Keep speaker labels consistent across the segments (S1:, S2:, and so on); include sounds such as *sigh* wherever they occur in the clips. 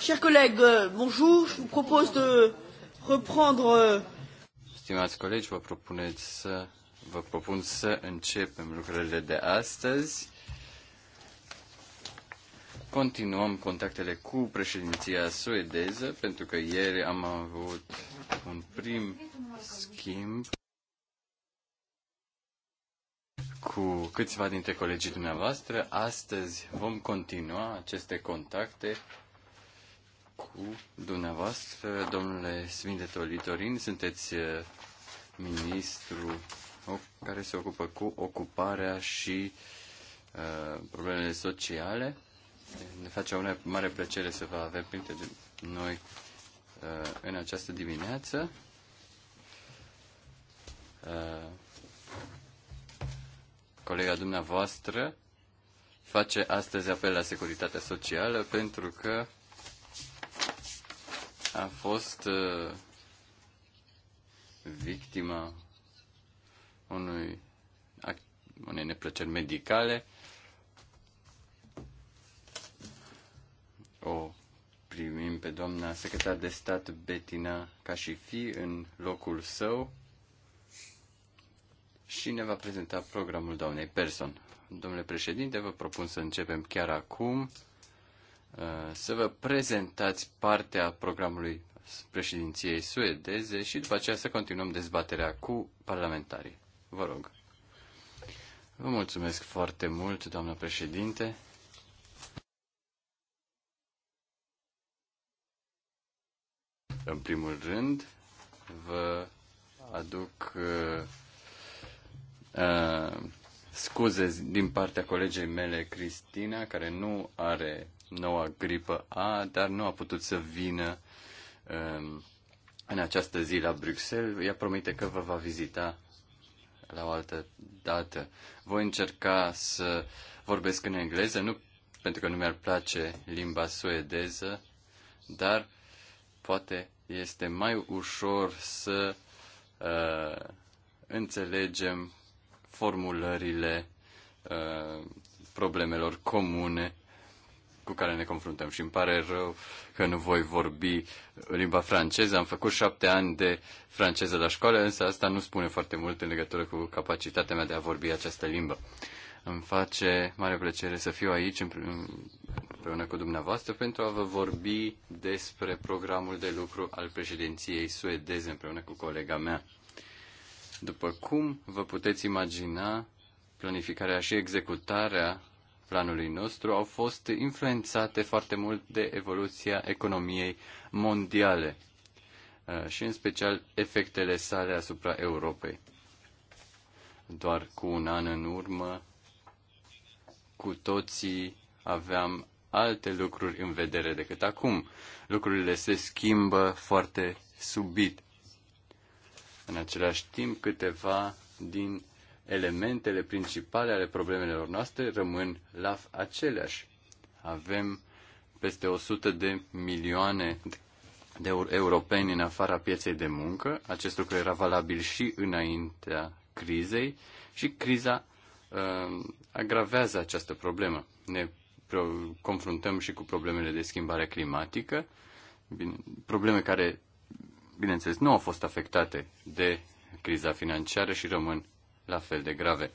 S1: Chers collègues, euh, bonjour. Je vous propose de reprendre. Euh,
S2: Stimați colegi, vă propuneți să vă propun să începem lucrările de astăzi. Continuăm contactele cu președinția suedeză, pentru că ieri am avut un prim schimb cu câțiva dintre colegii dumneavoastră. Astăzi vom continua aceste contacte cu dumneavoastră, domnule Sfinte Tolitorin, sunteți eh, ministru care se ocupă cu ocuparea și uh, problemele sociale. Ne face o mare plăcere să vă avem printre noi uh, în această dimineață. Uh, colega dumneavoastră face astăzi apel la securitatea socială pentru că a fost uh, victima unui unei neplăceri medicale, o primim pe doamna secretar de stat Betina ca și fi în locul său și ne va prezenta programul doamnei Person. Domnule președinte, vă propun să începem chiar acum Uh, să vă prezentați partea programului președinției suedeze și după aceea să continuăm dezbaterea cu parlamentarii. Vă rog. Vă mulțumesc foarte mult, doamnă președinte. În primul rând, vă aduc uh, uh, scuze din partea colegei mele, Cristina, care nu are noua gripă A, dar nu a putut să vină um, în această zi la Bruxelles. Ea promite că vă va vizita la o altă dată. Voi încerca să vorbesc în engleză, nu pentru că nu mi-ar place limba suedeză, dar poate este mai ușor să uh, înțelegem formulările uh, problemelor comune cu care ne confruntăm și îmi pare rău că nu voi vorbi limba franceză. Am făcut șapte ani de franceză la școală, însă asta nu spune foarte mult în legătură cu capacitatea mea de a vorbi această limbă. Îmi face mare plăcere să fiu aici împreună cu dumneavoastră pentru a vă vorbi despre programul de lucru al președinției suedeze împreună cu colega mea. După cum vă puteți imagina, planificarea și executarea planului nostru au fost influențate foarte mult de evoluția economiei mondiale uh, și în special efectele sale asupra Europei. Doar cu un an în urmă, cu toții aveam alte lucruri în vedere decât acum. Lucrurile se schimbă foarte subit. În același timp, câteva din elementele principale ale problemelor noastre rămân la aceleași. Avem peste 100 de milioane de europeni în afara pieței de muncă. Acest lucru era valabil și înaintea crizei și criza uh, agravează această problemă. Ne confruntăm și cu problemele de schimbare climatică, bine, probleme care, bineînțeles, nu au fost afectate de criza financiară și rămân la fel de grave.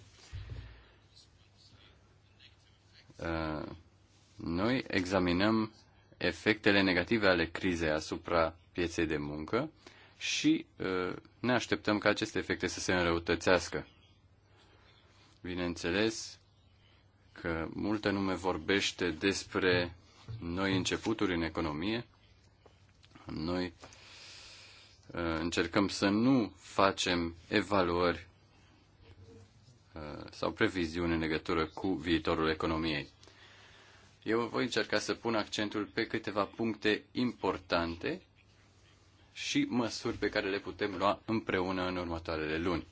S2: Uh, noi examinăm efectele negative ale crizei asupra pieței de muncă și uh, ne așteptăm ca aceste efecte să se înrăutățească. Bineînțeles că multă lume vorbește despre noi începuturi în economie. Noi uh, încercăm să nu facem evaluări Uh, sau previziuni în legătură cu viitorul economiei. Eu voi încerca să pun accentul pe câteva puncte importante și măsuri pe care le putem lua împreună în următoarele luni.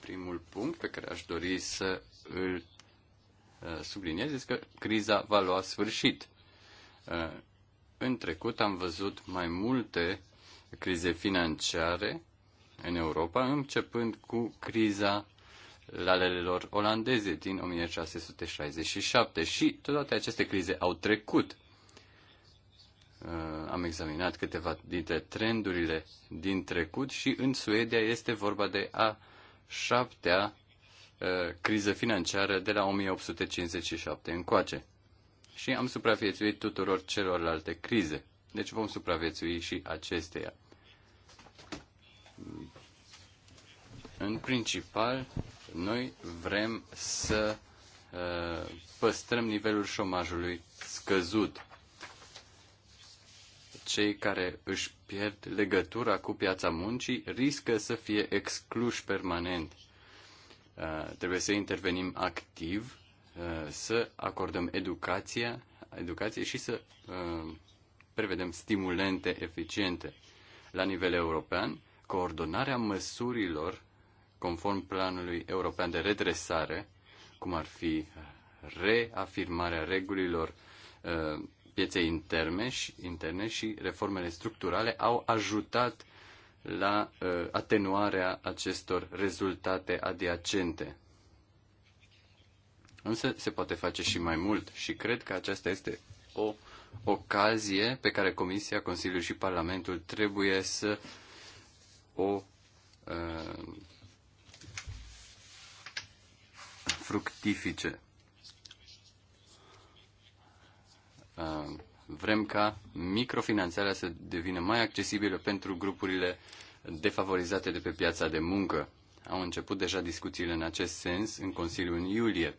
S2: Primul punct pe care aș dori să îl uh, subliniez este că criza va lua sfârșit. Uh, în trecut am văzut mai multe crize financiare în Europa, începând cu criza lalelelor olandeze din 1667 și toate aceste crize au trecut. Uh, am examinat câteva dintre trendurile din trecut și în Suedia este vorba de a șaptea uh, criză financiară de la 1857 încoace. Și am supraviețuit tuturor celorlalte crize. Deci vom supraviețui și acesteia. În principal, noi vrem să uh, păstrăm nivelul șomajului scăzut. Cei care își pierd legătura cu piața muncii riscă să fie excluși permanent. Uh, trebuie să intervenim activ, uh, să acordăm educația, educație și să prevedem stimulente eficiente. La nivel european, coordonarea măsurilor conform planului european de redresare, cum ar fi reafirmarea regulilor uh, pieței interne și, interne și reformele structurale au ajutat la uh, atenuarea acestor rezultate adiacente. Însă se poate face și mai mult și cred că aceasta este o ocazie pe care Comisia, Consiliul și Parlamentul trebuie să o uh, fructifice. Uh, vrem ca microfinanțarea să devină mai accesibilă pentru grupurile defavorizate de pe piața de muncă. Au început deja discuțiile în acest sens în Consiliul în iulie.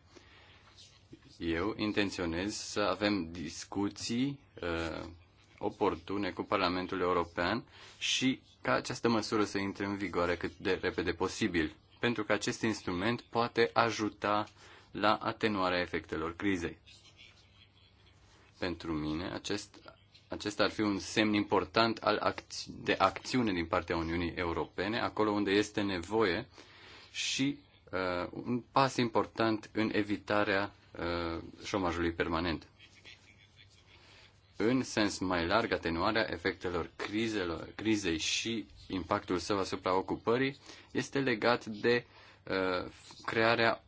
S2: Eu intenționez să avem discuții uh, oportune cu Parlamentul European și ca această măsură să intre în vigoare cât de repede posibil pentru că acest instrument poate ajuta la atenuarea efectelor crizei. Pentru mine, acest, acesta ar fi un semn important al acți- de acțiune din partea Uniunii Europene, acolo unde este nevoie și uh, un pas important în evitarea uh, șomajului permanent. În sens mai larg, atenuarea efectelor crizelor, crizei și impactul său asupra ocupării este legat de uh, crearea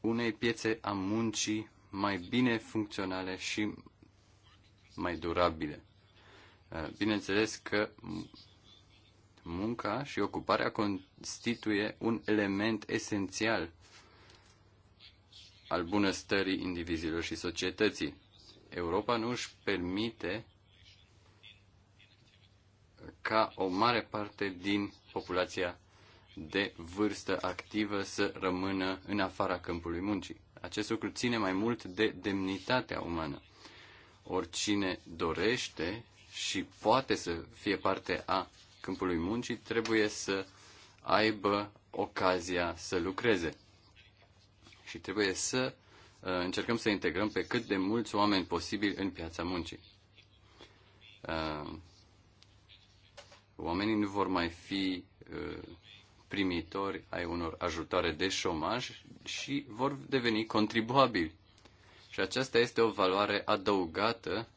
S2: unei piețe a muncii mai bine funcționale și mai durabile. Uh, bineînțeles că munca și ocuparea constituie un element esențial al bunăstării indivizilor și societății. Europa nu își permite ca o mare parte din populația de vârstă activă să rămână în afara câmpului muncii. Acest lucru ține mai mult de demnitatea umană. Oricine dorește și poate să fie parte a câmpului muncii trebuie să aibă ocazia să lucreze. Și trebuie să uh, încercăm să integrăm pe cât de mulți oameni posibil în piața muncii. Uh, oamenii nu vor mai fi uh, primitori ai unor ajutoare de șomaj și vor deveni contribuabili. Și aceasta este o valoare adăugată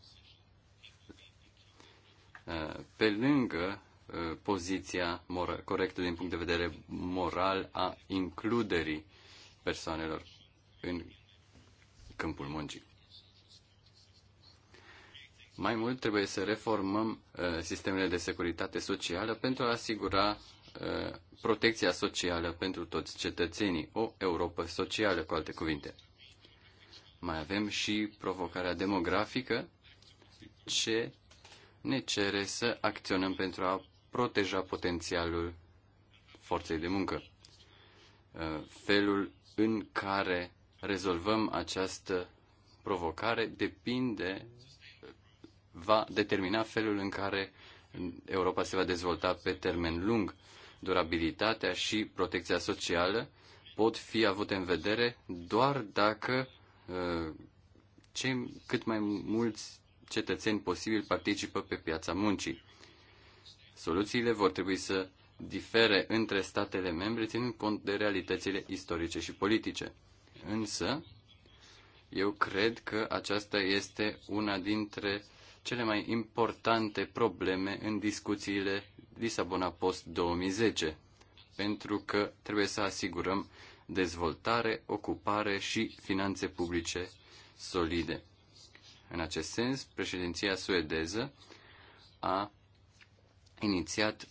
S2: uh, pe lângă uh, poziția corectă din punct de vedere moral a includerii persoanelor în câmpul muncii. Mai mult trebuie să reformăm uh, sistemele de securitate socială pentru a asigura Uh, protecția socială pentru toți cetățenii, o Europa socială, cu alte cuvinte. Mai avem și provocarea demografică, ce ne cere să acționăm pentru a proteja potențialul forței de muncă. Uh, felul în care rezolvăm această provocare depinde, va determina felul în care Europa se va dezvolta pe termen lung durabilitatea și protecția socială pot fi avute în vedere doar dacă uh, cât mai mulți cetățeni posibil participă pe piața muncii. Soluțiile vor trebui să difere între statele membre, ținând cont de realitățile istorice și politice. Însă, eu cred că aceasta este una dintre cele mai importante probleme în discuțiile Lisabona Post 2010, pentru că trebuie să asigurăm dezvoltare, ocupare și finanțe publice solide. În acest sens, președinția suedeză a inițiat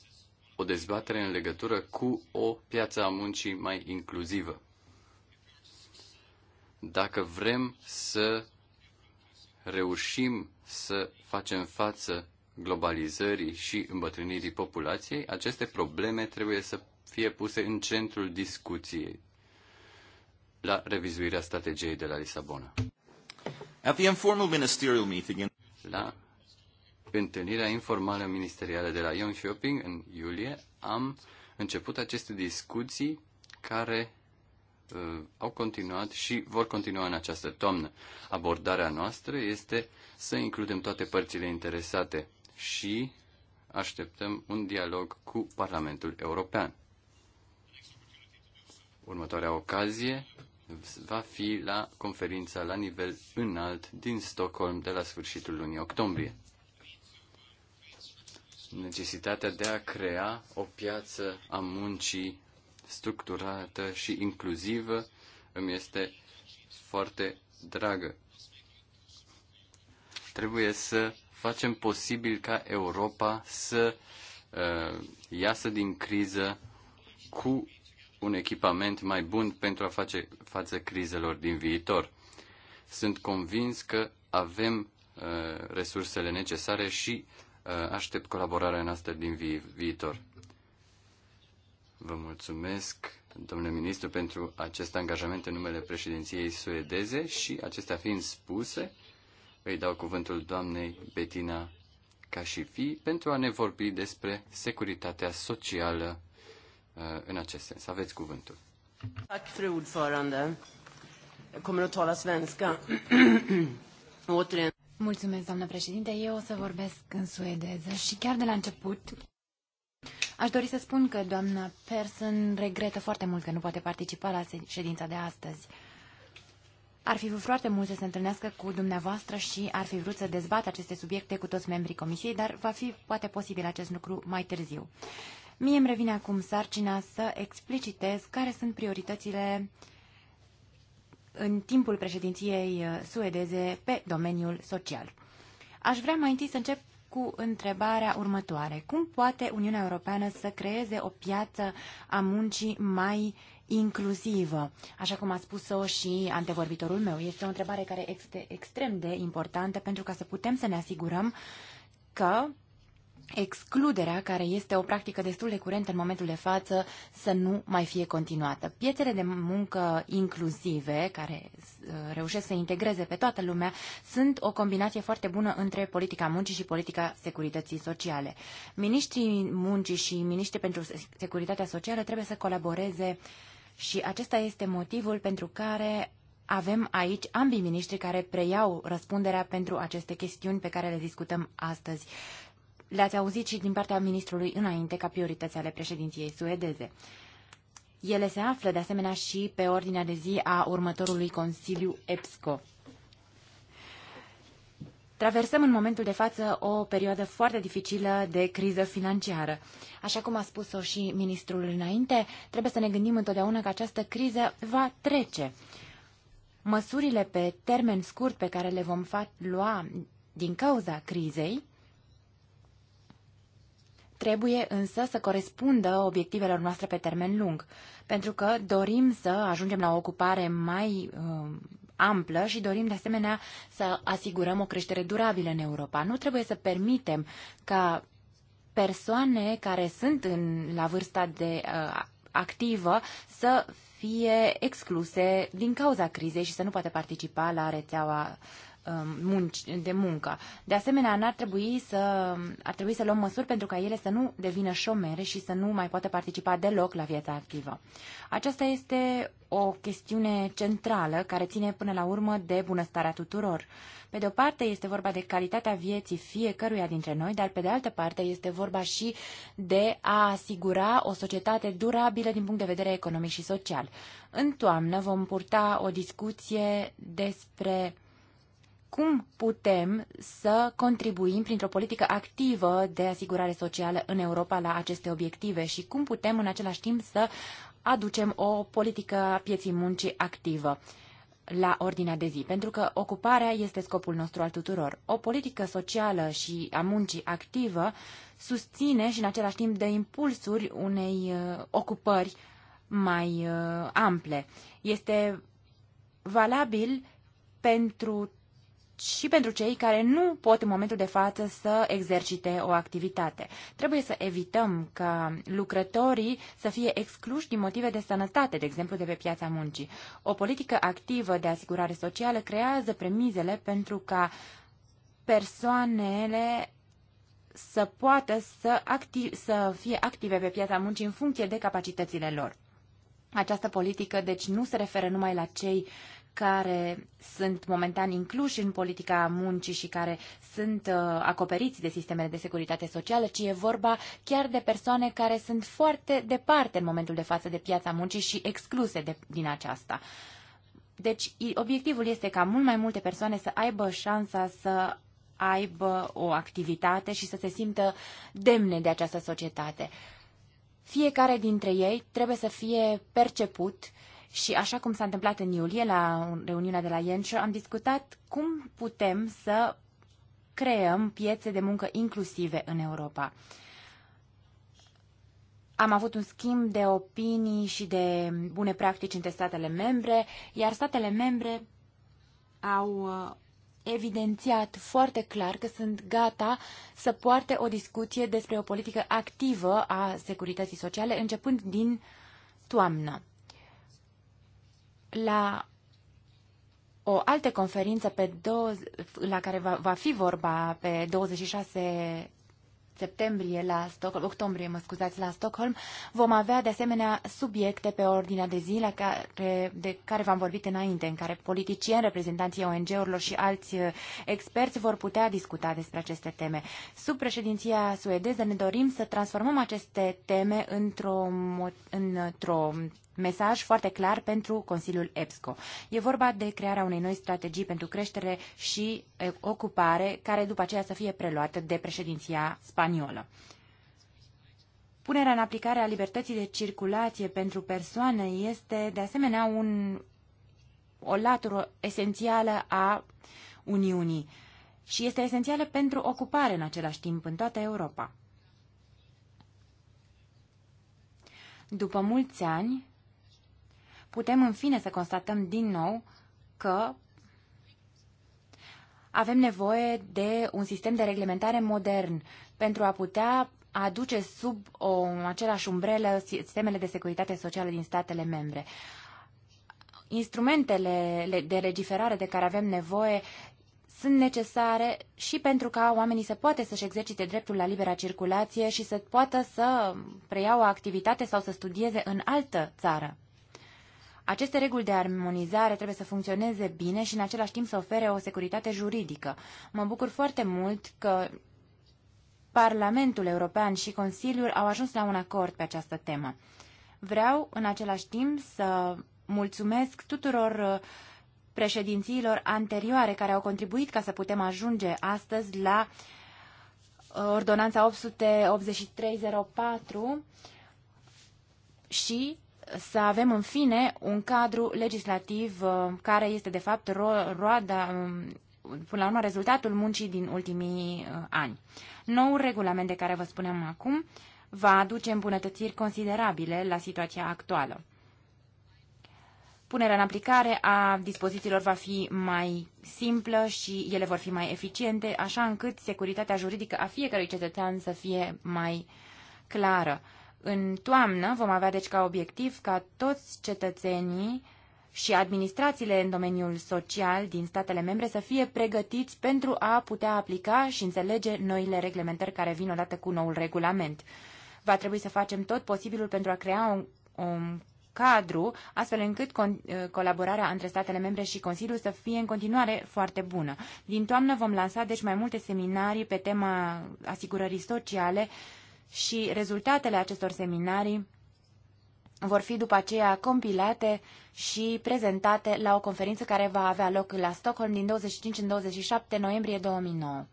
S2: o dezbatere în legătură cu o piață a muncii mai inclusivă. Dacă vrem să reușim să facem față globalizării și îmbătrânirii populației, aceste probleme trebuie să fie puse în centrul discuției la revizuirea strategiei de la Lisabona. At the informal ministerial meeting in... La întâlnirea informală ministerială de la Young Shopping în iulie am început aceste discuții care Uh, au continuat și vor continua în această toamnă. Abordarea noastră este să includem toate părțile interesate și așteptăm un dialog cu Parlamentul European. Următoarea ocazie va fi la conferința la nivel înalt din Stockholm de la sfârșitul lunii octombrie. Necesitatea de a crea o piață a muncii structurată și inclusivă îmi este foarte dragă. Trebuie să facem posibil ca Europa să uh, iasă din criză cu un echipament mai bun pentru a face față crizelor din viitor. Sunt convins că avem uh, resursele necesare și uh, aștept colaborarea noastră din vi- viitor. Vă mulțumesc, domnule ministru, pentru acest angajament în numele președinției suedeze și acestea fiind spuse, îi dau cuvântul doamnei și Cașifi pentru a ne vorbi despre securitatea socială uh, în acest sens. Aveți cuvântul.
S1: Tack, fru ordförande. Jag kommer att tala svenska. *clears throat*
S3: Mulțumesc, doamnă președinte. Eu o să vorbesc în suedeză și chiar de la început Aș dori să spun că doamna Persson regretă foarte mult că nu poate participa la ședința de astăzi. Ar fi vrut foarte mult să se întâlnească cu dumneavoastră și ar fi vrut să dezbată aceste subiecte cu toți membrii comisiei, dar va fi poate posibil acest lucru mai târziu. Mie îmi revine acum sarcina să explicitez care sunt prioritățile în timpul președinției uh, suedeze pe domeniul social. Aș vrea mai întâi să încep cu întrebarea următoare. Cum poate Uniunea Europeană să creeze o piață a muncii mai inclusivă? Așa cum a spus-o și antevorbitorul meu, este o întrebare care este extrem de importantă pentru ca să putem să ne asigurăm că excluderea, care este o practică destul de curentă în momentul de față, să nu mai fie continuată. Piețele de muncă inclusive, care uh, reușesc să integreze pe toată lumea, sunt o combinație foarte bună între politica muncii și politica securității sociale. Ministrii muncii și miniștrii pentru securitatea socială trebuie să colaboreze și acesta este motivul pentru care avem aici ambii miniștri care preiau răspunderea pentru aceste chestiuni pe care le discutăm astăzi le-ați auzit și din partea ministrului înainte ca priorități ale președinției suedeze. Ele se află, de asemenea, și pe ordinea de zi a următorului Consiliu EPSCO. Traversăm în momentul de față o perioadă foarte dificilă de criză financiară. Așa cum a spus-o și ministrul înainte, trebuie să ne gândim întotdeauna că această criză va trece. Măsurile pe termen scurt pe care le vom lua din cauza crizei trebuie însă să corespundă obiectivelor noastre pe termen lung, pentru că dorim să ajungem la o ocupare mai uh, amplă și dorim de asemenea să asigurăm o creștere durabilă în Europa. Nu trebuie să permitem ca persoane care sunt în, la vârsta de uh, activă să fie excluse din cauza crizei și să nu poată participa la rețeaua Um, de muncă. De asemenea, ar trebui, să, ar trebui să luăm măsuri pentru ca ele să nu devină șomere și să nu mai poată participa deloc la viața activă. Aceasta este o chestiune centrală care ține până la urmă de bunăstarea tuturor. Pe de o parte este vorba de calitatea vieții fiecăruia dintre noi, dar pe de altă parte este vorba și de a asigura o societate durabilă din punct de vedere economic și social. În toamnă vom purta o discuție despre cum putem să contribuim printr-o politică activă de asigurare socială în Europa la aceste obiective și cum putem în același timp să aducem o politică a pieții muncii activă la ordinea de zi, pentru că ocuparea este scopul nostru al tuturor. O politică socială și a muncii activă susține și în același timp dă impulsuri unei uh, ocupări mai uh, ample. Este valabil pentru și pentru cei care nu pot în momentul de față să exercite o activitate. Trebuie să evităm ca lucrătorii să fie excluși din motive de sănătate, de exemplu de pe piața muncii. O politică activă de asigurare socială creează premizele pentru ca persoanele să poată să, acti- să fie active pe piața muncii în funcție de capacitățile lor. Această politică, deci, nu se referă numai la cei uh, care sunt momentan incluși în politica muncii și care sunt uh, acoperiți de sistemele de securitate socială, ci e vorba chiar de persoane care sunt foarte departe în momentul de față de piața muncii și excluse de, din aceasta. Deci, obiectivul este ca mult mai multe persoane să aibă șansa să aibă o activitate și să se simtă demne de această societate. Fiecare dintre ei trebuie să fie perceput uh, și așa cum s-a întâmplat în iulie la reuniunea de la Ienșo, am discutat cum putem să creăm piețe de muncă inclusive în Europa. Am avut un schimb de opinii și de bune practici între statele membre, iar statele membre au uh, evidențiat foarte clar că sunt gata să poarte o discuție despre o politică activă a securității sociale începând din toamnă la o altă conferință pe două, la care va, va fi vorba pe 26 septembrie la Stockholm, octombrie, mă scuzați, la Stockholm, vom avea de asemenea subiecte pe ordinea de zi la care, de care v-am vorbit înainte, în care politicieni, reprezentanții ONG-urilor și alți uh, experți vor putea discuta despre aceste teme. Sub președinția suedeză ne dorim să transformăm aceste teme într-o, într-o mesaj foarte clar pentru Consiliul EPSCO. E vorba de crearea unei noi strategii pentru creștere și ocupare, care după aceea să fie preluată de președinția spaniolă. Punerea în aplicare a libertății de circulație pentru persoane este, de asemenea, un, o latură esențială a Uniunii și este esențială pentru ocupare în același timp în toată Europa. După mulți ani, putem în fine să constatăm din nou că avem nevoie de un sistem de reglementare modern pentru a putea aduce sub o același umbrelă sistemele de securitate socială din statele membre. Instrumentele de legiferare de care avem nevoie sunt necesare și pentru ca oamenii să poată să-și exercite dreptul la libera circulație și să poată să preia o activitate sau să studieze în altă țară. Aceste reguli de armonizare trebuie să funcționeze bine și în același timp să ofere o securitate juridică. Mă bucur foarte mult că Parlamentul European și Consiliul au ajuns la un acord pe această temă. Vreau în același timp să mulțumesc tuturor uh, președințiilor anterioare care au contribuit ca să putem ajunge astăzi la uh, ordonanța 88304 și să avem în fine un cadru legislativ uh, care este de fapt ro- roada, um, până la urmă, rezultatul muncii din ultimii uh, ani. Nou regulament de care vă spuneam acum va aduce îmbunătățiri considerabile la situația actuală. Punerea în aplicare a dispozițiilor va fi mai simplă și ele vor fi mai eficiente, așa încât securitatea juridică a fiecărui cetățean să fie mai clară. În toamnă vom avea deci ca obiectiv ca toți cetățenii și administrațiile în domeniul social din statele membre să fie pregătiți pentru a putea aplica și înțelege noile reglementări care vin odată cu noul regulament. Va trebui să facem tot posibilul pentru a crea un, un cadru, astfel încât con- uh, colaborarea între statele membre și Consiliul să fie în continuare foarte bună. Din toamnă vom lansa deci mai multe seminarii pe tema asigurării sociale, uh, și rezultatele acestor seminarii vor fi după aceea compilate și prezentate la o conferință care va avea loc la Stockholm din 25 în 27 noiembrie 2009.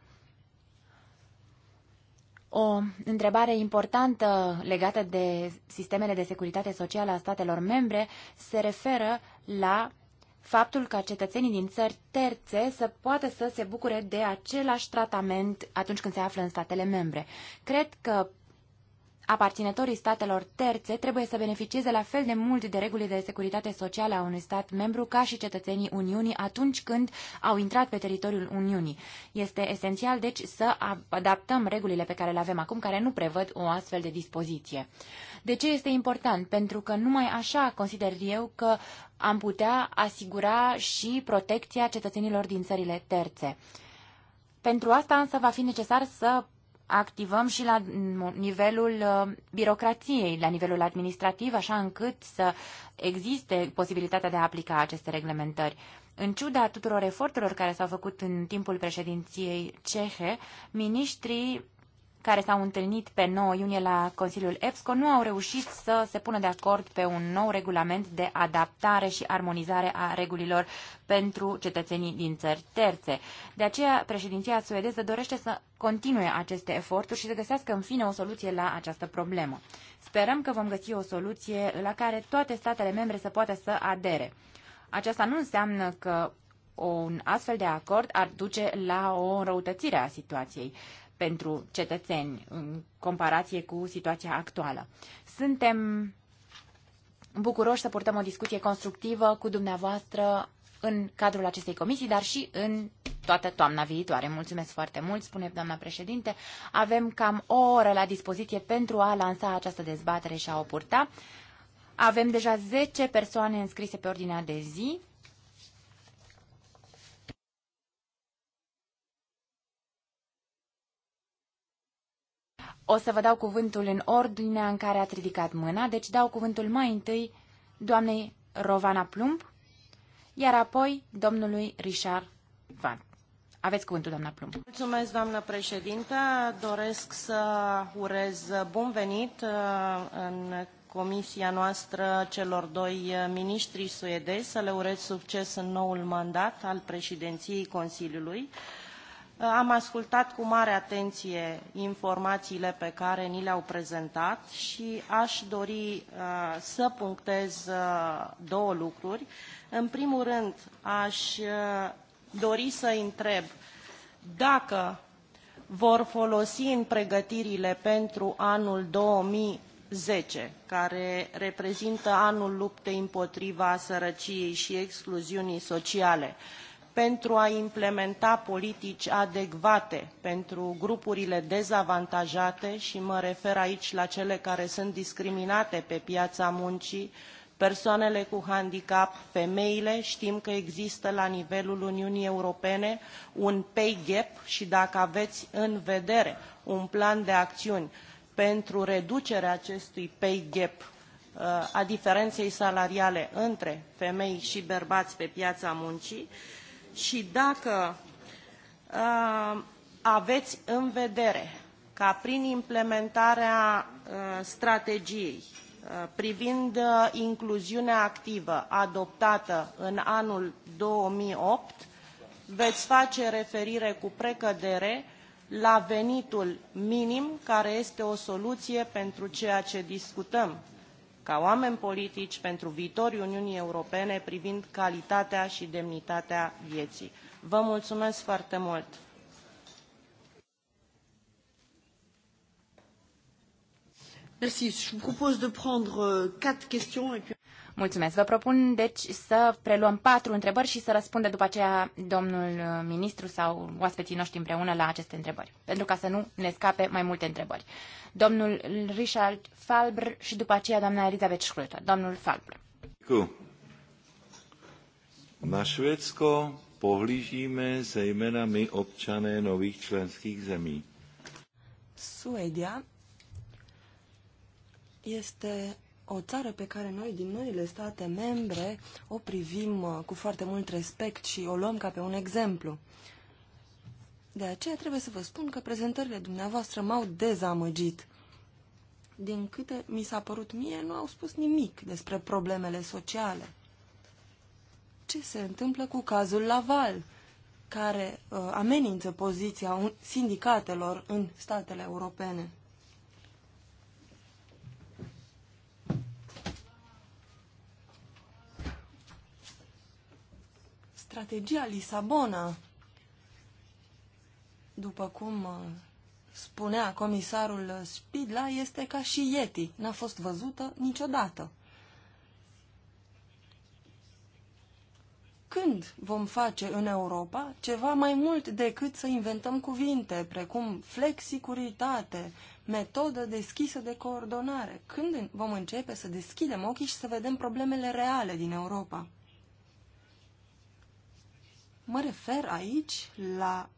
S3: O întrebare importantă legată de sistemele de securitate socială a statelor membre se referă la faptul ca cetățenii din țări terțe să poată să se bucure de același tratament atunci când se află în statele membre. Cred că aparținătorii statelor terțe trebuie să beneficieze la fel de mult de regulile de securitate socială a unui stat membru ca și cetățenii Uniunii atunci când au intrat pe teritoriul Uniunii. Este esențial, deci, să adaptăm regulile pe care le avem acum, care nu prevăd o astfel de dispoziție. De ce este important? Pentru că numai așa consider eu că am putea asigura și protecția cetățenilor din țările terțe. Pentru asta însă va fi necesar să activăm și la nivelul uh, birocrației, la nivelul administrativ, așa încât să existe posibilitatea de a aplica aceste reglementări. În ciuda tuturor eforturilor care s-au făcut în timpul președinției cehe, miniștrii care s-au întâlnit pe 9 iunie la Consiliul EPSCO nu au reușit să se pună de acord pe un nou regulament de adaptare și armonizare a regulilor pentru cetățenii din țări terțe. De aceea, președinția suedeză dorește să continue aceste eforturi și să găsească în fine o soluție la această problemă. Sperăm că vom găsi o soluție la care toate statele membre să poată să adere. Aceasta nu înseamnă că un astfel de acord ar duce la o înrăutățire a situației pentru cetățeni în comparație cu situația actuală. Suntem bucuroși să purtăm o discuție constructivă cu dumneavoastră în cadrul acestei comisii, dar și în toată toamna viitoare. Mulțumesc foarte mult, spune doamna președinte. Avem cam o oră la dispoziție pentru a lansa această dezbatere și a o purta. Avem deja 10 persoane înscrise pe ordinea de zi. O să vă dau cuvântul în ordinea în care ați ridicat mâna, deci dau cuvântul mai întâi doamnei Rovana Plumb, iar apoi domnului Richard Van. Aveți cuvântul, doamna Plumb.
S1: Mulțumesc, doamnă președintă. Doresc să urez bun venit uh, în comisia noastră celor doi uh, miniștri suedezi, să le urez succes în noul mandat al președinției Consiliului. Uh, am ascultat cu mare atenție informațiile pe care ni le-au prezentat și aș dori uh, să punctez uh, două lucruri. În primul rând, aș dori să întreb dacă vor folosi în pregătirile pentru anul 2010, care reprezintă anul luptei împotriva sărăciei și excluziunii sociale, pentru a implementa politici adecvate pentru grupurile dezavantajate și mă refer aici la cele care sunt discriminate pe piața muncii, persoanele cu handicap, femeile, știm că există la nivelul Uniunii Europene un pay gap și dacă aveți în vedere un plan de acțiuni pentru reducerea acestui pay gap uh, a diferenței salariale între femei și bărbați pe piața muncii, și dacă uh, aveți în vedere ca prin implementarea uh, strategiei uh, privind uh, incluziunea activă adoptată în anul 2008, veți face referire cu precădere la venitul minim, care este o soluție pentru ceea ce discutăm ca oameni politici pentru viitorul Uniunii Europene privind calitatea și demnitatea vieții. Vă mulțumesc foarte mult! Merci.
S3: Je vous propose de prendre euh, quatre questions et puis... Mulțumesc. Vă propun, deci, să preluăm patru întrebări și să răspunde după aceea domnul uh, ministru sau oaspeții noștri împreună la aceste întrebări, pentru ca să nu ne scape mai multe întrebări. Domnul Richard Falbr și după aceea doamna Elizabeth Schröter. Domnul Falbr.
S2: Cu. Na Švédsko pohlížíme zejména my občané nových členských zemí.
S4: Suedia este o țară pe care noi din noile state membre o privim uh, cu foarte mult respect și o luăm ca pe un exemplu. De aceea trebuie să vă spun că prezentările dumneavoastră m-au dezamăgit. Din câte mi s-a părut mie, nu au spus nimic despre problemele sociale. Ce se întâmplă cu cazul Laval, care uh, amenință poziția sindicatelor în statele europene? strategia Lisabona, după cum uh, spunea comisarul Spidla, este ca și Yeti, n-a fost văzută niciodată. Când vom face în Europa ceva mai mult decât să inventăm cuvinte, precum flexicuritate, metodă deschisă de coordonare? Când vom începe să deschidem ochii și să vedem problemele reale din Europa? Mă refer aici la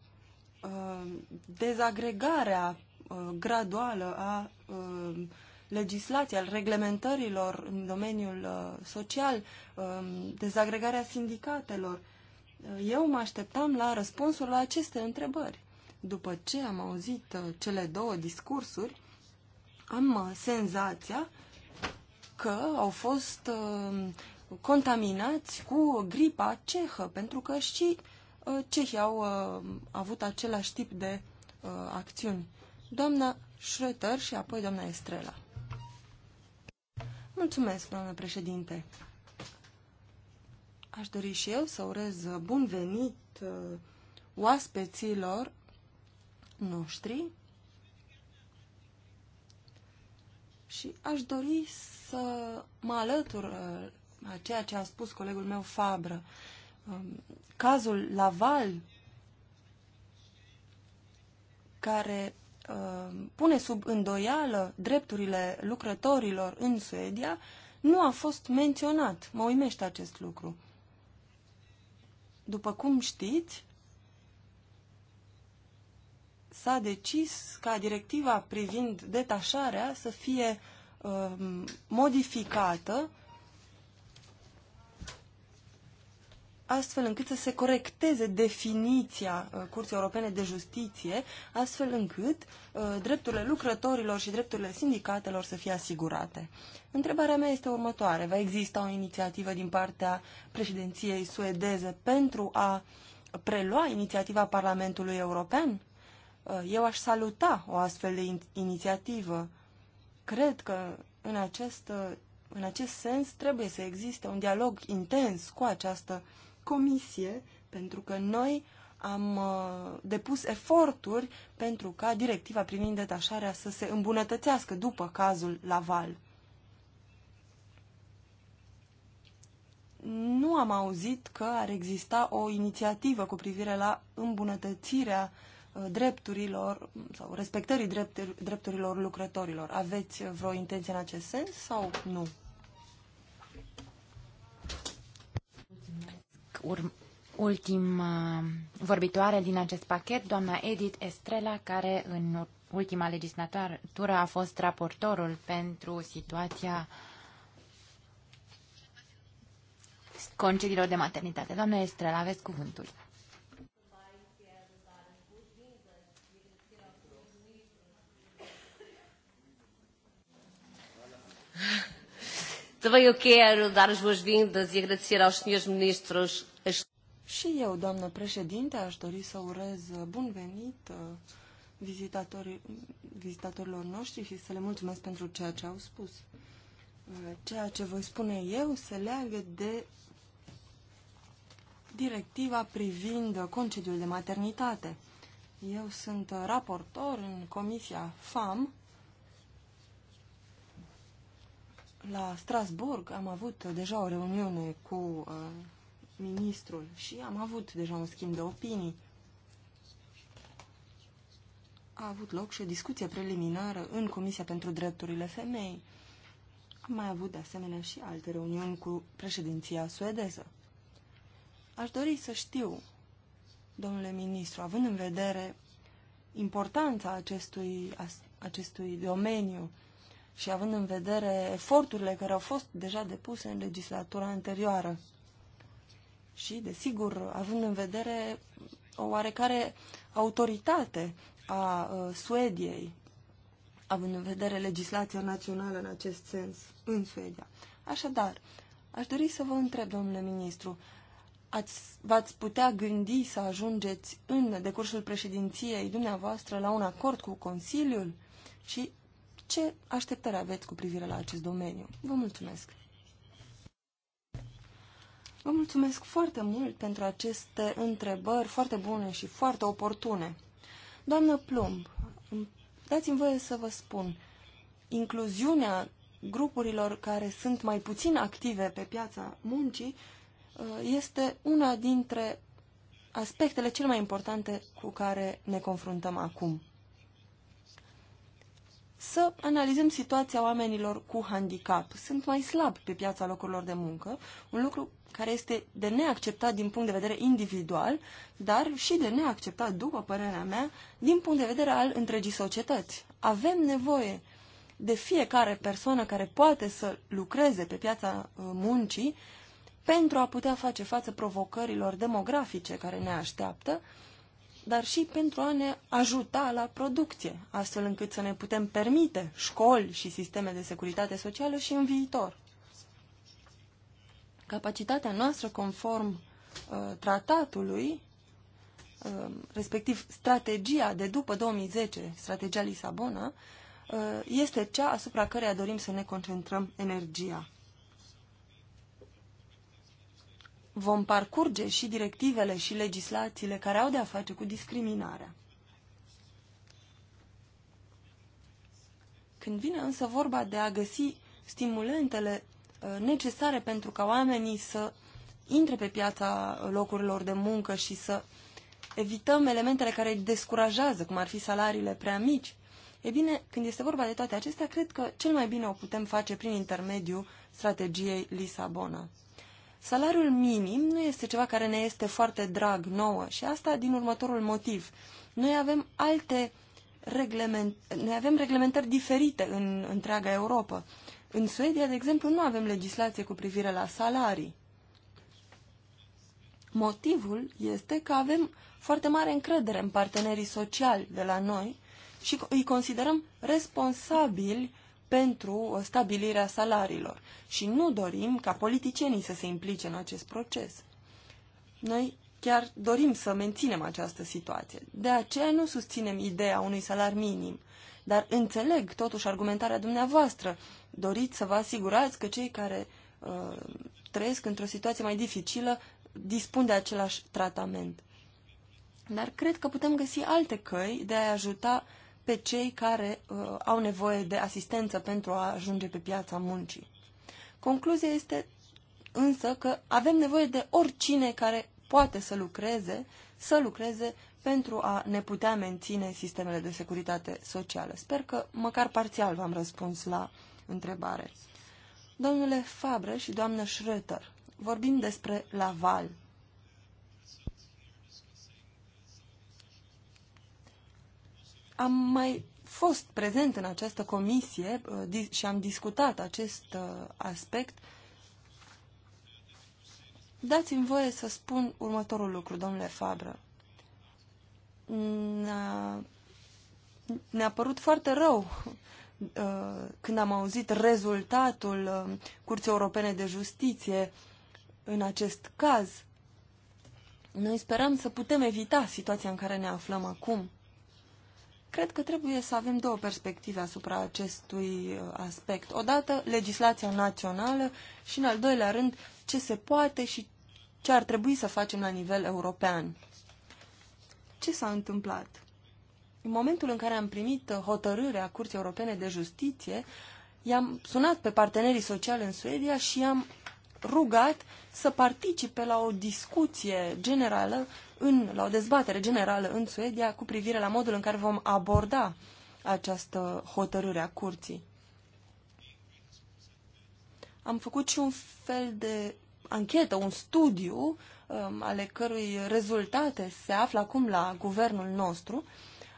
S4: uh, dezagregarea uh, graduală a uh, legislației, al reglementărilor în domeniul uh, social, uh, dezagregarea sindicatelor. Uh, eu mă așteptam la răspunsul la aceste întrebări. După ce am auzit uh, cele două discursuri, am uh, senzația că au fost uh, contaminați cu gripa cehă, pentru că și uh, cehii au uh, avut același tip de uh, acțiuni. Doamna Schröter și apoi doamna Estrela. Mulțumesc, doamnă președinte. Aș dori și eu să urez bun venit oaspeților noștri și aș dori să mă alătur ceea ce a spus colegul meu Fabră. Um, cazul Laval, care um, pune sub îndoială drepturile lucrătorilor în Suedia, nu a fost menționat. Mă uimește acest lucru. După cum știți, s-a decis ca directiva privind detașarea să fie uh, modificată astfel încât să se corecteze definiția uh, Curții Europene de Justiție, astfel încât uh, drepturile lucrătorilor și drepturile sindicatelor să fie asigurate. Întrebarea mea este următoare. Va exista o inițiativă din partea președinției suedeze pentru a prelua inițiativa Parlamentului European? Uh, eu aș saluta o astfel de in inițiativă. Cred că în acest, uh, în acest sens trebuie să existe un dialog intens cu această comisie, pentru că noi am uh, depus eforturi pentru ca directiva privind detașarea să se îmbunătățească după cazul Laval. Nu am auzit că ar exista o inițiativă cu privire la îmbunătățirea uh, drepturilor sau respectării drepturilor lucrătorilor. Aveți uh, vreo intenție
S3: în acest sens sau nu? ultima vorbitoare din acest pachet, doamna Edith Estrela, care în ultima legislatură a fost raportorul pentru situația concediilor de maternitate. Doamna Estrela, aveți cuvântul.
S1: Também eu quero dar as boas-vindas e agradecer aos senhores ministros
S4: și eu, doamnă președinte, aș dori să urez bun venit uh, vizitatorii, vizitatorilor noștri și să le mulțumesc pentru ceea ce au spus. Uh, ceea ce voi spune eu se leagă de directiva privind concediul de maternitate. Eu sunt raportor în Comisia FAM la Strasburg. Am avut deja o reuniune cu uh, ministrul și am avut deja un schimb de opinii. A avut loc și o discuție preliminară în Comisia pentru Drepturile Femei. Am mai avut de asemenea și alte reuniuni cu președinția suedeză. Aș dori să știu, domnule ministru, având în vedere importanța acestui, acestui domeniu și având în vedere eforturile care au fost deja depuse în legislatura anterioară, și, desigur, având în vedere o oarecare autoritate a uh, Suediei, având în vedere legislația națională în acest sens în Suedia. Așadar, aș dori să vă întreb, domnule ministru, ați, v-ați putea gândi să ajungeți în decursul președinției dumneavoastră la un acord cu Consiliul? Și ce așteptări aveți cu privire la acest domeniu? Vă mulțumesc! Vă mulțumesc foarte mult pentru aceste întrebări foarte bune și foarte oportune. Doamnă Plumb, dați-mi voie să vă spun, incluziunea grupurilor care sunt mai puțin active pe piața muncii uh, este una dintre aspectele cele mai importante cu care ne confruntăm acum. Să analizăm situația oamenilor cu handicap. Sunt mai slabi pe piața locurilor de muncă, un lucru care este de neacceptat din punct de vedere individual, dar și de neacceptat, după părerea mea, din punct de vedere al întregii societăți. Avem nevoie de fiecare persoană care poate să lucreze pe piața uh, muncii pentru a putea face față provocărilor demografice care ne așteaptă, dar și pentru a ne ajuta la producție, astfel încât să ne putem permite școli și sisteme de securitate socială și în viitor. Capacitatea noastră conform uh, tratatului, uh, respectiv strategia de după 2010, strategia Lisabona, uh, este cea asupra căreia dorim să ne concentrăm energia. Vom parcurge și directivele și legislațiile care au de a face cu discriminarea. Când vine însă vorba de a găsi stimulentele Uh, necesare pentru ca oamenii să intre pe piața locurilor de muncă și să evităm elementele care îi descurajează, cum ar fi salariile prea mici. E bine, când este vorba de toate acestea, cred că cel mai bine o putem face prin intermediul strategiei Lisabona. Salariul minim nu este ceva care ne este foarte drag nouă și asta din următorul motiv. Noi avem alte reglement... ne avem reglementări diferite în întreaga Europa. În Suedia, de exemplu, nu avem legislație cu privire la salarii. Motivul este că avem foarte mare încredere în partenerii sociali de la noi și îi considerăm responsabili pentru stabilirea salariilor și nu dorim ca politicienii să se implice în acest proces. Noi chiar dorim să menținem această situație. De aceea nu susținem ideea unui salar minim, dar înțeleg totuși argumentarea dumneavoastră. Doriți să vă asigurați că cei care uh, trăiesc într-o situație mai dificilă dispun de același tratament. Dar cred că putem găsi alte căi de a ajuta pe cei care uh, au nevoie de asistență pentru a ajunge pe piața muncii. Concluzia este însă că avem nevoie de oricine care poate să lucreze, să lucreze pentru a ne putea menține sistemele de securitate socială. Sper că măcar parțial v-am răspuns la întrebare. Domnule Fabre și doamnă Schröter, vorbim despre Laval. Am mai fost prezent în această comisie uh, și am discutat acest uh, aspect. Dați-mi voie să spun următorul lucru, domnule Fabră ne-a părut foarte rău uh, când am auzit rezultatul uh, Curții Europene de Justiție în acest caz. Noi sperăm să putem evita situația în care ne aflăm acum. Cred că trebuie să avem două perspective asupra acestui uh, aspect. Odată, legislația națională și, în al doilea rând, ce se poate și ce ar trebui să facem la nivel european ce s-a întâmplat? În momentul în care am primit hotărârea Curții Europene de Justiție, i-am sunat pe partenerii sociali în Suedia și i-am rugat să participe la o discuție generală, în, la o dezbatere generală în Suedia cu privire la modul în care vom aborda această hotărâre a curții. Am făcut și un fel de anchetă, un studiu Um, ale cărui rezultate se află acum la guvernul nostru,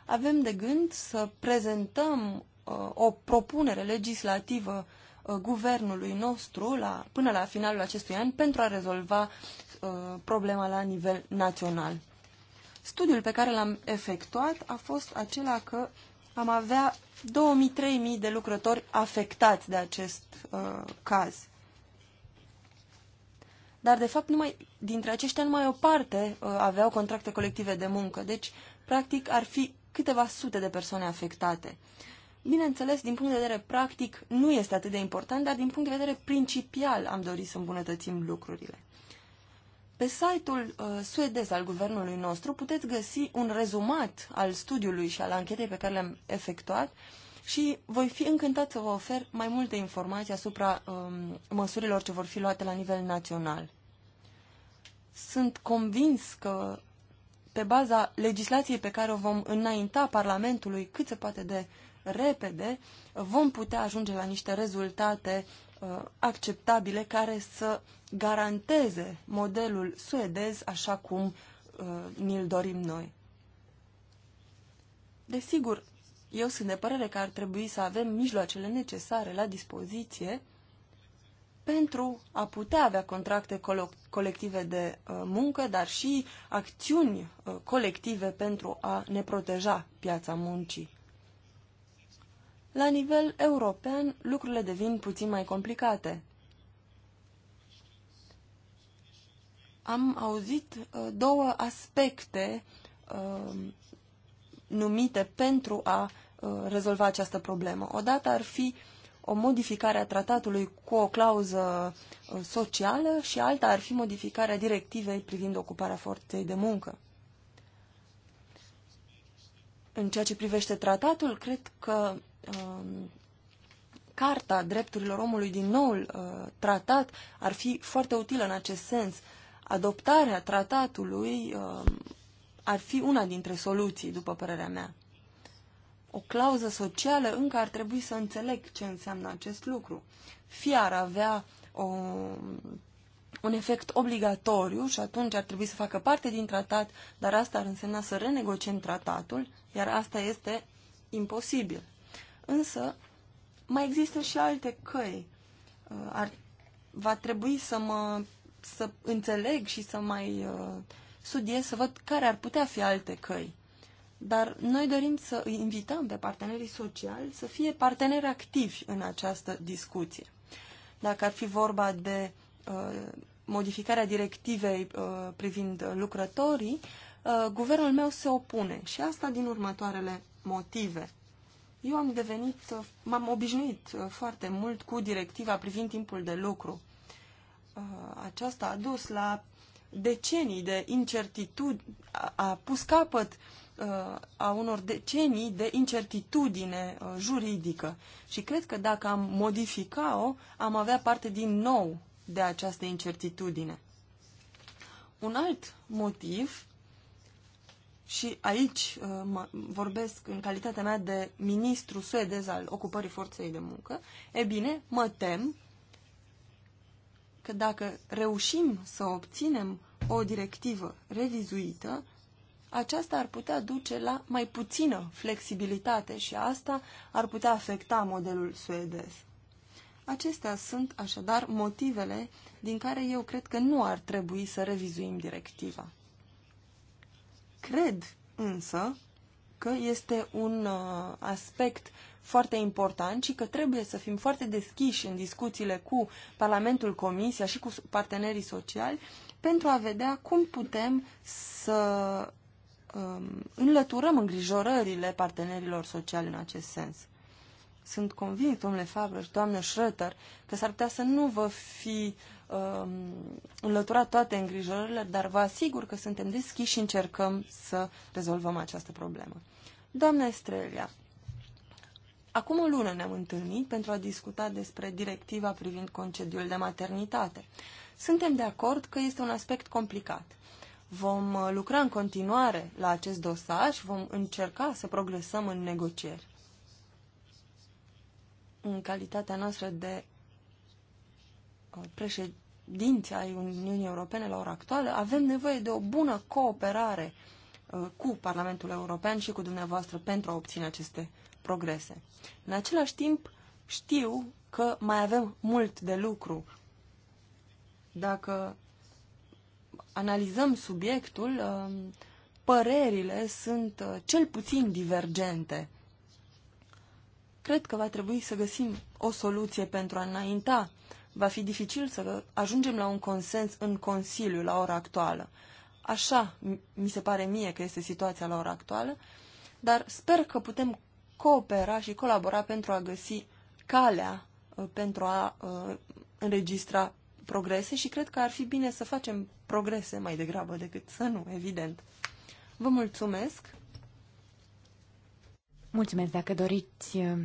S4: avem de gând să prezentăm uh, o propunere legislativă uh, guvernului nostru la, până la finalul acestui an pentru a rezolva uh, problema la nivel național. Studiul pe care l-am efectuat a fost acela că am avea 2000-3000 de lucrători afectați de acest uh, caz dar de fapt numai, dintre aceștia numai o parte uh, aveau contracte colective de muncă, deci practic ar fi câteva sute de persoane afectate. Bineînțeles, din punct de vedere practic nu este atât de important, dar din punct de vedere principial am dorit să îmbunătățim lucrurile. Pe site-ul uh, suedez al guvernului nostru puteți găsi un rezumat al studiului și al anchetei pe care le-am efectuat uh, și voi fi încântat să vă ofer mai multe informații asupra um, măsurilor ce vor fi luate la nivel național. Sunt convins că pe baza legislației pe care o vom înainta Parlamentului cât se poate de repede, vom putea ajunge la niște rezultate uh, acceptabile care să garanteze modelul suedez așa cum uh, ni-l dorim noi. Desigur, eu sunt de părere că ar trebui să avem mijloacele necesare la dispoziție pentru a putea avea contracte colective de uh, muncă, dar și acțiuni uh, colective pentru a ne proteja piața muncii. La nivel european, lucrurile devin puțin mai complicate. Am auzit uh, două aspecte numite pentru a uh, rezolva această problemă. Odată ar fi o modificare a tratatului cu o clauză uh, socială și alta ar fi modificarea directivei privind ocuparea forței de muncă. În ceea ce privește tratatul, cred că um, Carta Drepturilor Omului din noul uh, tratat ar fi foarte utilă în acest sens. Adoptarea tratatului uh, ar fi una dintre soluții, după părerea mea. O clauză socială încă ar trebui să înțeleg ce înseamnă acest lucru. Fie ar avea o, un efect obligatoriu și atunci ar trebui să facă parte din tratat, dar asta ar însemna să renegociem tratatul, iar asta este imposibil. Însă, mai există și alte căi. Ar, va trebui să mă să înțeleg și să mai uh, studiez, să văd care ar putea fi alte căi. Dar noi dorim să îi invităm pe partenerii sociali să fie parteneri activi în această discuție. Dacă ar fi vorba de uh, modificarea directivei uh, privind lucrătorii, uh, guvernul meu se opune și asta din următoarele motive. Eu am devenit, uh, m-am obișnuit uh, foarte mult cu directiva privind timpul de lucru. Uh, aceasta a dus la decenii de incertitudine, a pus capăt uh, a unor decenii de incertitudine uh, juridică. Și cred că dacă am modifica-o, am avea parte din nou de această incertitudine. Un alt motiv, și aici uh, mă, vorbesc în calitatea mea de ministru suedez al ocupării forței de muncă, e bine, mă tem că dacă reușim să obținem o directivă revizuită, aceasta ar putea duce la mai puțină flexibilitate și asta ar putea afecta modelul suedez. Acestea sunt așadar motivele din care eu cred că nu ar trebui să revizuim directiva. Cred însă că este un uh, aspect foarte important și că trebuie să fim foarte deschiși în discuțiile cu Parlamentul, Comisia și cu partenerii sociali pentru a vedea cum putem să um, înlăturăm îngrijorările partenerilor sociali în acest sens. Sunt convins, domnule Fabră și doamnă Schröter, că s-ar putea să nu vă fi um, înlăturat toate îngrijorările, dar vă asigur că suntem deschiși și încercăm să rezolvăm această problemă. Doamne Estrelia, Acum o lună ne-am întâlnit pentru a discuta despre directiva privind concediul de maternitate. Suntem de acord că este un aspect complicat. Vom uh, lucra în continuare la acest dosar și vom încerca să progresăm în negocieri. În calitatea noastră de uh, președinți ai Uniunii Europene la ora actuală, avem nevoie de o bună cooperare uh, cu Parlamentul European și cu dumneavoastră pentru a obține aceste progrese. În același timp, știu că mai avem mult de lucru. Dacă analizăm subiectul, um, părerile sunt uh, cel puțin divergente. Cred că va trebui să găsim o soluție pentru a înainta. Va fi dificil să ajungem la un consens în Consiliu la ora actuală. Așa mi se pare mie că este situația la ora actuală, dar sper că putem coopera și colabora pentru a găsi calea uh, pentru a uh, înregistra progrese și cred că ar fi bine să facem progrese mai degrabă decât să nu, evident. Vă mulțumesc!
S3: Mulțumesc! Dacă doriți uh,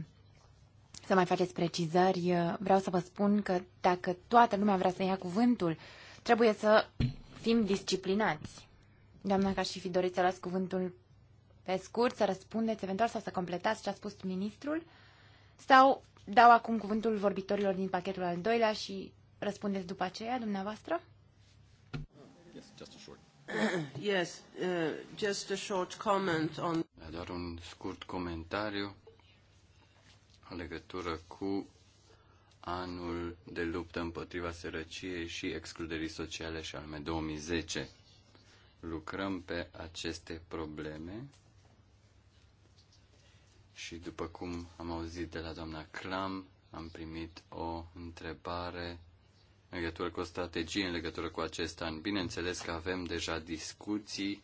S3: să mai faceți precizări, vreau să vă spun că dacă toată lumea vrea să ia cuvântul, trebuie să fim disciplinați. Doamna, ca și fi doriți să las cuvântul pe scurt să răspundeți eventual sau să completați ce a spus ministrul? Sau dau acum cuvântul vorbitorilor din pachetul al doilea și răspundeți după aceea dumneavoastră?
S2: Yes, just a short. *coughs* yes, uh, just a short comment on... Da, doar un scurt comentariu în legătură cu anul de luptă împotriva sărăciei și excluderii sociale și anume 2010. Lucrăm pe aceste probleme și după cum am auzit de la doamna Clam, am primit o întrebare în legătură cu o strategie în legătură cu acest an. Bineînțeles că avem deja discuții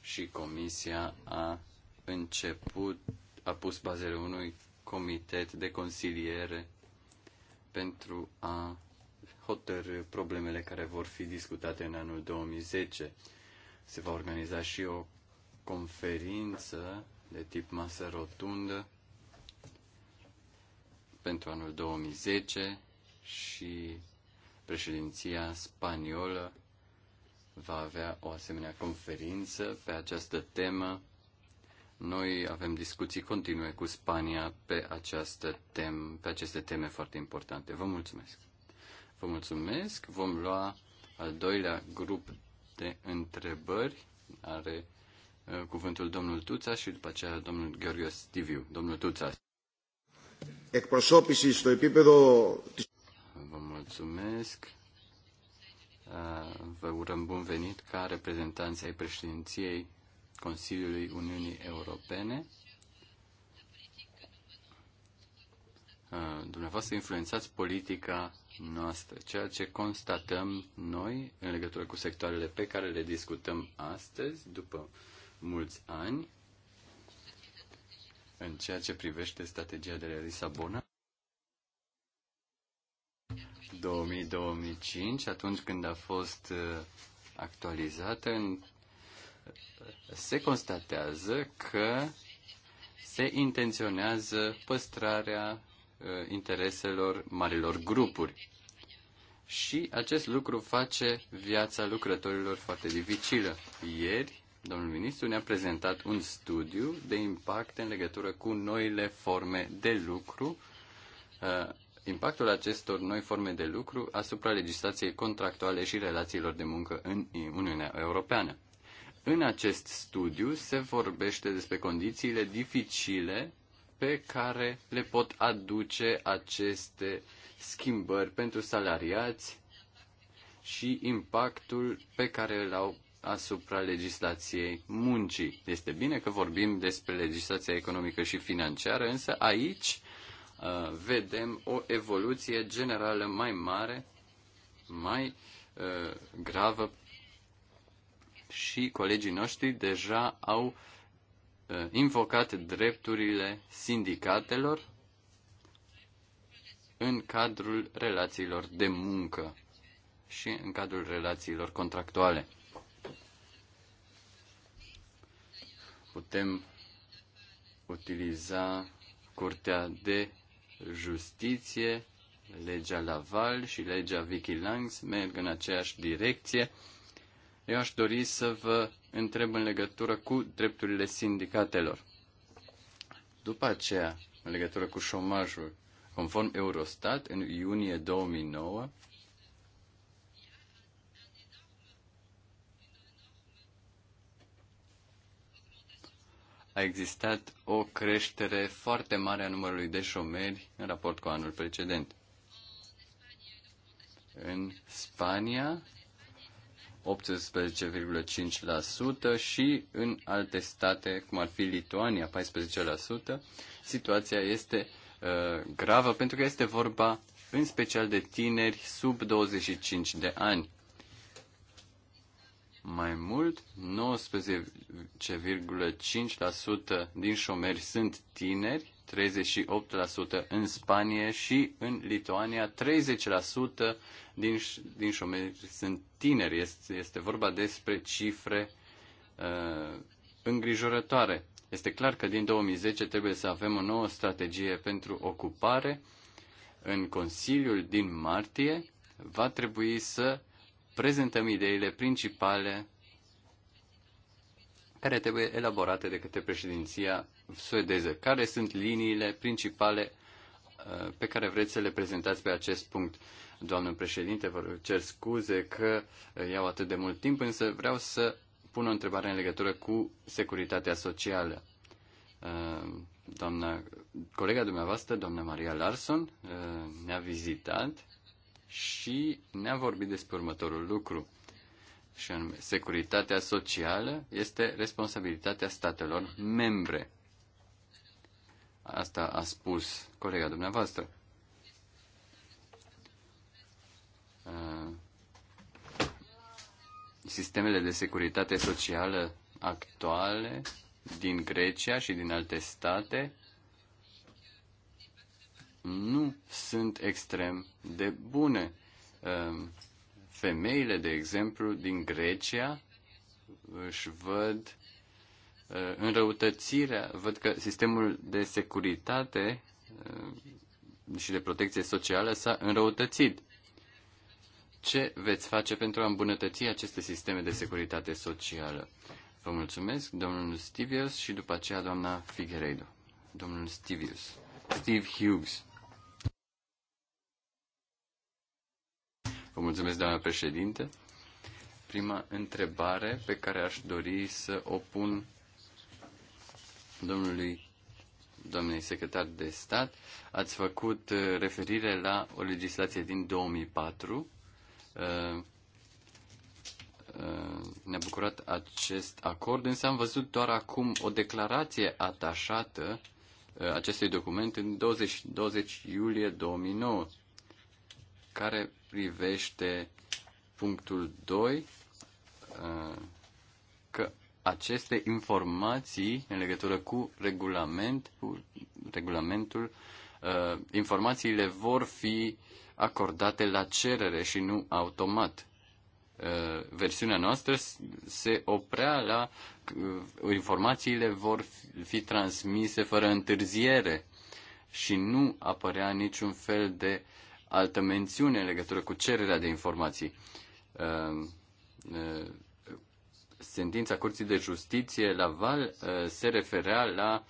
S2: și comisia a început, a pus bazele unui comitet de consiliere pentru a hotărâ problemele care vor fi discutate în anul 2010. Se va organiza și o conferință de tip masă rotundă pentru anul 2010 și președinția spaniolă va avea o asemenea conferință pe această temă. Noi avem discuții continue cu Spania pe, această tem, pe aceste teme foarte importante. Vă mulțumesc! Vă mulțumesc! Vom lua al doilea grup de întrebări. Are Uh, cuvântul domnul Tuța și după aceea domnul Gheorghe Stiviu. Domnul Tuța. Εκπροσώπηση στο επίπεδο Vă mulțumesc. Uh, vă urăm bun venit ca reprezentanți ai președinției Consiliului Uniunii Europene. Uh, dumneavoastră influențați politica noastră, ceea ce constatăm noi în legătură cu sectoarele pe care le discutăm astăzi, după uh, mulți ani în ceea ce privește strategia de la Lisabona 2005 atunci când a fost uh, actualizată, uh, se constatează că se intenționează păstrarea uh, intereselor marilor grupuri. Și acest lucru face viața lucrătorilor foarte dificilă. Ieri Domnul ministru ne-a prezentat un studiu de impact în legătură cu noile forme de lucru, uh, impactul acestor noi forme de lucru asupra legislației contractuale și relațiilor de muncă în Uniunea Europeană. În acest studiu se vorbește despre condițiile dificile pe care le pot aduce aceste schimbări pentru salariați și impactul pe care îl au asupra legislației muncii. Este bine că vorbim despre legislația economică și financiară, însă aici uh, vedem o evoluție generală mai mare, mai uh, gravă și colegii noștri deja au uh, invocat drepturile sindicatelor în cadrul relațiilor de muncă și în cadrul relațiilor contractuale. putem utiliza Curtea de Justiție, legea Laval și legea Langs merg în aceeași direcție. Eu aș dori să vă întreb în legătură cu drepturile sindicatelor. După aceea, în legătură cu șomajul, conform Eurostat, în iunie 2009, a existat o creștere foarte mare a numărului de șomeri în raport cu anul precedent. În Spania, 18,5% și în alte state, cum ar fi Lituania, 14%, situația este uh, gravă pentru că este vorba în special de tineri sub 25 de ani. Mai mult, 19,5% din șomeri sunt tineri, 38% în Spania și în Lituania 30% din, din șomeri sunt tineri. Este, este vorba despre cifre uh, îngrijorătoare. Este clar că din 2010 trebuie să avem o nouă strategie pentru ocupare. În Consiliul din martie va trebui să prezentăm ideile principale care trebuie elaborate de către președinția suedeză. Care sunt liniile principale uh, pe care vreți să le prezentați pe acest punct? Doamnă președinte, vă cer scuze că uh, iau atât de mult timp, însă vreau să pun o întrebare în legătură cu securitatea socială. Uh, doamna, colega dumneavoastră, doamna Maria Larson, ne-a vizitat și ne-a vorbit despre următorul lucru. Și anume, securitatea socială este responsabilitatea statelor membre. Asta a spus colega dumneavoastră. Uh, sistemele de securitate socială actuale din Grecia și din alte state nu sunt extrem de bune. Ehm, femeile, de exemplu, din Grecia își văd eh, înrăutățirea, văd că sistemul de securitate ehm, și de protecție socială s-a înrăutățit. Ce veți face pentru a îmbunătăți aceste sisteme de securitate socială? Vă mulțumesc, domnul Stivius și după aceea doamna Figueiredo. Domnul Stivius. Steve Hughes. Vă mulțumesc, doamna președinte. Prima întrebare pe care aș dori să o pun domnului, domnului secretar de stat, ați făcut uh, referire la o legislație din 2004. Uh, uh, ne-a bucurat acest acord, însă am văzut doar acum o declarație atașată acestui document în 20, 20 iulie 2009, care privește punctul 2, uh, că aceste informații în legătură cu regulament, cu regulamentul, uh, informațiile vor fi acordate la cerere și nu automat. Uh, versiunea noastră se oprea la informațiile vor fi transmise fără întârziere și nu apărea niciun fel de uh, altă mențiune în legătură cu cererea de informații. Uh, uh, sentința Curții de Justiție la Val uh, se referea la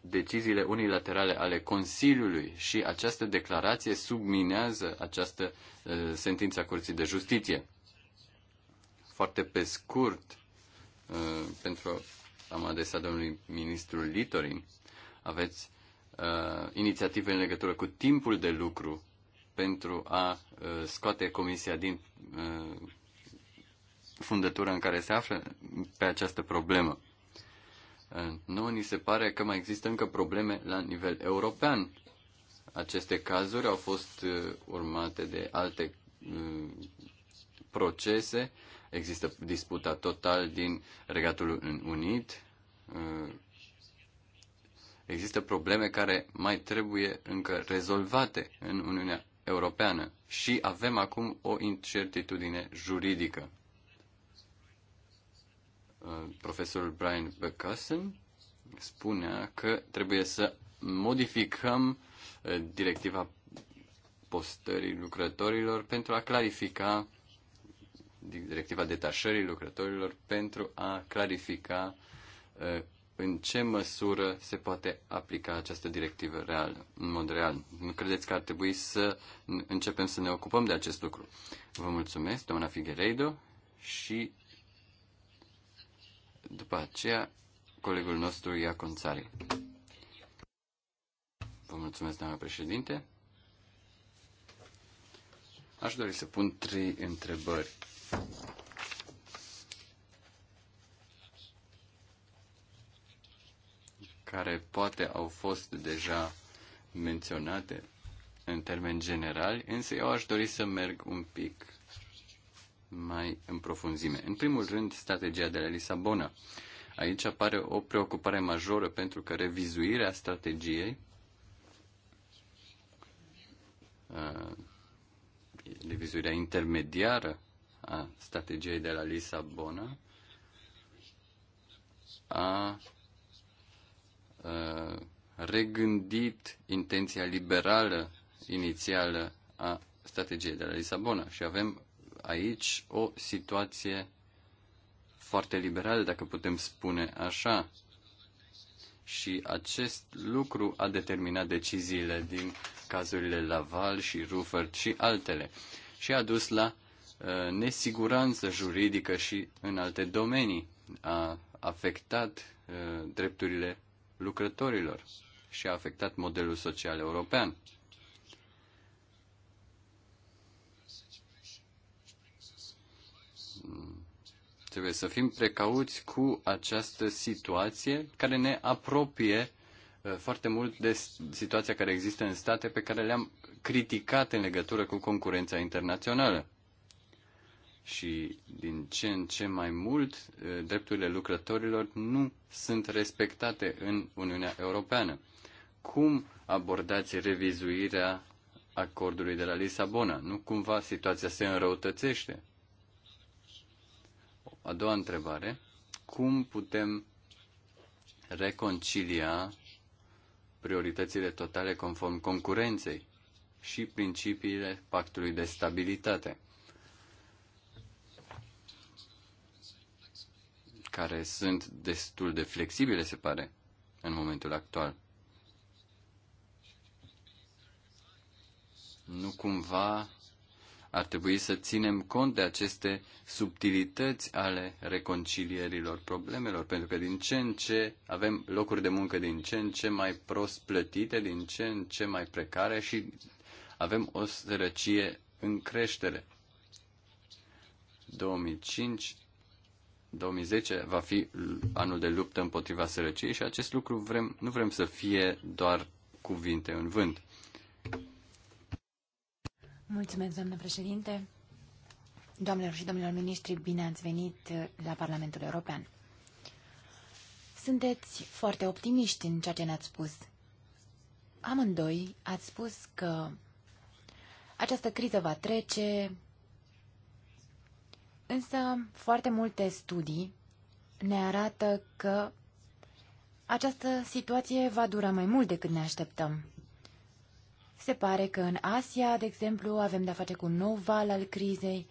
S2: deciziile unilaterale ale Consiliului și această declarație subminează această sentință a Curții de Justiție. Foarte pe scurt, pentru am adresat domnului ministrul Litorin, aveți uh, inițiative în legătură cu timpul de lucru pentru a uh, scoate comisia din uh, fundătura în care se află pe această problemă. Uh, nu ni se pare că mai există încă probleme la nivel european. Aceste cazuri au fost uh, urmate de alte uh, procese. Există disputa total din Regatul Unit, uh, Există probleme care mai trebuie încă rezolvate în Uniunea Europeană și avem acum o incertitudine juridică. Uh, profesorul Brian Becassin spunea că trebuie să modificăm uh, directiva postării lucrătorilor pentru a clarifica directiva detașării lucrătorilor pentru a clarifica uh, în ce măsură se poate aplica această directivă real, în mod real. Nu credeți că ar trebui să începem să ne ocupăm de acest lucru? Vă mulțumesc, doamna Figueiredo, și după aceea colegul nostru Ia Țari. Vă mulțumesc, doamna președinte. Aș dori să pun trei întrebări. care poate au fost deja menționate în termeni generali, însă eu aș dori să merg un pic mai în profunzime. În primul rând, strategia de la Lisabona. Aici apare o preocupare majoră pentru că revizuirea strategiei uh, revizuirea intermediară a strategiei de la Lisabona a Uh, regândit intenția liberală inițială a strategiei de la Lisabona și avem aici o situație foarte liberală, dacă putem spune așa. Și acest lucru a determinat deciziile din cazurile Laval și Rufert și altele și a dus la uh, nesiguranță juridică și în alte domenii. A afectat uh, drepturile lucrătorilor și a afectat modelul social european. Trebuie să fim precauți cu această situație care ne apropie uh, foarte mult de situația care există în state pe care le-am criticat în legătură cu concurența internațională și din ce în ce mai mult drepturile lucrătorilor nu sunt respectate în Uniunea Europeană. Cum abordați revizuirea acordului de la Lisabona? Nu cumva situația se înrăutățește? A doua întrebare. Cum putem reconcilia prioritățile totale conform concurenței și principiile pactului de stabilitate? care sunt destul de flexibile, se pare, în momentul actual. Nu cumva ar trebui să ținem cont de aceste subtilități ale reconcilierilor problemelor, pentru că din ce în ce avem locuri de muncă din ce în ce mai prost plătite, din ce în ce mai precare și avem o sărăcie în creștere. 2005 2010 va fi anul de luptă împotriva sărăciei și acest lucru vrem, nu vrem să fie doar cuvinte în vânt.
S3: Mulțumesc, doamnă președinte. Doamnelor și domnilor ministri, bine ați venit la Parlamentul European. Sunteți foarte optimiști în ceea ce ne-ați spus. Amândoi ați spus că această criză va trece, Însă, foarte multe studii ne arată că această situație va dura mai mult decât ne așteptăm. Se pare că în Asia, de exemplu, avem de-a face cu un nou val al crizei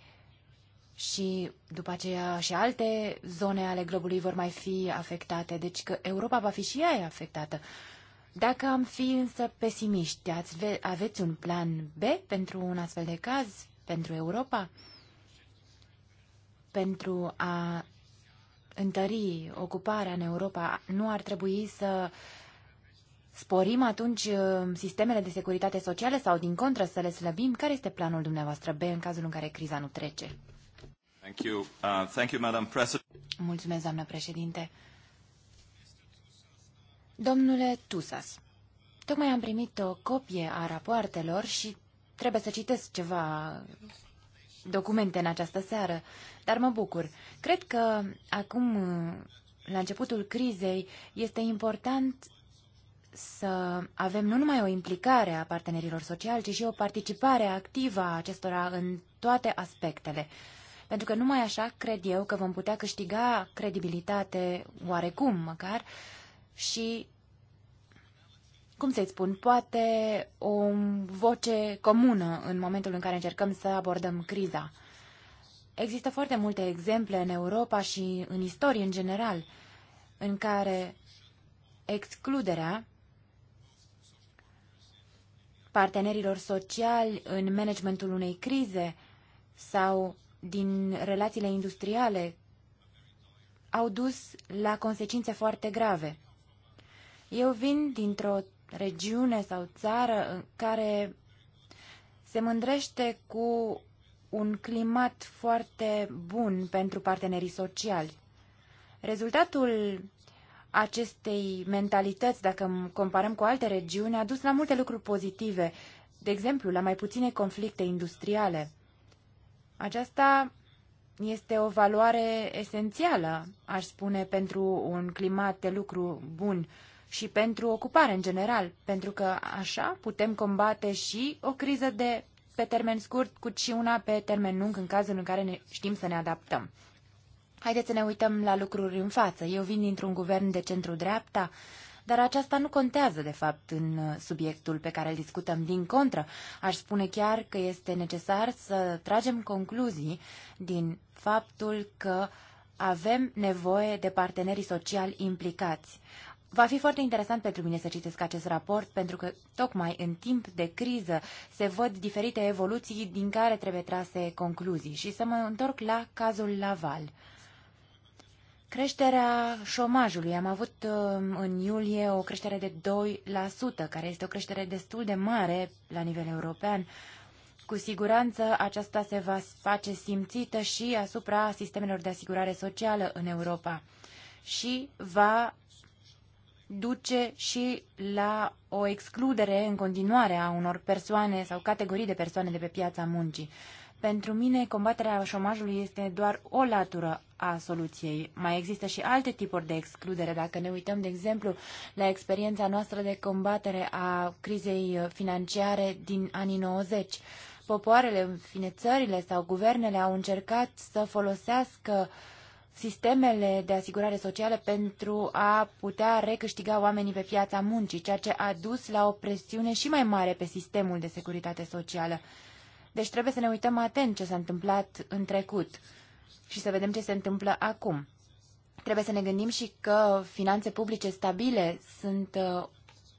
S3: și după aceea și alte zone ale globului vor mai fi afectate, deci că Europa va fi și ea afectată. Dacă am fi însă pesimiști, ați, aveți un plan B pentru un astfel de caz, pentru Europa? pentru a întări ocuparea în Europa, nu ar trebui să sporim atunci uh, sistemele de securitate socială sau, din contră, să le slăbim? Care este planul dumneavoastră B în cazul în care criza nu trece?
S1: Thank you. Uh, thank you, Madam
S3: Mulțumesc, doamnă președinte. Domnule Tusas, tocmai am primit o copie a rapoartelor și trebuie să citesc ceva documente în această seară, dar mă bucur. Cred că acum, la începutul crizei, este important să avem nu numai o implicare a partenerilor sociali, ci și o participare activă a acestora în toate aspectele. Pentru că numai așa cred eu că vom putea câștiga credibilitate oarecum măcar și cum să-i spun, poate o voce comună în momentul în care încercăm să abordăm criza. Există foarte multe exemple în Europa și în istorie în general, în care excluderea partenerilor sociali în managementul unei crize sau din relațiile industriale au dus la consecințe foarte grave. Eu vin dintr-o regiune sau țară care se mândrește cu un climat foarte bun pentru partenerii sociali. Rezultatul acestei mentalități, dacă comparăm cu alte regiuni, a dus la multe lucruri pozitive, de exemplu, la mai puține conflicte industriale. Aceasta este o valoare esențială, aș spune, pentru un climat de lucru bun și pentru ocupare în general, pentru că așa putem combate și o criză de pe termen scurt, cât și una pe termen lung în cazul în care ne știm să ne adaptăm. Haideți să ne uităm la lucruri în față. Eu vin dintr-un guvern de centru-dreapta, dar aceasta nu contează, de fapt, în uh, subiectul pe care îl discutăm. Din contră, aș spune chiar că este necesar să tragem concluzii din faptul că avem nevoie de partenerii sociali implicați. Va fi foarte interesant pentru mine să citesc acest raport, pentru că tocmai în timp de criză se văd diferite evoluții din care trebuie trase concluzii. Și să mă întorc la cazul Laval. Creșterea șomajului. Am avut um, în iulie o creștere de 2%, care este o creștere destul de mare la nivel european. Cu siguranță aceasta se va face simțită și asupra sistemelor de asigurare socială în Europa și va duce și la o excludere în continuare a unor persoane sau categorii de persoane de pe piața muncii. Pentru mine, combaterea șomajului este doar o latură a soluției. Mai există și alte tipuri de excludere. Dacă ne uităm, de exemplu, la experiența noastră de combatere a crizei financiare din anii 90, popoarele, fine țările sau guvernele au încercat să folosească uh, sistemele de asigurare socială pentru a putea recâștiga oamenii pe piața muncii, ceea ce a dus la o presiune și mai mare pe sistemul de securitate socială. Deci trebuie să ne uităm atent ce s-a întâmplat în trecut și să vedem ce se întâmplă acum. Trebuie să ne gândim și că finanțe publice stabile sunt uh,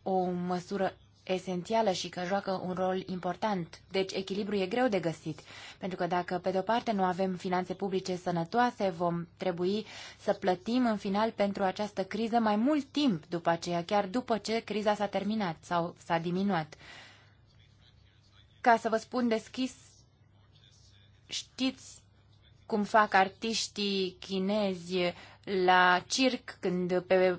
S3: o măsură esențială și că joacă un rol important. Deci echilibru e greu de găsit, pentru că dacă pe de-o parte nu avem finanțe publice sănătoase, vom trebui să plătim în final pentru această criză mai mult timp după aceea, chiar după ce criza s-a terminat sau s-a diminuat. Ca să vă spun deschis, știți cum fac artiștii chinezi la circ când pe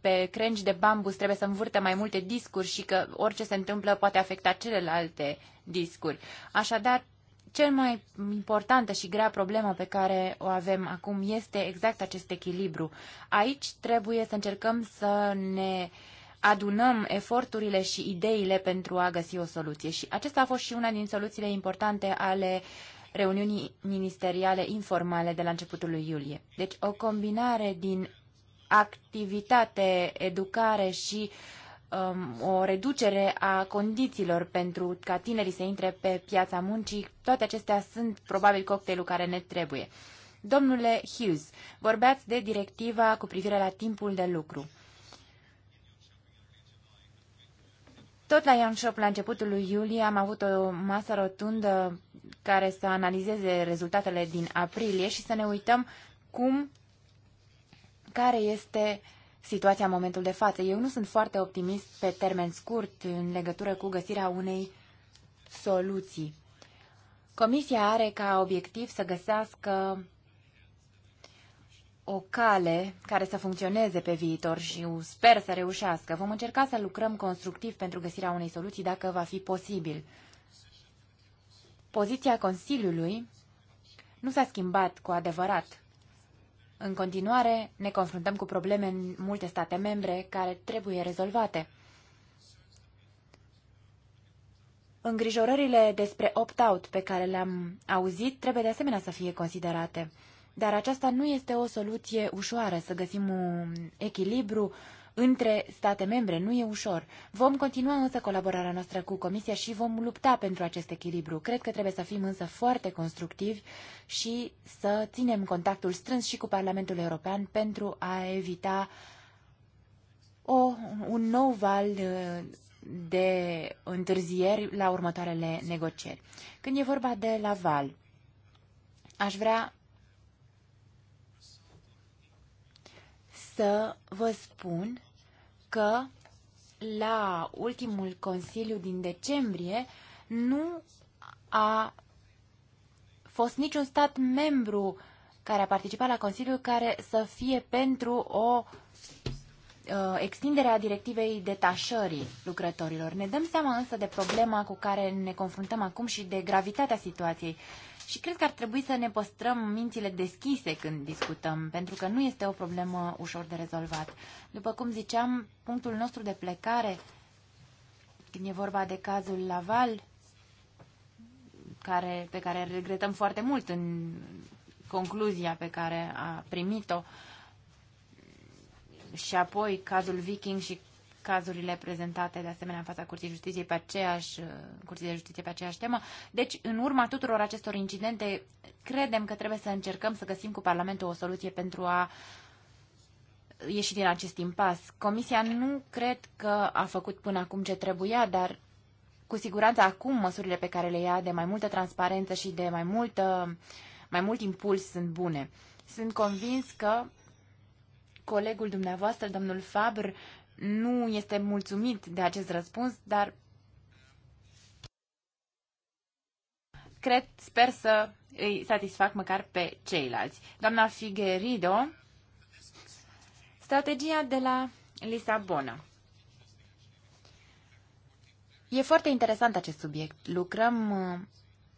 S3: pe crengi de bambus trebuie să învârte mai multe discuri și că orice se întâmplă poate afecta celelalte discuri. Așadar, cel mai importantă și grea problemă pe care o avem acum este exact acest echilibru. Aici trebuie să încercăm să ne adunăm eforturile și ideile pentru a găsi o soluție. Și acesta a fost și una din soluțiile importante ale reuniunii ministeriale informale de la începutul lui iulie. Deci o combinare din activitate, educare și um, o reducere a condițiilor pentru ca tinerii să intre pe piața muncii, toate acestea sunt probabil cocktailul care ne trebuie. Domnule Hughes, vorbeați de directiva cu privire la timpul de lucru. Tot la Young Shop, la începutul lui iulie, am avut o masă rotundă care să analizeze rezultatele din aprilie și să ne uităm cum care este situația în momentul de față. Eu nu sunt foarte optimist pe termen scurt în legătură cu găsirea unei soluții. Comisia are ca obiectiv să găsească o cale care să funcționeze pe viitor și sper să reușească. Vom încerca să lucrăm constructiv pentru găsirea unei soluții dacă va fi posibil. Poziția Consiliului nu s-a schimbat cu adevărat. În continuare, ne confruntăm cu probleme în multe state membre care trebuie rezolvate. Îngrijorările despre opt-out pe care le-am auzit trebuie de asemenea să fie considerate. Dar aceasta nu este o soluție ușoară, să găsim un echilibru uh, între state membre. Nu e ușor. Vom continua însă colaborarea noastră cu Comisia și vom lupta pentru acest echilibru. Cred că trebuie să fim însă foarte constructivi și să ținem contactul strâns și cu Parlamentul European pentru a evita o, un nou val uh, de întârzieri la următoarele negocieri. Când e vorba de Laval, aș vrea să vă spun că la ultimul Consiliu din decembrie nu a fost niciun stat membru care a participat la Consiliu care să fie pentru o extinderea ă, extindere a directivei detașării lucrătorilor. Ne dăm seama însă de problema cu care ne confruntăm acum și de gravitatea situației. Și cred că ar trebui să ne păstrăm mințile deschise când discutăm, pentru că nu este o problemă ușor de rezolvat. După cum ziceam, punctul nostru de plecare, când e vorba de cazul Laval, care, pe care regretăm foarte mult în concluzia pe care a primit-o, și apoi cazul Viking și cazurile prezentate de asemenea în fața Curții, Justiției pe aceeași, uh, Curții de Justiție pe aceeași temă. Deci, în urma tuturor acestor incidente, credem că trebuie să încercăm să găsim cu Parlamentul o soluție pentru a ieși din acest impas. Comisia nu cred că a făcut până acum ce trebuia, dar cu siguranță acum măsurile pe care le ia de mai multă transparență și de mai, multă, mai mult impuls sunt bune. Sunt convins că colegul dumneavoastră, domnul Fabr, nu este mulțumit de acest răspuns, dar cred, sper să îi satisfac măcar pe ceilalți. Doamna Figuerido, strategia de la Lisabona. E foarte interesant acest subiect. Lucrăm uh,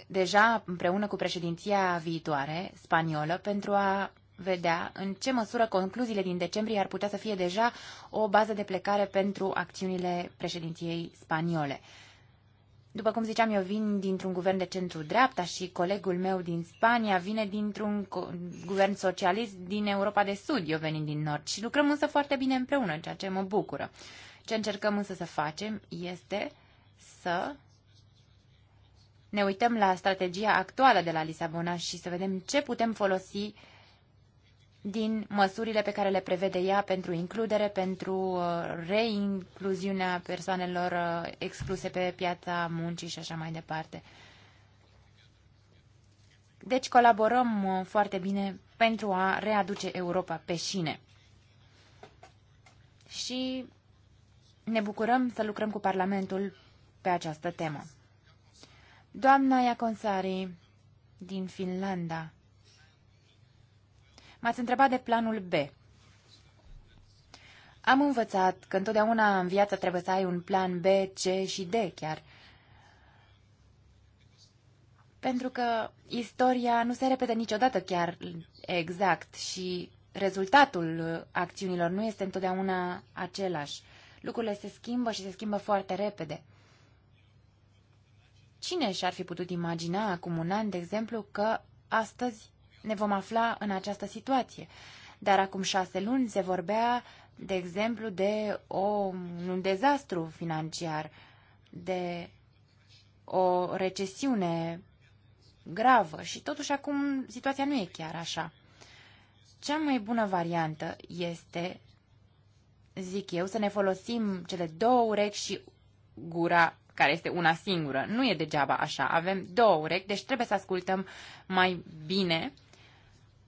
S3: deja împreună cu președinția viitoare spaniolă pentru a vedea în ce măsură concluziile din decembrie ar putea să fie deja o bază de plecare pentru acțiunile președinției spaniole. După cum ziceam, eu vin dintr-un guvern de centru-dreapta și colegul meu din Spania vine dintr-un guvern socialist din Europa de Sud, eu venind din Nord și lucrăm însă foarte bine împreună, ceea ce mă bucură. Ce încercăm însă să facem este să ne uităm la strategia actuală de la Lisabona și să vedem ce putem folosi din măsurile pe care le prevede ea pentru includere, pentru uh, reincluziunea persoanelor uh, excluse pe piața muncii și așa mai departe. Deci colaborăm uh, foarte bine pentru a readuce Europa pe șine. Și ne bucurăm să lucrăm cu Parlamentul pe această temă. Doamna Iaconsari din Finlanda M-ați întrebat de planul B. Am învățat că întotdeauna în viață trebuie să ai un plan B, C și D chiar. Pentru că istoria nu se repete niciodată chiar exact și rezultatul acțiunilor nu este întotdeauna același. Lucrurile se schimbă și se schimbă foarte repede. Cine și-ar fi putut imagina acum un an, de exemplu, că astăzi ne vom afla în această situație. Dar acum șase luni se vorbea, de exemplu, de o, un dezastru financiar, de o recesiune gravă și totuși acum situația nu e chiar așa. Cea mai bună variantă este, zic eu, să ne folosim cele două urechi și gura care este una singură. Nu e degeaba așa. Avem două urechi, deci trebuie să ascultăm mai bine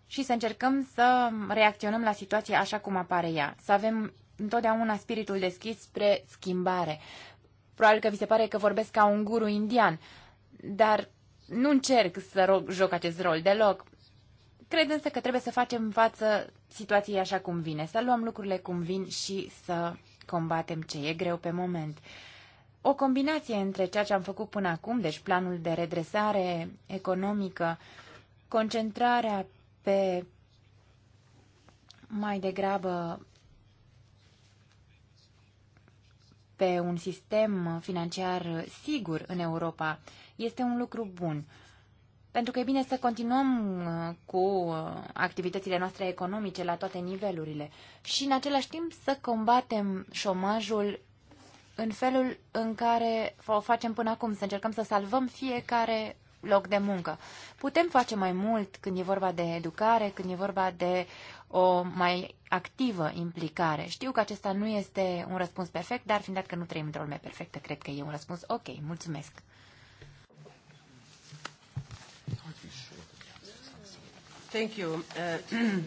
S3: și să încercăm să reacționăm la situație așa cum apare ea. Să avem întotdeauna spiritul deschis spre schimbare. Probabil că vi se pare că vorbesc ca un guru indian, dar nu încerc să rog, joc acest rol deloc. Cred însă că trebuie să facem față situației așa cum vine, să luăm lucrurile cum vin și să combatem ce e greu pe moment. O combinație între ceea ce am făcut până acum, deci planul de redresare economică, concentrarea pe mai degrabă pe un sistem financiar sigur în Europa este un lucru bun. Pentru că e bine să continuăm uh, cu uh, activitățile noastre economice la toate nivelurile și în același timp să combatem șomajul în felul în care o facem până acum, să încercăm să salvăm fiecare loc de muncă. Putem face mai mult când e vorba de educare, când e vorba de o mai activă implicare. Știu că acesta nu este un răspuns perfect, dar fiind dat că nu trăim într-o lume perfectă, cred că e un răspuns ok. Mulțumesc! Thank you. Uh,
S1: *clears throat*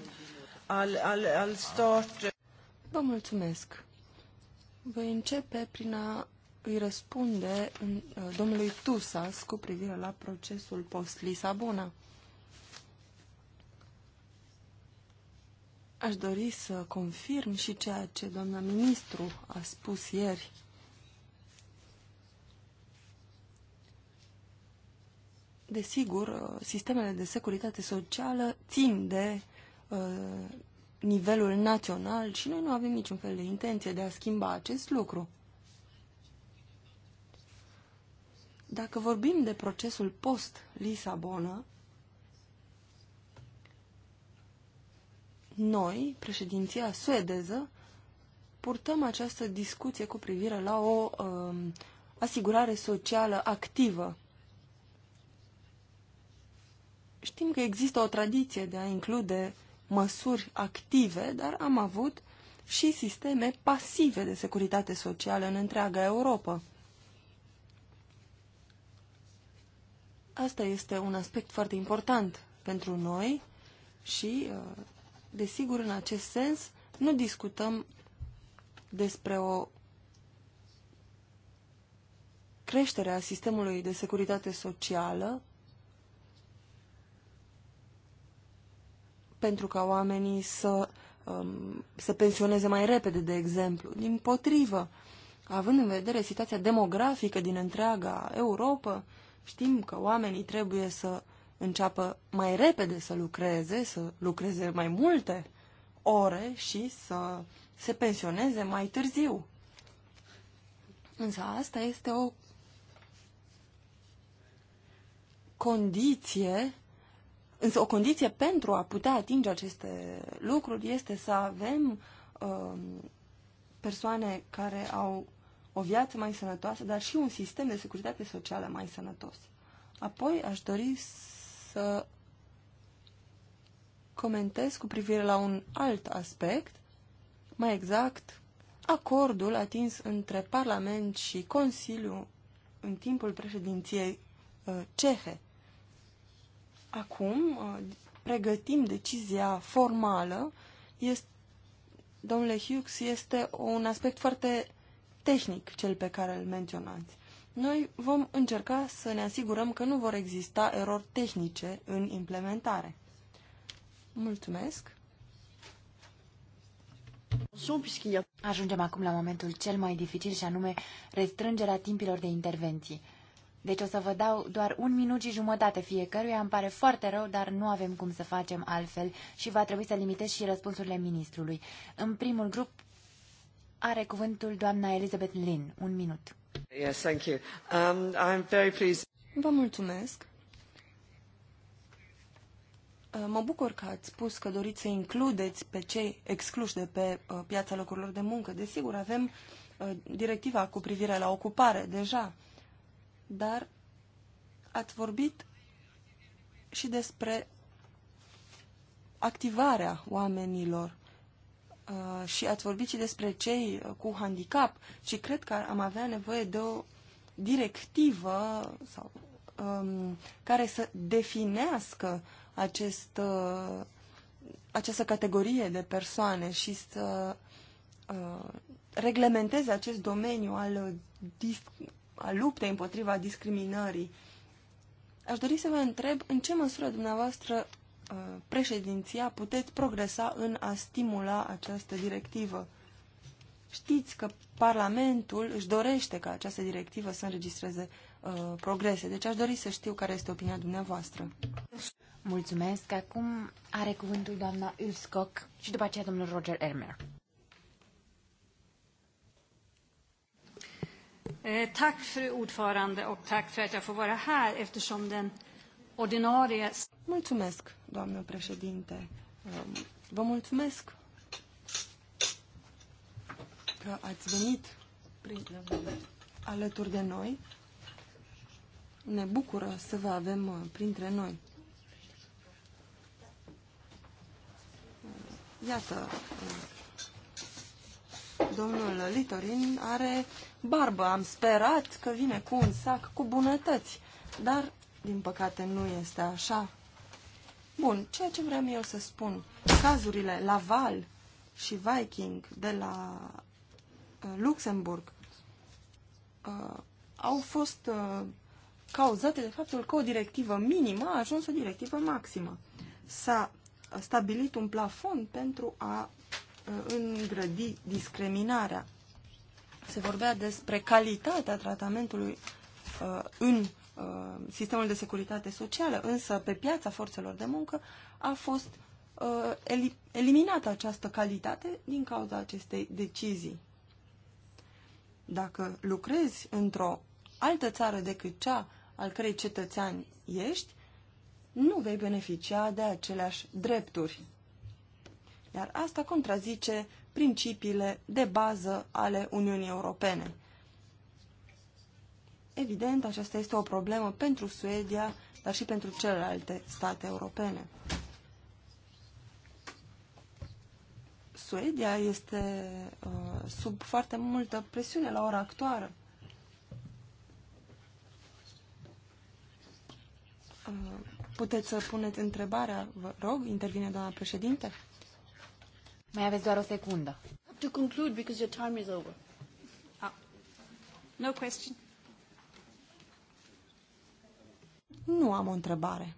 S1: I'll, I'll, I'll start... Uh,
S4: Vă mulțumesc. Voi începe prin a îi răspunde în, uh, domnului Tusas cu privire la procesul post-Lisabona. Aș dori să confirm și ceea ce doamna ministru a spus ieri. Desigur, uh, sistemele de securitate socială țin de uh, nivelul național și noi nu avem niciun fel de intenție de a schimba acest lucru. Dacă vorbim de procesul post-Lisabona, noi, președinția suedeză, purtăm această discuție cu privire la o uh, asigurare socială activă. Știm că există o tradiție de a include măsuri active, dar am avut și sisteme pasive de securitate socială în întreaga Europa. Asta este un aspect foarte important pentru noi și, uh, desigur, în acest sens, nu discutăm despre o creștere a sistemului de securitate socială pentru ca oamenii să um, se pensioneze mai repede, de exemplu. Din potrivă, având în vedere situația demografică din întreaga Europa, Știm că oamenii trebuie să înceapă mai repede să lucreze, să lucreze mai multe ore și să se pensioneze mai târziu. Însă asta este o condiție, însă o condiție pentru a putea atinge aceste lucruri este să avem uh, persoane care au o viață mai sănătoasă, dar și un sistem de securitate socială mai sănătos. Apoi aș dori să comentez cu privire la un alt aspect, mai exact, acordul atins între Parlament și Consiliu în timpul președinției uh, cehe. Acum uh, pregătim decizia formală. Este, domnule Hughes, este un aspect foarte tehnic, cel pe care îl menționați. Noi vom încerca să ne asigurăm că nu vor exista erori tehnice în implementare. Mulțumesc!
S3: Ajungem acum la momentul cel mai dificil și anume restrângerea timpilor de intervenții. Deci o să vă dau doar un minut și jumătate fiecăruia, îmi pare foarte rău, dar nu avem cum să facem altfel și va trebui să limitez și răspunsurile ministrului. În primul grup, are cuvântul doamna Elizabeth Lin. Un minut.
S1: Yes, thank you. Um, I'm very pleased.
S4: Vă mulțumesc. Uh, mă bucur că ați spus că doriți să includeți pe cei excluși de pe uh, piața locurilor de muncă. Desigur, avem uh, directiva cu privire la ocupare deja, dar ați vorbit și despre activarea oamenilor. Uh, și ați vorbit și despre cei cu handicap și cred că am avea nevoie de o directivă sau, um, care să definească acest, uh, această categorie de persoane și să uh, reglementeze acest domeniu al, al luptei împotriva discriminării. Aș dori să vă întreb în ce măsură dumneavoastră Uh, președinția puteți progresa în a stimula această directivă. Știți că Parlamentul își dorește ca această directivă să înregistreze uh, progrese, deci aș dori să
S3: știu care este opinia dumneavoastră. Mulțumesc. Acum are cuvântul doamna Ulscock și după aceea domnul Roger Elmer. Eh, tack för ordförande och tack för att jag får vara här
S4: eftersom den ordinarie... Mulțumesc, doamnă președinte. Um, vă mulțumesc că ați venit alături de noi. Ne bucură să vă avem uh, printre noi. Uh, iată, uh, domnul Litorin are barbă. Am sperat că vine cu un sac cu bunătăți, dar din păcate nu este așa. Bun, ceea ce vreau eu să spun, cazurile la Val și Viking de la uh, Luxemburg uh, au fost uh, cauzate de faptul că o directivă minimă a ajuns o directivă maximă. S-a stabilit un plafon pentru a uh, îngrădi discriminarea. Se vorbea despre calitatea tratamentului uh, în Uh, sistemul de securitate socială, însă pe piața forțelor de muncă a fost uh, eliminată această calitate din cauza acestei decizii. Dacă lucrezi într-o altă țară decât cea al cărei cetățean ești, nu vei beneficia de aceleași drepturi. Iar asta contrazice principiile de bază ale Uniunii Europene – Evident, aceasta este o problemă pentru Suedia, dar și pentru celelalte state europene. Suedia este uh, sub foarte multă presiune la ora actuală. Uh, puteți să puneți întrebarea, vă rog, intervine doamna președinte.
S1: Mai aveți doar o secundă. To conclude because your time is over. Ah. No question.
S4: Nu am o întrebare.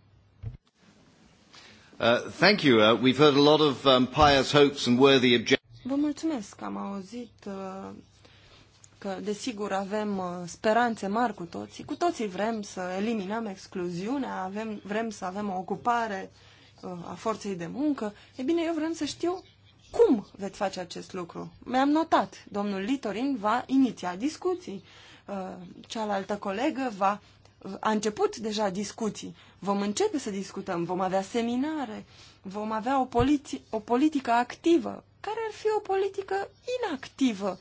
S2: Uh, thank you. Uh, we've heard a
S1: lot of um, pious hopes and worthy objectives.
S4: Vă mulțumesc. Am auzit uh, că, desigur, avem speranțe mari cu toții. Cu toții vrem să eliminăm excluziunea, avem, vrem să avem o ocupare a forței de muncă. E bine, eu vreau să știu cum veți face acest lucru. Mi-am notat. Domnul Litorin va iniția discuții. cealaltă colegă va a început deja discuții. Vom începe să discutăm, vom avea seminare, vom avea o, politi- o politică activă. Care ar fi o politică inactivă?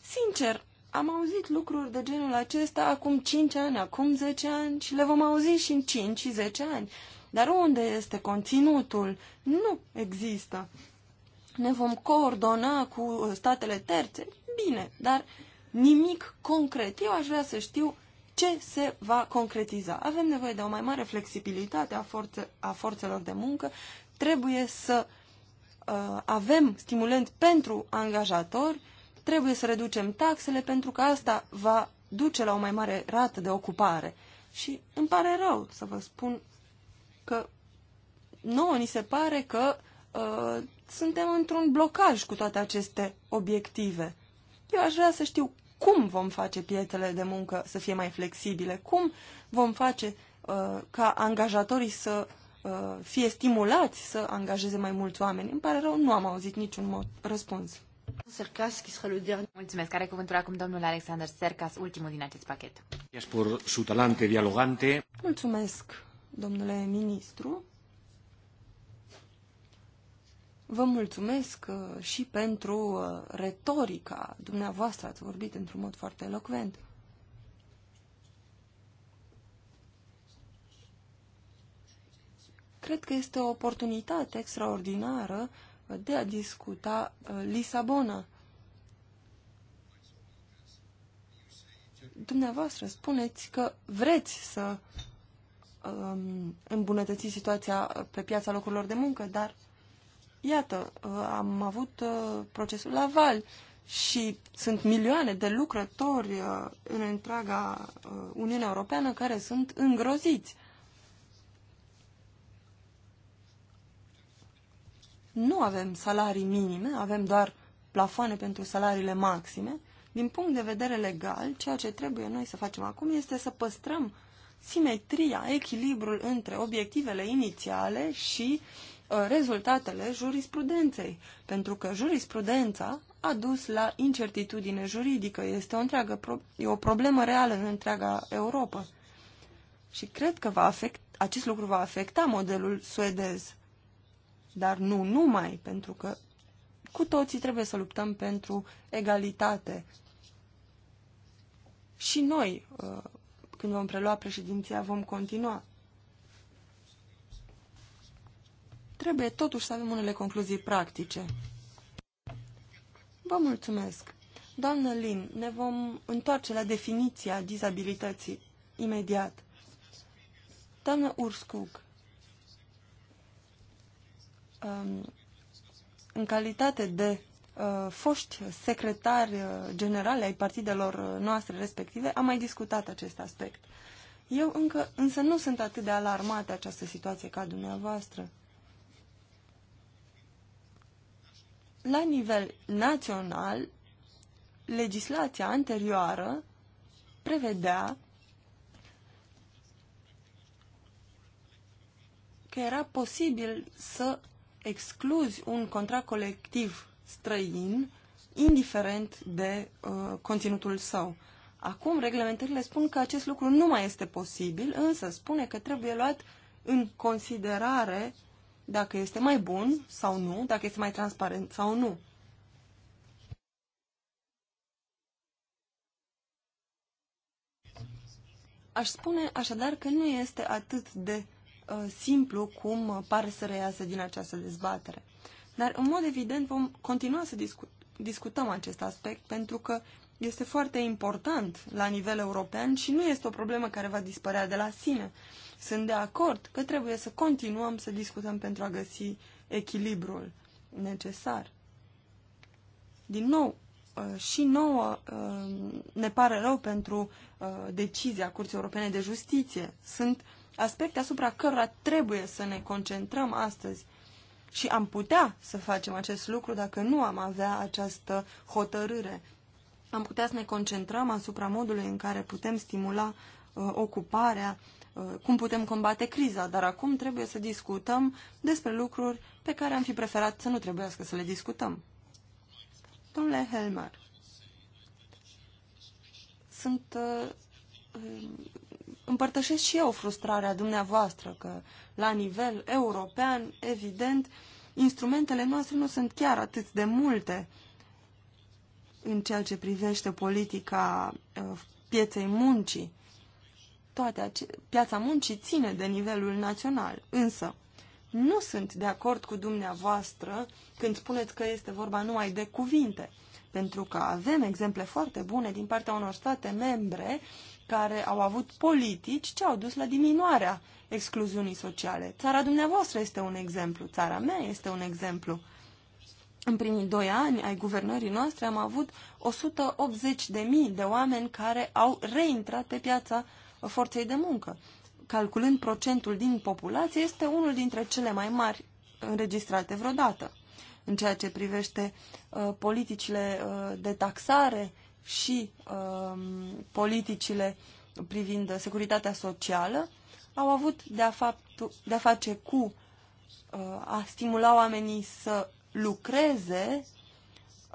S4: Sincer, am auzit lucruri de genul acesta acum 5 ani, acum 10 ani și le vom auzi și în 5 și 10 ani. Dar unde este conținutul? Nu există. Ne vom coordona cu statele terțe? Bine, dar nimic concret. Eu aș vrea să știu ce se va concretiza. Avem nevoie de o mai mare flexibilitate a, forțe, a forțelor de muncă, trebuie să uh, avem stimulent pentru angajatori, trebuie să reducem taxele pentru că asta va duce la o mai mare rată de ocupare. Și îmi pare rău să vă spun că nouă ni se pare că uh, suntem într-un blocaj cu toate aceste obiective. Eu aș vrea să știu cum vom face piețele de muncă să fie mai flexibile, cum vom face uh, ca angajatorii să uh, fie stimulați să angajeze mai mulți
S3: oameni. Îmi pare rău, nu am auzit niciun mod, răspuns. Mulțumesc. Care cuvântul acum domnul Alexander Sercas, ultimul din acest pachet. Mulțumesc, domnule ministru,
S4: Vă mulțumesc uh, și pentru uh, retorica dumneavoastră, ați vorbit într-un mod foarte elocvent. Cred că este o oportunitate extraordinară uh, de a discuta Lisabona. Dumneavoastră spuneți că vreți să um, îmbunătăți situația pe piața locurilor de muncă, dar Iată, uh, am avut uh, procesul Laval și sunt milioane de lucrători uh, în întreaga Uniune Europeană care sunt îngroziți. Nu avem salarii minime, avem doar plafoane pentru salariile maxime. Din punct de vedere legal, ceea ce trebuie noi să facem acum este să păstrăm simetria, echilibrul între obiectivele inițiale și uh, rezultatele jurisprudenței, pentru că jurisprudența a dus la incertitudine juridică. Este o, întreagă pro- e o problemă reală în întreaga Europa. Și cred că va afect, acest lucru va afecta modelul suedez. Dar nu numai, pentru că cu toții trebuie să luptăm pentru egalitate. Și noi, uh, când vom prelua președinția, vom continua. Trebuie totuși să avem unele concluzii practice. Vă mulțumesc. Doamnă Lin, ne vom întoarce la definiția dizabilității imediat. Doamnă Urscuc, um, în calitate de Uh, foști secretari uh, generale ai partidelor uh, noastre respective, am mai discutat acest aspect. Eu încă, însă nu sunt atât de alarmată această situație ca dumneavoastră. La nivel național, legislația anterioară prevedea că era posibil să excluzi un contract colectiv străin, indiferent de uh, conținutul său. Acum, reglementările spun că acest lucru nu mai este posibil, însă spune că trebuie luat în considerare dacă este mai bun sau nu, dacă este mai transparent sau nu. Aș spune așadar că nu este atât de uh, simplu cum uh, pare să reiasă din această dezbatere. Dar, în mod evident, vom continua să discu discutăm acest aspect pentru că este foarte important la nivel european și nu este o problemă care va dispărea de la sine. Sunt de acord că trebuie să continuăm să discutăm pentru a găsi echilibrul necesar. Din nou, uh, și nouă uh, ne pare rău pentru uh, decizia Curții Europene de Justiție. Sunt aspecte asupra cărora trebuie să ne concentrăm astăzi și am putea să facem acest lucru dacă nu am avea această hotărâre. Am putea să ne concentrăm asupra modului în care putem stimula uh, ocuparea, uh, cum putem combate criza, dar acum trebuie să discutăm despre lucruri pe care am fi preferat să nu trebuiască să le discutăm. Domnule Helmer, sunt uh, împărtășesc și eu frustrarea dumneavoastră că, la nivel european, evident, instrumentele noastre nu sunt chiar atât de multe în ceea ce privește politica ă, pieței muncii. Toate ace- piața muncii ține de nivelul național, însă nu sunt de acord cu dumneavoastră când spuneți că este vorba numai de cuvinte, pentru că avem exemple foarte bune din partea unor state membre care au avut politici ce au dus la diminuarea excluziunii sociale. Țara dumneavoastră este un exemplu, țara mea este un exemplu. În primii doi ani ai guvernării noastre am avut 180.000 de oameni care au reintrat pe piața forței de muncă. Calculând procentul din populație, este unul dintre cele mai mari înregistrate vreodată. În ceea ce privește uh, politicile uh, de taxare și um, politicile privind securitatea socială au avut de-a, faptu- de-a face cu uh, a stimula oamenii să lucreze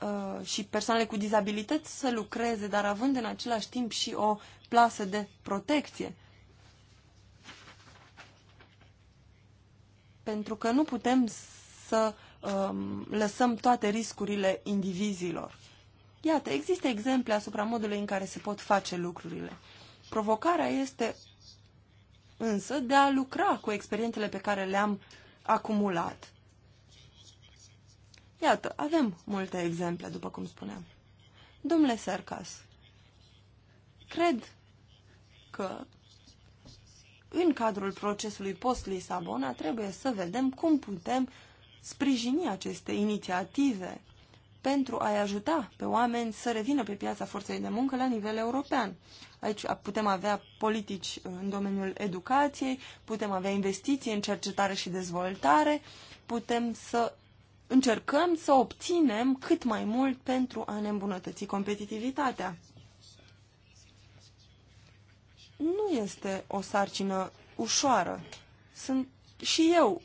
S4: uh, și persoanele cu dizabilități să lucreze, dar având în același timp și o plasă de protecție. Pentru că nu putem să um, lăsăm toate riscurile indivizilor. Iată, există exemple asupra modului în care se pot face lucrurile. Provocarea este însă de a lucra cu experiențele pe care le-am acumulat. Iată, avem multe exemple, după cum spuneam. Domnule Sercas, cred că în cadrul procesului post-Lisabona trebuie să vedem cum putem sprijini aceste inițiative pentru a-i ajuta pe oameni să revină pe piața forței de muncă la nivel european. Aici putem avea politici uh, în domeniul educației, putem avea investiții în cercetare și dezvoltare, putem să încercăm să obținem cât mai mult pentru a ne îmbunătăți competitivitatea. Nu este o sarcină ușoară. Sunt și eu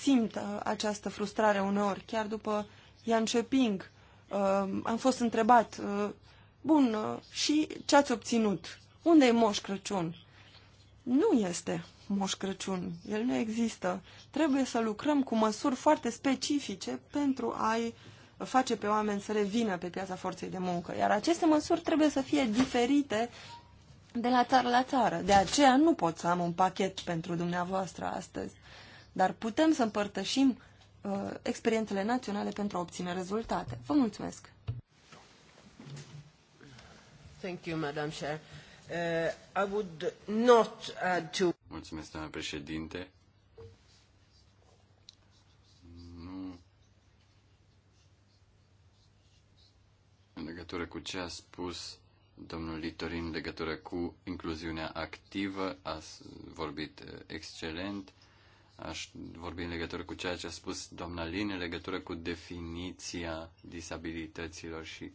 S4: simt uh, această frustrare uneori, chiar după Ian Șeping, uh, am fost întrebat, uh, bun, uh, și ce ați obținut? Unde e Moș Crăciun? Nu este Moș Crăciun, el nu există. Trebuie să lucrăm cu măsuri foarte specifice pentru a-i face pe oameni să revină pe piața forței de muncă. Iar aceste măsuri trebuie să fie diferite de la țară la țară. De aceea nu pot să am un pachet pentru dumneavoastră astăzi. Dar putem să împărtășim Uh, experiențele naționale pentru a obține rezultate. Vă mulțumesc!
S1: Thank you, Madam Chair.
S2: Uh, I would not add to... Mulțumesc, doamna președinte. Nu. În legătură cu ce a spus domnul Litorin în legătură cu incluziunea activă, a vorbit uh, excelent Aș vorbi în legătură cu ceea ce a spus doamna Lin, în legătură cu definiția disabilităților și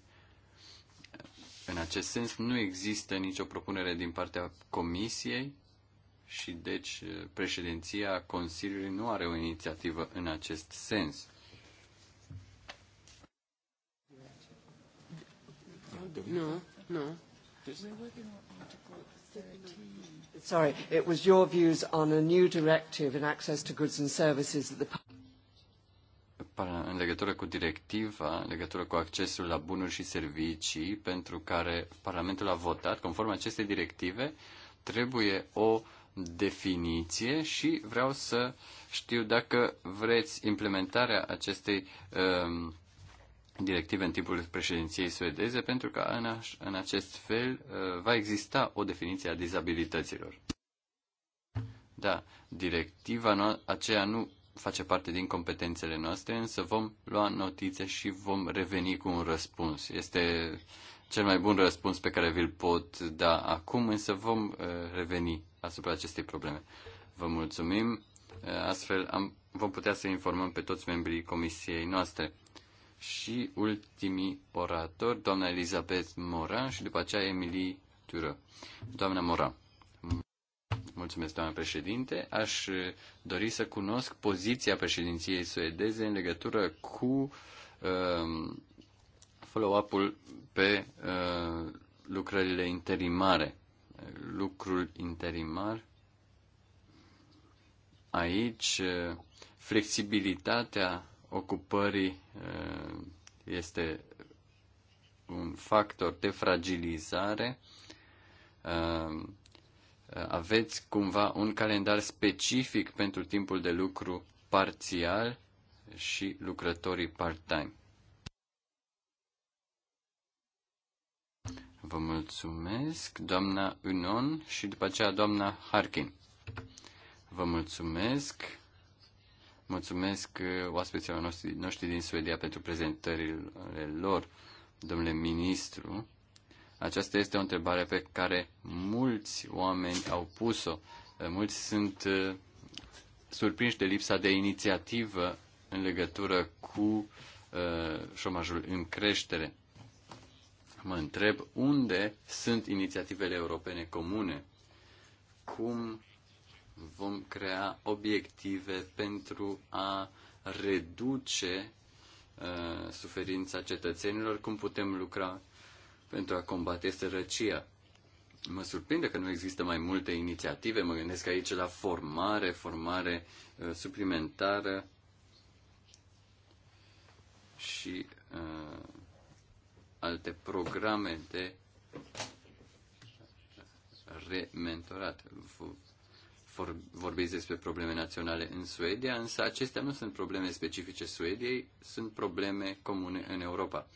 S2: în acest sens nu există nicio propunere din partea Comisiei și deci președinția Consiliului nu are o inițiativă în acest sens.
S1: Nu, no, nu. No. Sorry, it was your views
S4: on a new directive in access to goods and services that the
S2: în legătură cu directiva, în legătură cu accesul la bunuri și servicii pentru care Parlamentul a votat, conform acestei directive, trebuie o definiție și vreau să știu dacă vreți implementarea acestei uh, directive în timpul președinției suedeze, pentru că în, în acest fel uh, va exista o definiție a dizabilităților. Da, directiva no- aceea nu face parte din competențele noastre, însă vom lua notițe și vom reveni cu un răspuns. Este cel mai bun răspuns pe care vi-l pot da acum, însă vom uh, reveni asupra acestei probleme. Vă mulțumim. Uh, astfel am, vom putea să informăm pe toți membrii comisiei noastre și ultimii oratori, doamna Elizabeth Moran și după aceea Emily Tură. Doamna Moran. Mulțumesc, doamna președinte. Aș eh, dori să cunosc poziția președinției suedeze în legătură cu uh, follow-up-ul pe uh, lucrările interimare. Lucrul interimar. Aici, uh, flexibilitatea ocupării eh, este un factor de fragilizare. Eh, aveți cumva un calendar specific pentru timpul de lucru parțial și lucrătorii part-time. Vă mulțumesc, doamna Unon și după aceea doamna Harkin. Vă mulțumesc. Mulțumesc uh, oaspeților noștri, noștri din Suedia pentru prezentările lor, domnule ministru. Aceasta este o întrebare pe care mulți oameni au pus-o. Uh, mulți sunt uh, surprinși de lipsa de inițiativă în legătură cu șomajul în creștere. Mă întreb unde sunt inițiativele europene comune, cum vom crea obiective pentru a reduce uh, suferința cetățenilor, cum putem lucra pentru a combate sărăcia. Mă surprinde că nu există mai multe inițiative, mă gândesc aici la formare, formare uh, suplimentară și uh, alte programe de rementorat vorbiți despre probleme naționale în Suedia, însă acestea nu sunt probleme specifice Suediei, sunt probleme comune în Europa.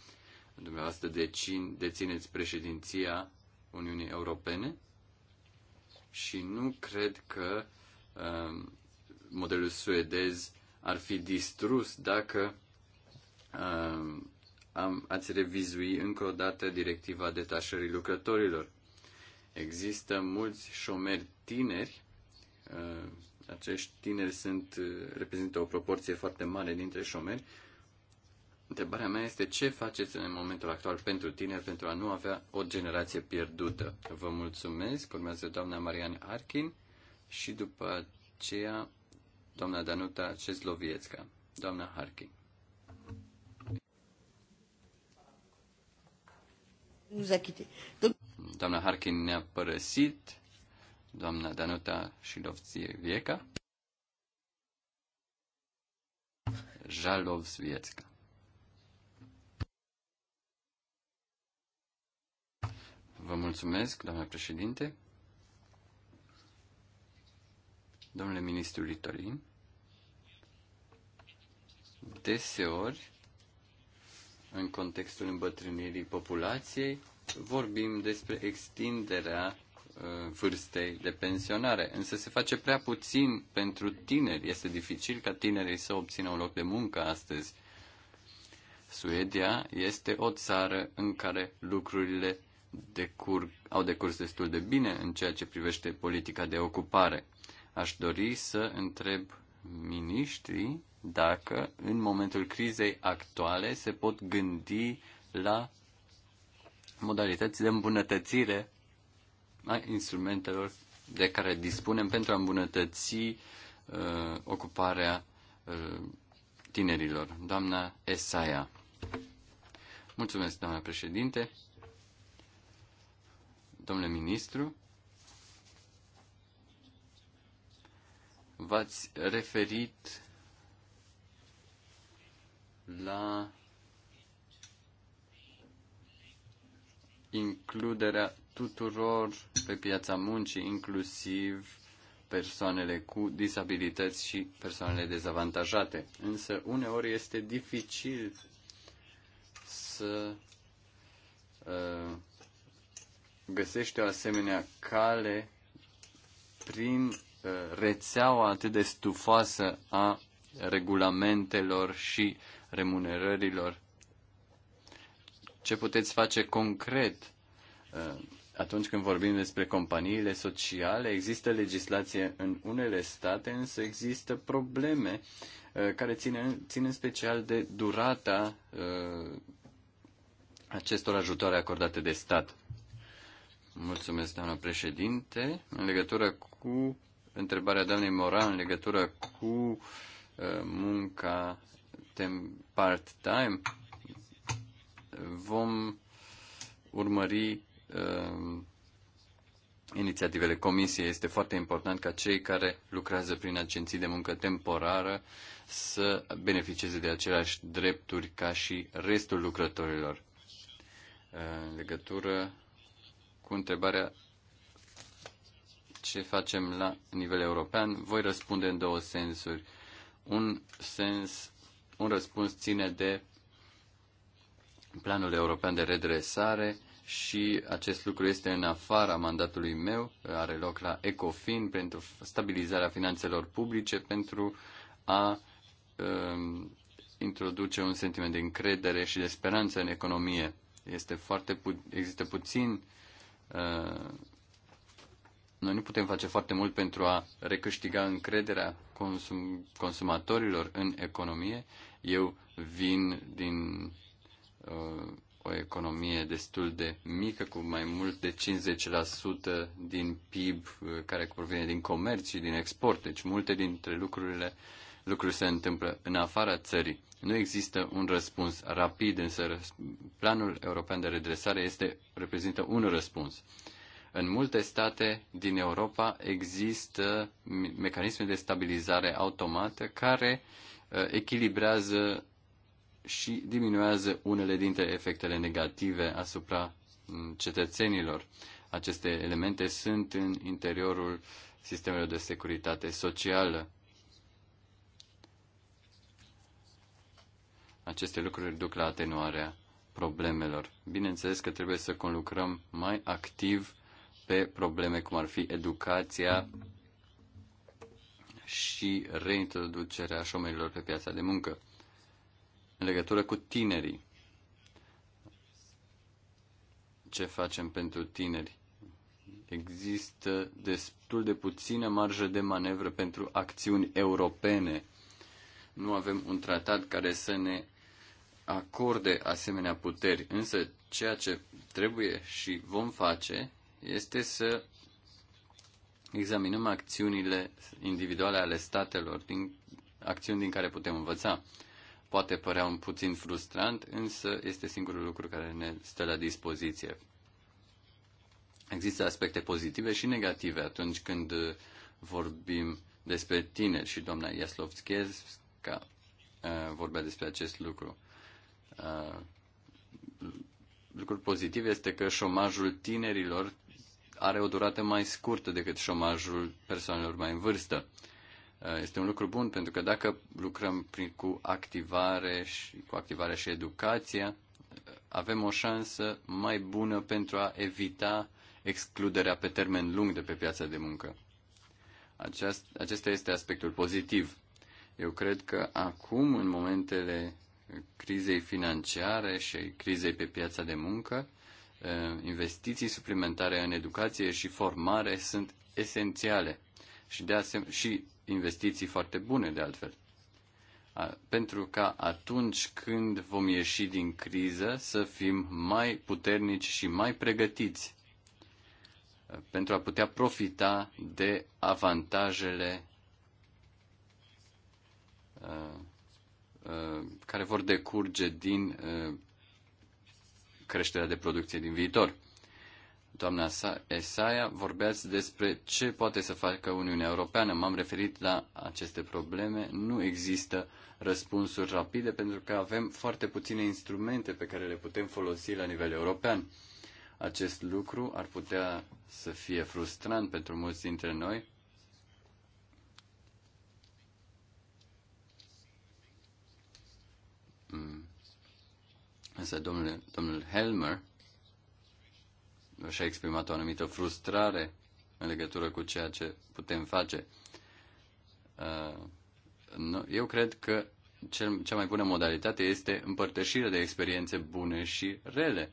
S2: Dumneavoastră dețin, dețineți președinția Uniunii Europene și nu cred că um, modelul suedez ar fi distrus dacă um, am, ați revizui încă o dată directiva detașării lucrătorilor. Există mulți șomeri tineri Uh, acești tineri sunt, uh, reprezintă o proporție foarte mare dintre șomeri. Întrebarea mea este ce faceți în momentul actual pentru tineri pentru a nu avea o generație pierdută? Vă mulțumesc. Urmează doamna Marian Arkin și după aceea doamna Danuta Cezloviețca. Doamna Harkin. Doamna Harkin ne-a părăsit doamna Danuta Șilovție-Vieca. Svietska. Vă mulțumesc, doamna președinte. Domnule ministru Ritorin, deseori, în contextul îmbătrânirii populației, vorbim despre extinderea Uh, vârstei de pensionare, însă se face prea puțin pentru tineri. Este dificil ca tinerii să obțină un loc de muncă astăzi. Suedia este o țară în care lucrurile decurg, au decurs destul de bine în ceea ce privește politica de ocupare. Aș dori să întreb miniștrii dacă în momentul crizei actuale se pot gândi la modalități de îmbunătățire a instrumentelor de care dispunem pentru a îmbunătăți uh, ocuparea uh, tinerilor. Doamna Esaia. Mulțumesc, doamna președinte. Domnule ministru, v-ați referit la includerea tuturor pe piața muncii, inclusiv persoanele cu disabilități și persoanele dezavantajate. Însă uneori este dificil să uh, găsești o asemenea cale prin uh, rețeaua atât de stufoasă a regulamentelor și remunerărilor. Ce puteți face concret? Uh, atunci când vorbim despre companiile sociale, există legislație în unele state, însă există probleme uh, care țin, țin în special de durata uh, acestor ajutoare acordate de stat. Mulțumesc, doamnă președinte. În legătură cu întrebarea doamnei Moran, în legătură cu uh, munca part-time, vom urmări uh, inițiativele comisiei. Este foarte important ca cei care lucrează prin agenții de muncă temporară să beneficieze de aceleași drepturi ca și restul lucrătorilor. Ehm, în legătură cu întrebarea ce facem la nivel european, voi răspunde în două sensuri. Un sens, un răspuns ține de planul european de redresare și acest lucru este în afara mandatului meu, are loc la ECOFIN pentru stabilizarea finanțelor publice, pentru a um, introduce un sentiment de încredere și de speranță în economie. Este foarte pu- există puțin. Uh, noi nu putem face foarte mult pentru a recâștiga încrederea consum- consumatorilor în economie. Eu vin din uh, o economie destul de mică, cu mai mult de 50% din PIB uh, care provine din comerț și din export. Deci multe dintre lucrurile lucruri se întâmplă în afara țării. Nu există un răspuns rapid, însă planul european de redresare este, reprezintă un răspuns. În multe state din Europa există mecanisme de stabilizare automată care uh, echilibrează și diminuează unele dintre efectele negative asupra mm, cetățenilor. Aceste elemente sunt în interiorul sistemelor de securitate socială. Aceste lucruri duc la atenuarea problemelor. Bineînțeles că trebuie să conlucrăm mai activ pe probleme cum ar fi educația și reintroducerea șomerilor pe piața de muncă. În legătură cu tinerii, ce facem pentru tineri? Există destul de puțină marjă de manevră pentru acțiuni europene. Nu avem un tratat care să ne acorde asemenea puteri, însă ceea ce trebuie și vom face este să examinăm acțiunile individuale ale statelor, din, acțiuni din care putem învăța. Poate părea un puțin frustrant, însă este singurul lucru care ne stă la dispoziție. Există aspecte pozitive și negative atunci când uh, vorbim despre tine și doamna Iaslovskiezka uh, vorbea despre acest lucru. Uh, lucrul pozitiv este că șomajul tinerilor are o durată mai scurtă decât șomajul persoanelor mai în vârstă. Uh, este un lucru bun pentru că dacă lucrăm prin, cu activare și cu activarea și educația, uh, avem o șansă mai bună pentru a evita excluderea pe termen lung de pe piața de muncă. Aceast, acesta este aspectul pozitiv. Eu cred că acum, în momentele crizei financiare și crizei pe piața de muncă, uh, investiții suplimentare în educație și formare sunt esențiale. Și, de asem- și investiții foarte bune, de altfel. Pentru ca atunci când vom ieși din criză să fim mai puternici și mai pregătiți pentru a putea profita de avantajele care vor decurge din creșterea de producție din viitor doamna Esaia, vorbeați despre ce poate să facă Uniunea Europeană. M-am referit la aceste probleme. Nu există răspunsuri rapide pentru că avem foarte puține instrumente pe care le putem folosi la nivel european. Acest lucru ar putea să fie frustrant pentru mulți dintre noi. Mm. Însă domnul, domnul Helmer și-a exprimat o anumită frustrare în legătură cu ceea ce putem face. Uh, eu cred că cea mai bună modalitate este împărtășirea de experiențe bune și rele.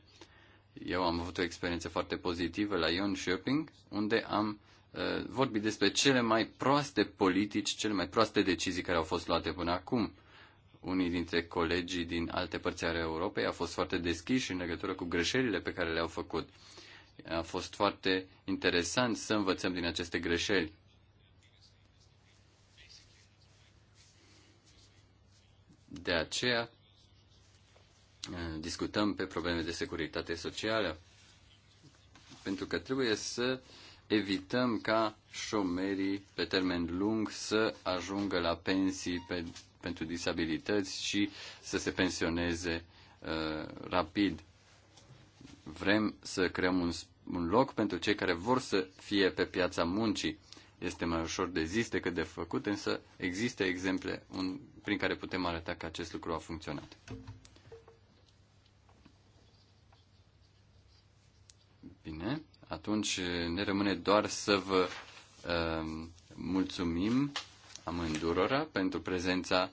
S2: Eu am avut o experiență foarte pozitivă la Ion Shopping, unde am uh, vorbit despre cele mai proaste politici, cele mai proaste decizii care au fost luate până acum. Unii dintre colegii din alte părți ale Europei au fost foarte deschiși în legătură cu greșelile pe care le-au făcut. A fost foarte interesant să învățăm din aceste greșeli. De aceea eh, discutăm pe probleme de securitate socială, pentru că trebuie să evităm ca șomerii pe termen lung să ajungă la pensii pe, pentru disabilități și să se pensioneze uh, rapid. Vrem să creăm un, un loc pentru cei care vor să fie pe piața muncii. Este mai ușor de zis decât de făcut, însă există exemple un, prin care putem arăta că acest lucru a funcționat. Bine, atunci ne rămâne doar să vă uh, mulțumim amândurora pentru prezența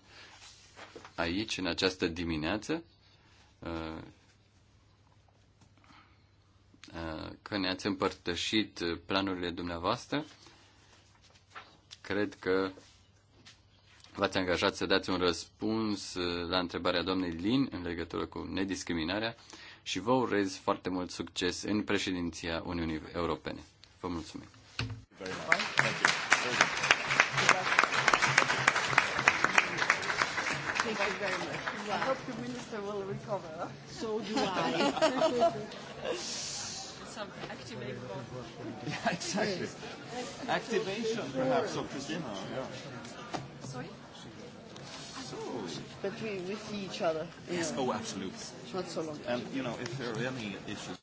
S2: aici în această dimineață. Uh, că ne-ați împărtășit uh, planurile dumneavoastră. Cred că v-ați angajat să dați un răspuns uh, la întrebarea doamnei Lin în legătură cu nediscriminarea și vă urez foarte mult succes în președinția Uniunii Europene. Vă mulțumim! Thank
S1: you very much. Wow. I hope the minister will recover. So do I.
S4: *laughs* Yeah, exactly. Activation, perhaps, of Christina.
S1: Yeah. Sorry? But we, we see each other. Yes, know. oh, absolutely. Not so long.
S2: And, you know, if there are any issues.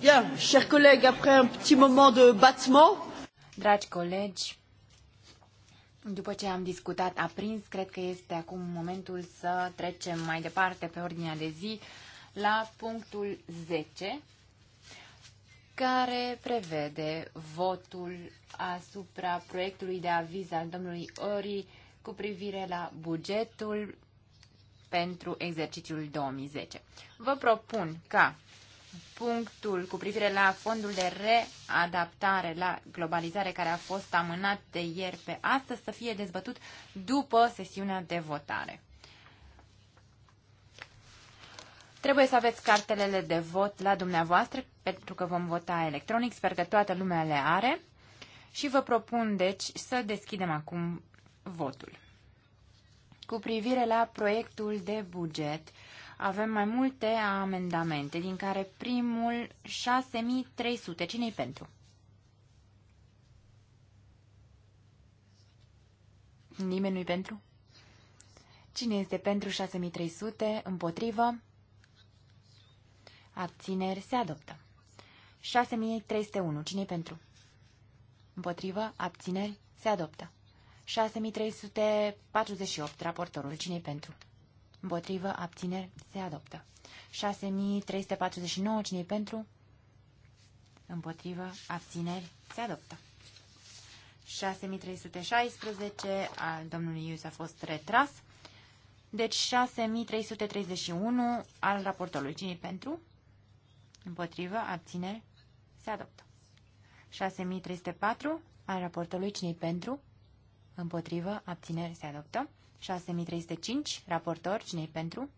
S1: Bien, chers collègues, après un petit moment de battement. Dragi colegi, după
S3: ce am discutat aprins, cred că este acum momentul să trecem mai departe pe ordinea de zi la punctul 10, care prevede votul asupra proiectului de aviz al domnului Ori cu privire la bugetul pentru exercițiul 2010. Vă propun ca punctul cu privire la fondul de readaptare la globalizare care a fost amânat de ieri pe astăzi să fie dezbătut după sesiunea de votare. Trebuie să aveți cartelele de vot la dumneavoastră pentru că vom vota electronic. Sper că toată lumea le are și vă propun deci să deschidem acum votul. Cu privire la proiectul de buget avem mai multe amendamente, din care primul 6300. Cine-i pentru? Nimeni nu-i pentru? Cine este pentru 6300? Împotrivă? Abțineri se adoptă. 6301. Cine-i pentru? Împotrivă? Abțineri se adoptă. 6348. Raportorul. Cine-i pentru? Împotrivă, abțineri, se adoptă. 6349, cine pentru? Împotrivă, abțineri, se adoptă. 6316, al domnului Ius a fost retras. Deci 6331 al raportului. cine pentru? Împotrivă, abțineri, se adoptă. 6304 al raportului. cine pentru? Împotrivă, abțineri, se adoptă. 6305, raportor, cine pentru?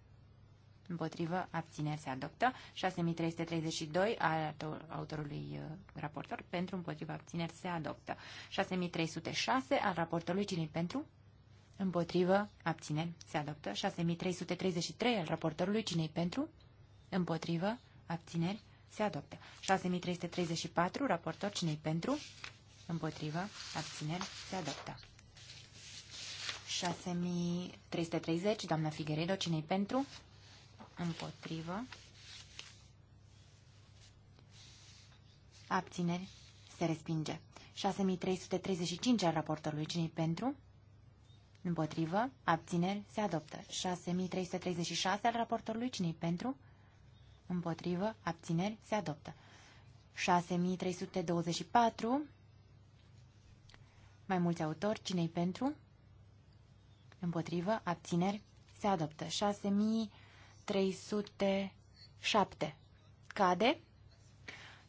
S3: Împotrivă, abțineri se adoptă. 6332 al autorului uh, raportor, pentru, împotrivă, abțineri se adoptă. 6306 al raportorului, cine pentru? Împotrivă, abțineri se adoptă. 6333 al raportorului, cine pentru? Împotrivă, abțineri se adoptă. 6334, raportor, cine pentru? Împotrivă, abțineri se adoptă. 6330, doamna Figueredo, cine pentru? Împotrivă. Abțineri. Se respinge. 6335 al raportorului, cine pentru? Împotrivă. Abțineri. Se adoptă. 6336 al raportorului, cine pentru? Împotrivă. Abțineri. Se adoptă. 6324. Mai mulți autori, cine pentru? Împotrivă. Abțineri. Se adoptă. 6307. Cade.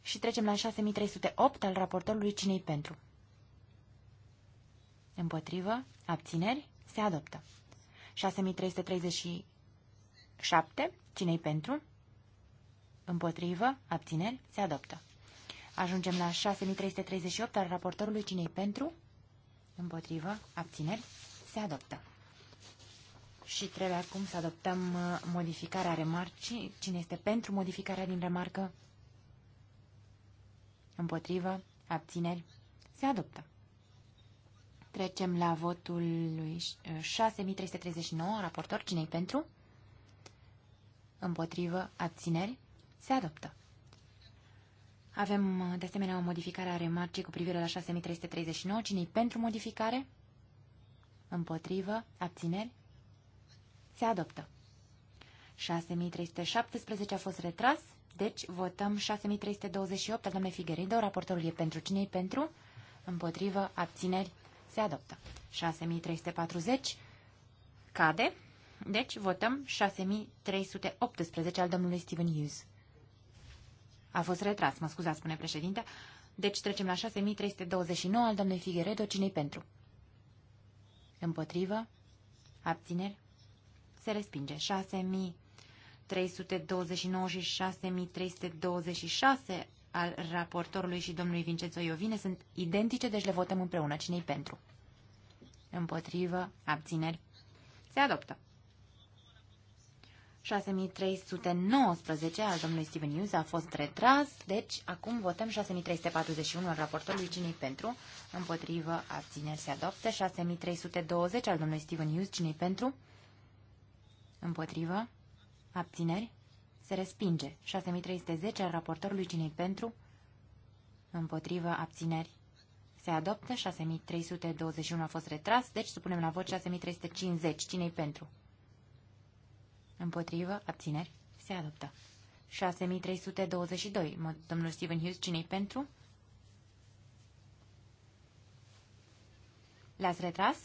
S3: Și trecem la 6308 al raportorului cinei pentru. Împotrivă. Abțineri. Se adoptă. 6337. Cinei pentru? Împotrivă. Abțineri. Se adoptă. Ajungem la 6338 al raportorului cinei pentru? Împotrivă. Abțineri. Se adoptă și trebuie acum să adoptăm uh, modificarea remarcii. Cine este pentru modificarea din remarcă? Împotrivă? Abțineri? Se adoptă. Trecem la votul lui 6339, uh, raportor. Cine-i pentru? Împotrivă? Abțineri? Se adoptă. Avem, uh, de asemenea, o modificare a remarcii cu privire la 6339. Cine-i pentru modificare? Împotrivă? Abțineri? Se adoptă. 6317 a fost retras. Deci votăm 6328 al doamnei Figueredo. Raportorul e pentru. Cine e pentru? Împotrivă. Abțineri. Se adoptă. 6340 cade. Deci votăm 6318 al domnului Steven Hughes. A fost retras, mă scuzați, spune președinte. Deci trecem la 6329 al domnului Figueredo. Cine-i pentru? Împotrivă? Abțineri? se respinge. 6329 și al raportorului și domnului Vincenzo Iovine sunt identice, deci le votăm împreună. cine pentru? Împotrivă, abțineri. Se adoptă. 6319 al domnului Steven Hughes a fost retras, deci acum votăm 6341 al raportorului cine pentru, împotrivă, abțineri se adoptă, 6320 al domnului Steven Hughes cine pentru, Împotrivă. Abțineri. Se respinge. 6310 al raportorului cinei pentru. Împotrivă. Abțineri. Se adoptă. 6321 a fost retras. Deci supunem la vot 6350. Cinei pentru. Împotrivă. Abțineri. Se adoptă. 6322. Domnul Stephen Hughes, cinei pentru? Le-ați retras?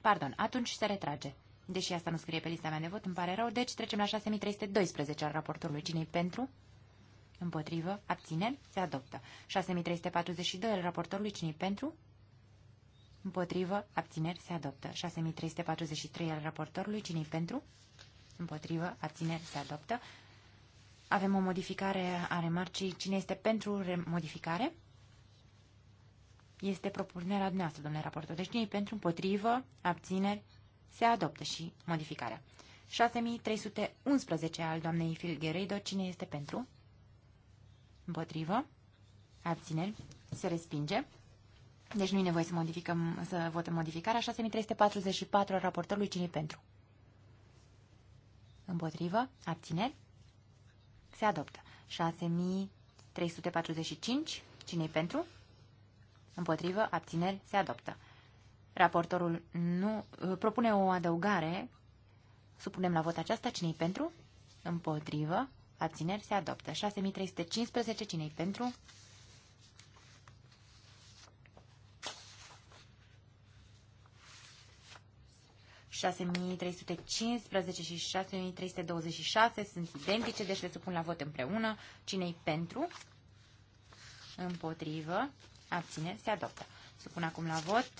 S3: Pardon, atunci se retrage. Deși asta nu scrie pe lista mea de vot, îmi pare rău. Deci trecem la 6312 al raportului. cine pentru? Împotrivă. Abțineri. Se adoptă. 6342 al raportorului. cine pentru? Împotrivă. Abțineri. Se adoptă. 6343 al raportorului. cine pentru? Împotrivă. Abțineri. Se adoptă. Avem o modificare a remarcii. Cine este pentru modificare? Este propunerea dumneavoastră, domnule raportor. Deci cine pentru, împotrivă, abțineri, se adoptă și modificarea. 6311 al doamnei Filgheredo. Cine este pentru? Împotrivă. Abțineri. Se respinge. Deci nu e nevoie să, modificăm, să votăm modificarea. 6344 al raportorului. cine pentru? Împotrivă. Abțineri. Se adoptă. 6345. cine pentru? Împotrivă. Abțineri. Se adoptă. Raportorul nu uh, propune o adăugare. Supunem la vot aceasta. Cine-i pentru? Împotrivă. Abțineri se adoptă. 6315. Cine-i pentru? ...6315 și 6326 sunt identice, deci le supun la vot împreună. Cine-i pentru? Împotrivă. Abține. se adoptă. Supun acum la vot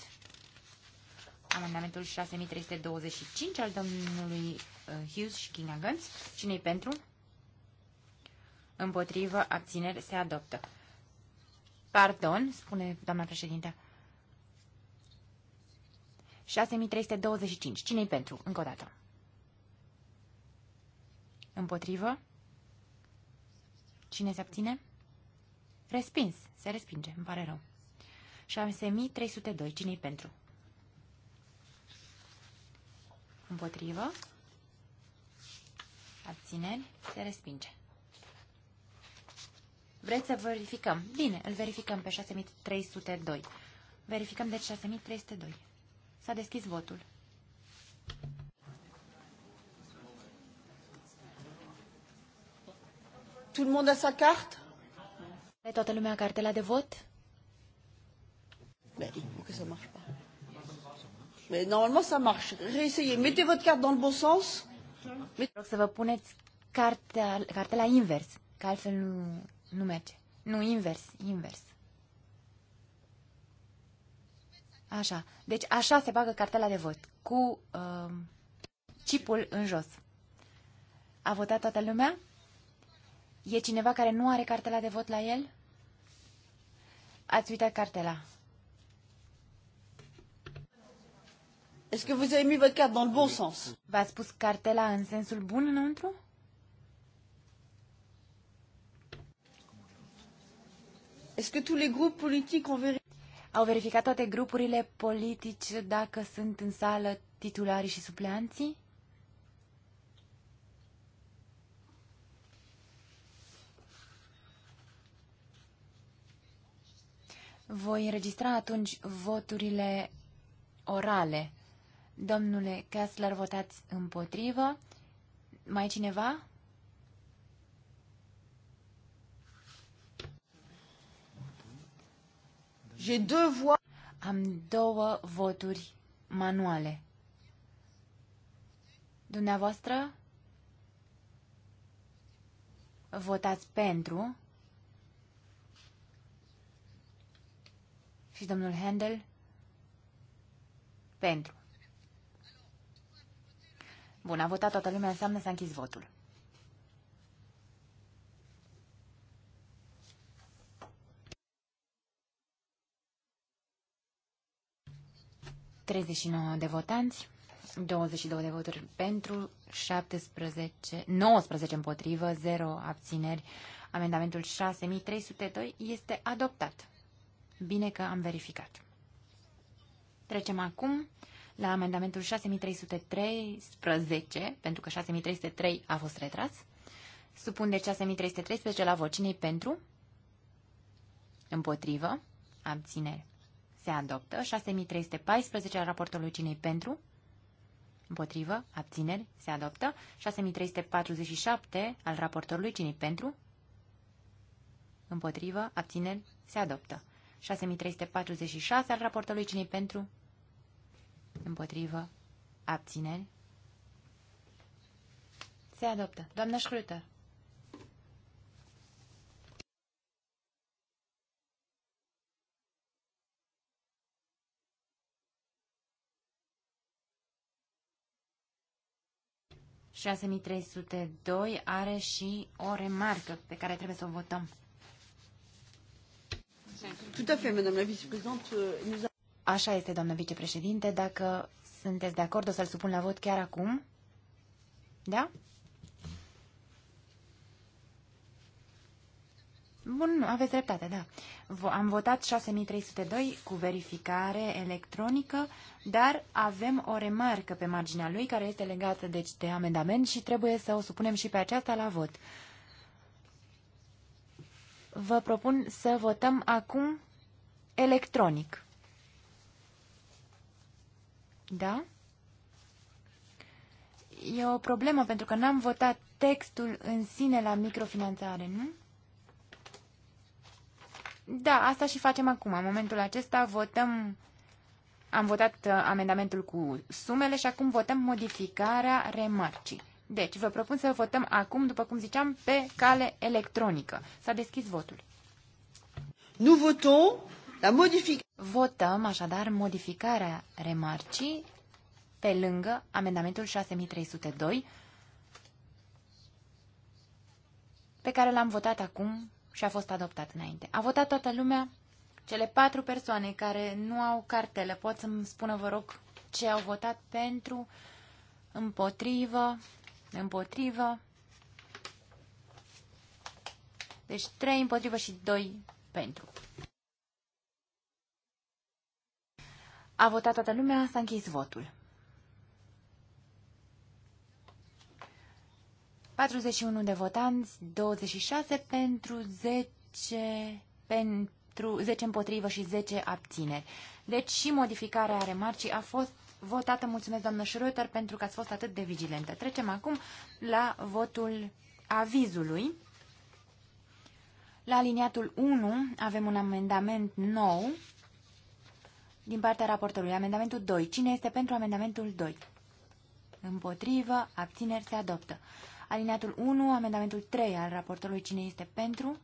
S3: Amendamentul 6325 al domnului uh, Hughes și Kinagans. Cine-i pentru? Împotrivă, abțineri, se adoptă. Pardon, spune doamna președinte. 6325. Cine-i pentru? Încă o dată. Împotrivă? Cine se abține? Respins. Se respinge. Îmi pare rău. 6302. Cine-i pentru? Împotrivă. Abțineri. Se respinge. Vreți să verificăm? Bine, îl verificăm pe 6302. Verificăm deci 6302. S-a deschis votul. Tout le monde a sa carte? Pe toată lumea
S1: cartela de vot? Ben, il faut que ça marche pas. Mais normalement, ça marche. Réessayez. Mettez votre carte dans le bon sens. Vreau să vă puneți
S3: cartea, la invers, că altfel nu, nu merge. Nu, invers, invers. Așa. Deci așa se bagă cartela de vot, cu uh, chipul în jos. A votat toată lumea? E cineva care nu are cartela de vot la el? Ați uitat cartela. Est-ce que vous avez mis votre carte dans le bon oui. sens V-ați pus cartela în sensul bun înăuntru? Est-ce que tous les groupes politiques ont vérifié Au verificat toate grupurile politice dacă sunt în sală titularii și supleanții? Voi înregistra atunci voturile orale Domnule Kessler, votați împotrivă. Mai cineva? Am două voturi manuale. Dumneavoastră? Votați pentru. Și domnul Handel? Pentru. Bun, a votat toată lumea, înseamnă s-a închis votul. Treizeci de votanți, 22 de voturi pentru, 17, 19 împotrivă, 0 abțineri. Amendamentul 6302 este adoptat. Bine că am verificat. Trecem acum la amendamentul 6313, pentru că 6303 a fost retras. Supun de deci 6313 la vot. Cine-i pentru? Împotrivă. abține Se adoptă. 6314 al raportului cine pentru? Împotrivă. Abțineri. Se adoptă. 6347 al raportorului cinei pentru? Împotrivă. Abțineri. Se adoptă. 6346 al raportului cinei pentru? Împotrivă. Abțineri. Se adoptă. Doamna Schröter. doi are și o remarcă pe care trebuie să o votăm. Tout à fait, Madame la Vice-Présidente. Euh, nous Așa este, doamnă vicepreședinte. Dacă sunteți de acord, o să-l supun la vot chiar acum. Da? Bun, aveți dreptate, da. Am votat 6302 cu verificare electronică, dar avem o remarcă pe marginea lui care este legată deci, de amendament și trebuie să o supunem și pe aceasta la vot. Vă propun să votăm acum electronic. Da? E o problemă pentru că n-am votat textul în sine la microfinanțare, nu? Da, asta și facem acum. În momentul acesta votăm, am votat uh, amendamentul cu sumele și acum votăm modificarea remarcii. Deci, vă propun să votăm acum, după cum ziceam, pe cale electronică. S-a deschis votul. Nu votăm modific... Votăm așadar modificarea remarcii pe lângă amendamentul 6302 pe care l-am votat acum și a fost adoptat înainte. A votat toată lumea? Cele patru persoane care nu au cartele pot să-mi spună, vă rog, ce au votat pentru, împotrivă, împotrivă. Deci trei împotrivă și doi pentru. A votat toată lumea, s-a închis votul. 41 de votanți, 26 pentru 10, pentru 10 împotrivă și 10 abțineri. Deci și modificarea remarcii a fost votată. Mulțumesc, doamnă Schroeter, pentru că ați fost atât de vigilentă. Trecem acum la votul avizului. La aliniatul 1 avem un amendament nou din partea raportorului. Amendamentul 2. Cine este pentru amendamentul 2? Împotrivă, abțineri se adoptă. Alineatul 1, amendamentul 3 al raportorului. Cine este pentru?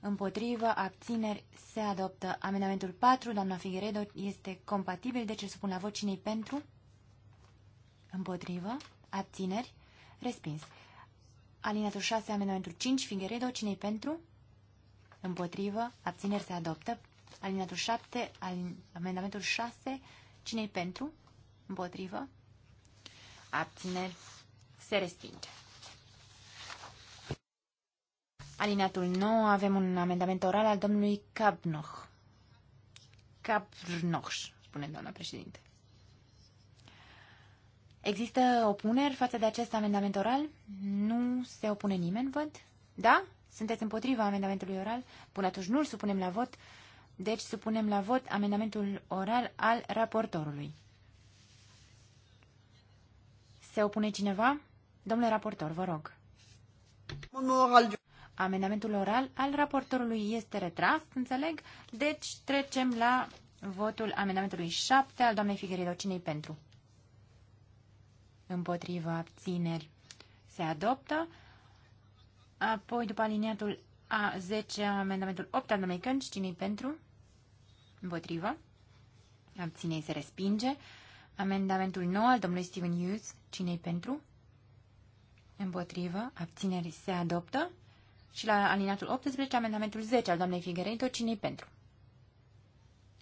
S3: Împotrivă, abțineri se adoptă. Amendamentul 4, doamna Figueredo, este compatibil, deci îl supun la vot. cinei pentru? Împotrivă, abțineri, respins. Alineatul 6, amendamentul 5, Figueredo, cine pentru? Împotrivă, abțineri se adoptă. Alinatul 7, alin, amendamentul 6, cine-i pentru? Împotrivă? Abțineri? Se respinge. Alineatul 9, avem un amendament oral al domnului Cabnoch. Cabnoch, spune doamna președinte. Există opuneri față de acest amendament oral? Nu se opune nimeni, văd? Da? Sunteți împotriva amendamentului oral? Până atunci nu îl supunem la vot. Deci supunem la vot amendamentul oral al raportorului. Se opune cineva? Domnule raportor, vă rog. Amendamentul oral al raportorului este retras, înțeleg? Deci trecem la votul amendamentului 7 al doamnei Figueredo. Cine-i pentru? Împotriva abțineri. Se adoptă. Apoi, după aliniatul a10, amendamentul 8 al domnului Cânci, cine pentru? Împotrivă. Abținei se respinge. Amendamentul 9 al domnului Steven Hughes, cine pentru? Împotrivă. Abțineri se adoptă. Și la alinatul 18, amendamentul 10 al doamnei Figueiredo, cine pentru?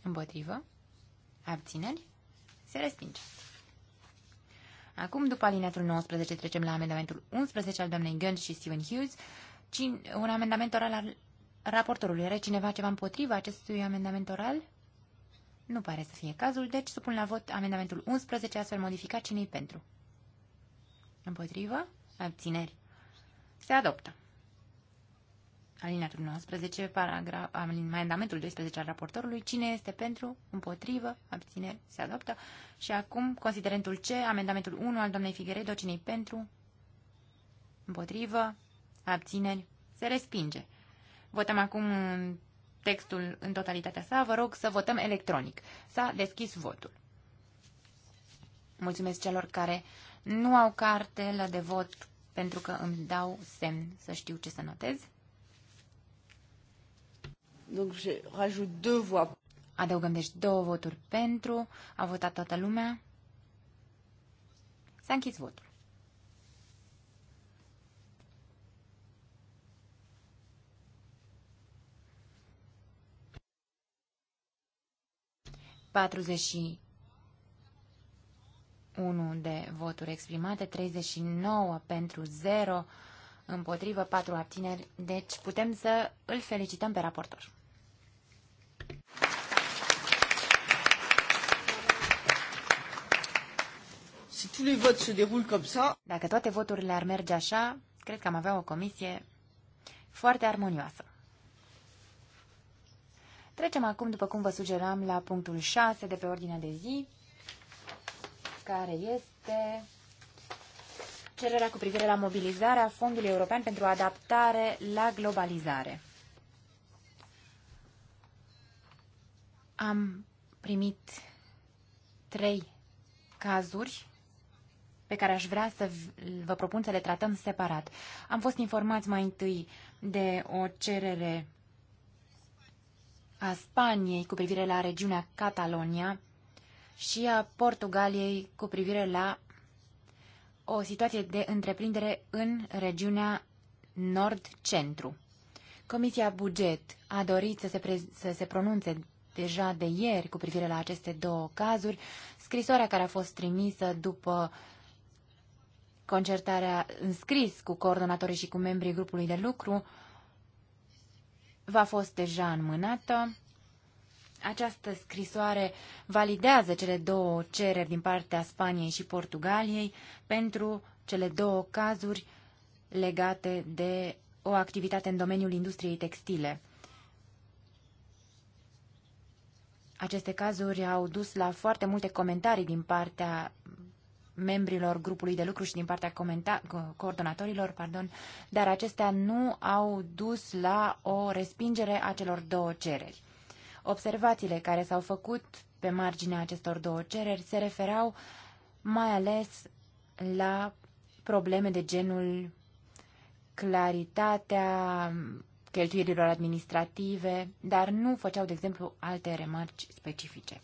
S3: Împotrivă. Abțineri se respinge. Acum, după alinatul 19, trecem la amendamentul 11 al doamnei Gând și Steven Hughes. Cin, un amendament oral al raportorului. Are cineva ceva împotriva acestui amendament oral? Nu pare să fie cazul, deci supun la vot amendamentul 11, astfel modificat. cinei pentru? Împotrivă? Abțineri. Se adoptă. Alineatul 19, paragraf, amendamentul 12 al raportorului, cine este pentru, împotrivă, abțineri, se adoptă. Și acum, considerentul C, amendamentul 1 al doamnei Figueredo, cine pentru, împotrivă, abțineri, se respinge. Votăm acum textul în totalitatea sa. Vă rog să votăm electronic. S-a deschis votul. Mulțumesc celor care nu au cartelă de vot pentru că îmi dau semn să știu ce să notez. Adăugăm deci două voturi pentru. A votat toată lumea. S-a închis votul. 41 de voturi exprimate, 39 pentru 0, împotrivă 4 abțineri. Deci putem să îl felicităm pe raportor. Si tous les votes se déroulent comme ça, Dacă toate voturile ar merge așa, cred că am avea o comisie foarte armonioasă. Trecem acum, după cum vă sugeram, la punctul 6 de pe ordinea de zi, care este cererea cu privire la mobilizarea Fondului European pentru Adaptare la Globalizare. Am primit trei cazuri pe care aș vrea să vă propun să le tratăm separat. Am fost informați mai întâi de o cerere a Spaniei cu privire la regiunea Catalonia și a Portugaliei cu privire la o situație de întreprindere în regiunea Nord-Centru. Comisia Buget a dorit să se, să se pronunțe deja de ieri cu privire la aceste două cazuri, scrisoarea care a fost trimisă după concertarea înscris cu coordonatorii și cu membrii grupului de lucru Va fost deja înmânată. Această scrisoare validează cele două cereri din partea Spaniei și Portugaliei pentru cele două cazuri legate de o activitate în domeniul industriei textile. Aceste cazuri au dus la foarte multe comentarii din partea membrilor grupului de lucru și din partea coordonatorilor, pardon, dar acestea nu au dus la o respingere a celor două cereri. Observațiile care s-au făcut pe marginea acestor două cereri se referau mai ales la probleme de genul claritatea cheltuielilor administrative, dar nu făceau, de exemplu, alte remarci specifice.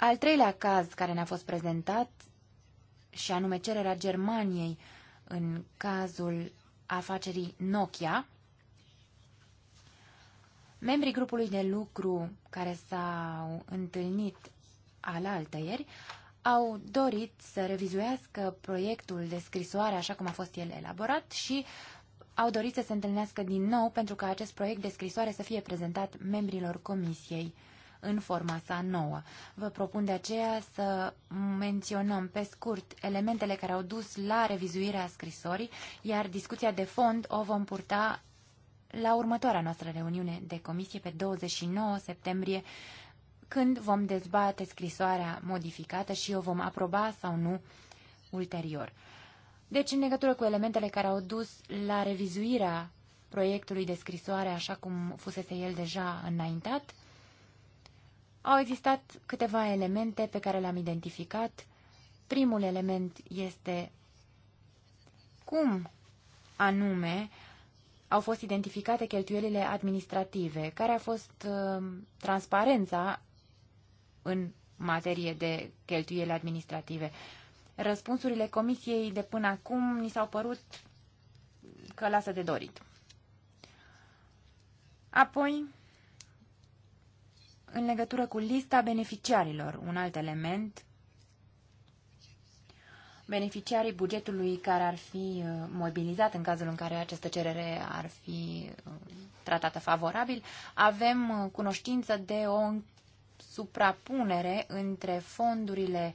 S3: Al treilea caz care ne-a fost prezentat, și anume cererea Germaniei în cazul afacerii Nokia, membrii grupului de lucru care s-au întâlnit alaltăieri au dorit să revizuiască proiectul de scrisoare așa cum a fost el elaborat și au dorit să se întâlnească din nou pentru ca acest proiect de scrisoare să fie prezentat membrilor comisiei în forma sa nouă. Vă propun de aceea să menționăm pe scurt elementele care au dus la revizuirea scrisorii, iar discuția de fond o vom purta la următoarea noastră reuniune de comisie pe 29 septembrie, când vom dezbate scrisoarea modificată și o vom aproba sau nu ulterior. Deci, în legătură cu elementele care au dus la revizuirea proiectului de scrisoare așa cum fusese el deja înaintat, au existat câteva elemente pe care le-am identificat. Primul element este cum anume au fost identificate cheltuielile administrative, care a fost uh, transparența în materie de cheltuieli administrative. Răspunsurile comisiei de până acum ni s-au părut că lasă de dorit. Apoi, în legătură cu lista beneficiarilor, un alt element, beneficiarii bugetului care ar fi uh, mobilizat în cazul în care această cerere ar fi uh, tratată favorabil, avem uh, cunoștință de o suprapunere între fondurile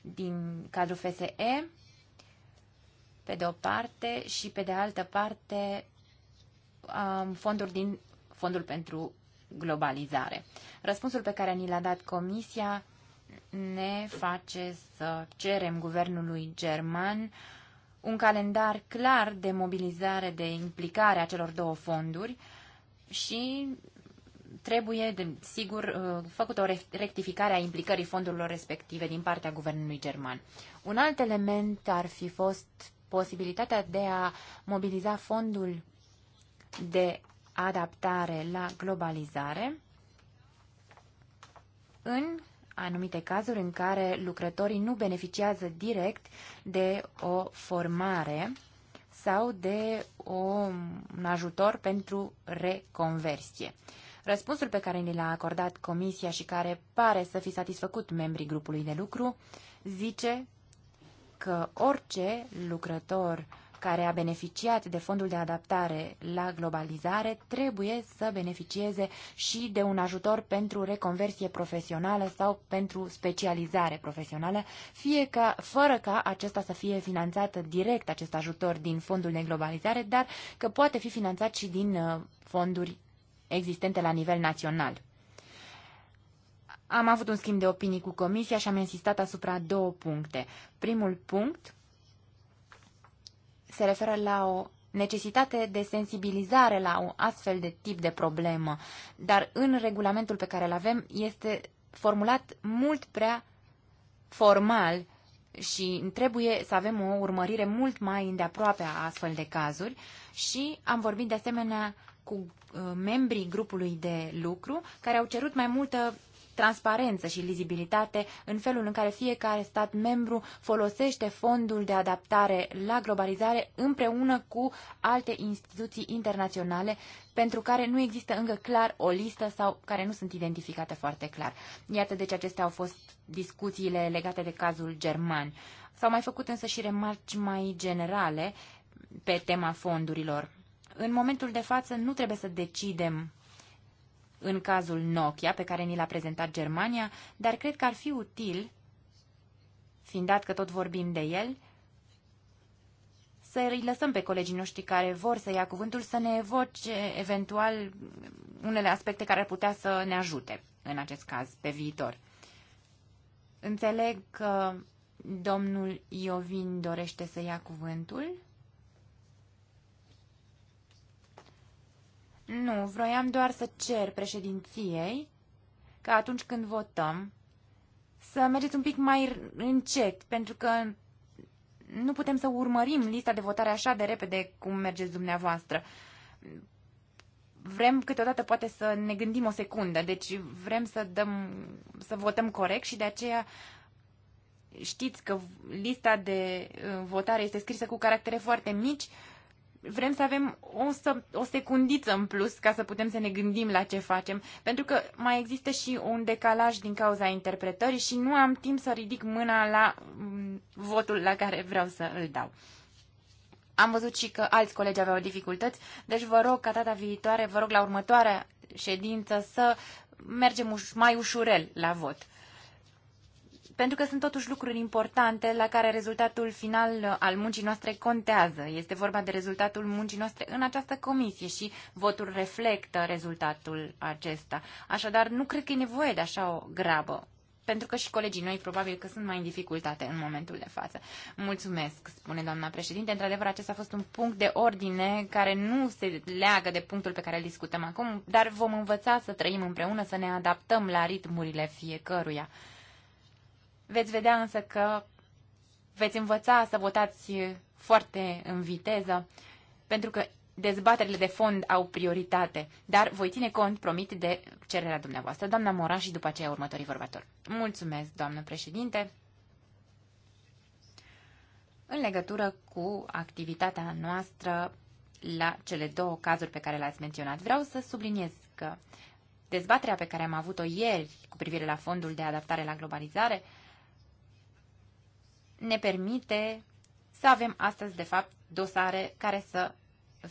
S3: din cadrul FSE, pe de o parte, și pe de altă parte um, fonduri din Fondul pentru globalizare. Răspunsul pe care ni l-a dat Comisia ne face să cerem guvernului german un calendar clar de mobilizare, de implicare a celor două fonduri și trebuie, de, sigur, uh, făcută o rectificare a implicării fondurilor respective din partea guvernului german. Un alt element ar fi fost posibilitatea de a mobiliza fondul de adaptare la globalizare în anumite cazuri în care lucrătorii nu beneficiază direct de o formare sau de o, un ajutor pentru reconversie. Răspunsul pe care ni l-a acordat comisia și care pare să fi satisfăcut membrii grupului de lucru zice că orice lucrător uh, care a beneficiat de fondul de adaptare la globalizare trebuie să beneficieze și de un ajutor pentru reconversie profesională sau pentru specializare profesională, fie ca, fără ca acesta să fie finanțat direct, acest ajutor din fondul de globalizare, dar că poate fi finanțat și din uh, fonduri existente la nivel național. Am avut un schimb de opinii cu Comisia și am insistat asupra două puncte. Primul punct se referă la o necesitate de sensibilizare la un astfel de tip de problemă, dar în regulamentul pe care îl avem este formulat mult prea formal și trebuie să avem o urmărire mult mai îndeaproape a astfel de cazuri și am vorbit de asemenea cu uh, membrii grupului de lucru care au cerut mai multă transparență și lizibilitate în felul în care fiecare stat membru folosește fondul de adaptare la globalizare împreună cu alte instituții internaționale pentru care nu există încă clar o listă sau care nu sunt identificate foarte clar. Iată deci acestea au fost discuțiile legate de cazul german. S-au mai făcut însă și remarci mai generale pe tema fondurilor. În momentul de față nu trebuie să decidem în cazul Nokia, pe care ni l-a prezentat Germania, dar cred că ar fi util, fiind dat că tot vorbim de el, să îi lăsăm pe colegii noștri care vor să ia cuvântul să ne evoce eventual unele aspecte care ar putea să ne ajute în acest caz pe viitor. Înțeleg că domnul Iovin dorește să ia cuvântul. Nu, vroiam doar să cer președinției că atunci când votăm să mergeți un pic mai încet, pentru că nu putem să urmărim lista de votare așa de repede cum mergeți dumneavoastră. Vrem câteodată poate să ne gândim o secundă, deci vrem să, dăm, să votăm corect și de aceea știți că lista de uh, votare este scrisă cu caractere foarte mici vrem să avem o, să, o secundiță în plus ca să putem să ne gândim la ce facem, pentru că mai există și un decalaj din cauza interpretării și nu am timp să ridic mâna la mm, votul la care vreau să îl dau. Am văzut și că alți colegi aveau dificultăți, deci vă rog ca data viitoare, vă rog la următoarea ședință să mergem uș- mai ușurel la vot pentru că sunt totuși lucruri importante la care rezultatul final al muncii noastre contează. Este vorba de rezultatul muncii noastre în această comisie și votul reflectă rezultatul acesta. Așadar, nu cred că e nevoie de așa o grabă, pentru că și colegii noi probabil că sunt mai în dificultate în momentul de față. Mulțumesc, spune doamna președinte. Într-adevăr, acesta a fost un punct de ordine care nu se leagă de punctul pe care îl discutăm acum, dar vom învăța să trăim împreună, să ne adaptăm la ritmurile fiecăruia. Veți vedea însă că veți învăța să votați foarte în viteză, pentru că dezbaterile de fond au prioritate, dar voi ține cont, promit, de cererea dumneavoastră, doamna Mora și după aceea următorii vorbatori. Mulțumesc, doamnă președinte! În legătură cu activitatea noastră la cele două cazuri pe care le-ați menționat, vreau să subliniez că dezbaterea pe care am avut-o ieri cu privire la fondul de adaptare la globalizare ne permite să avem astăzi, de fapt, dosare care să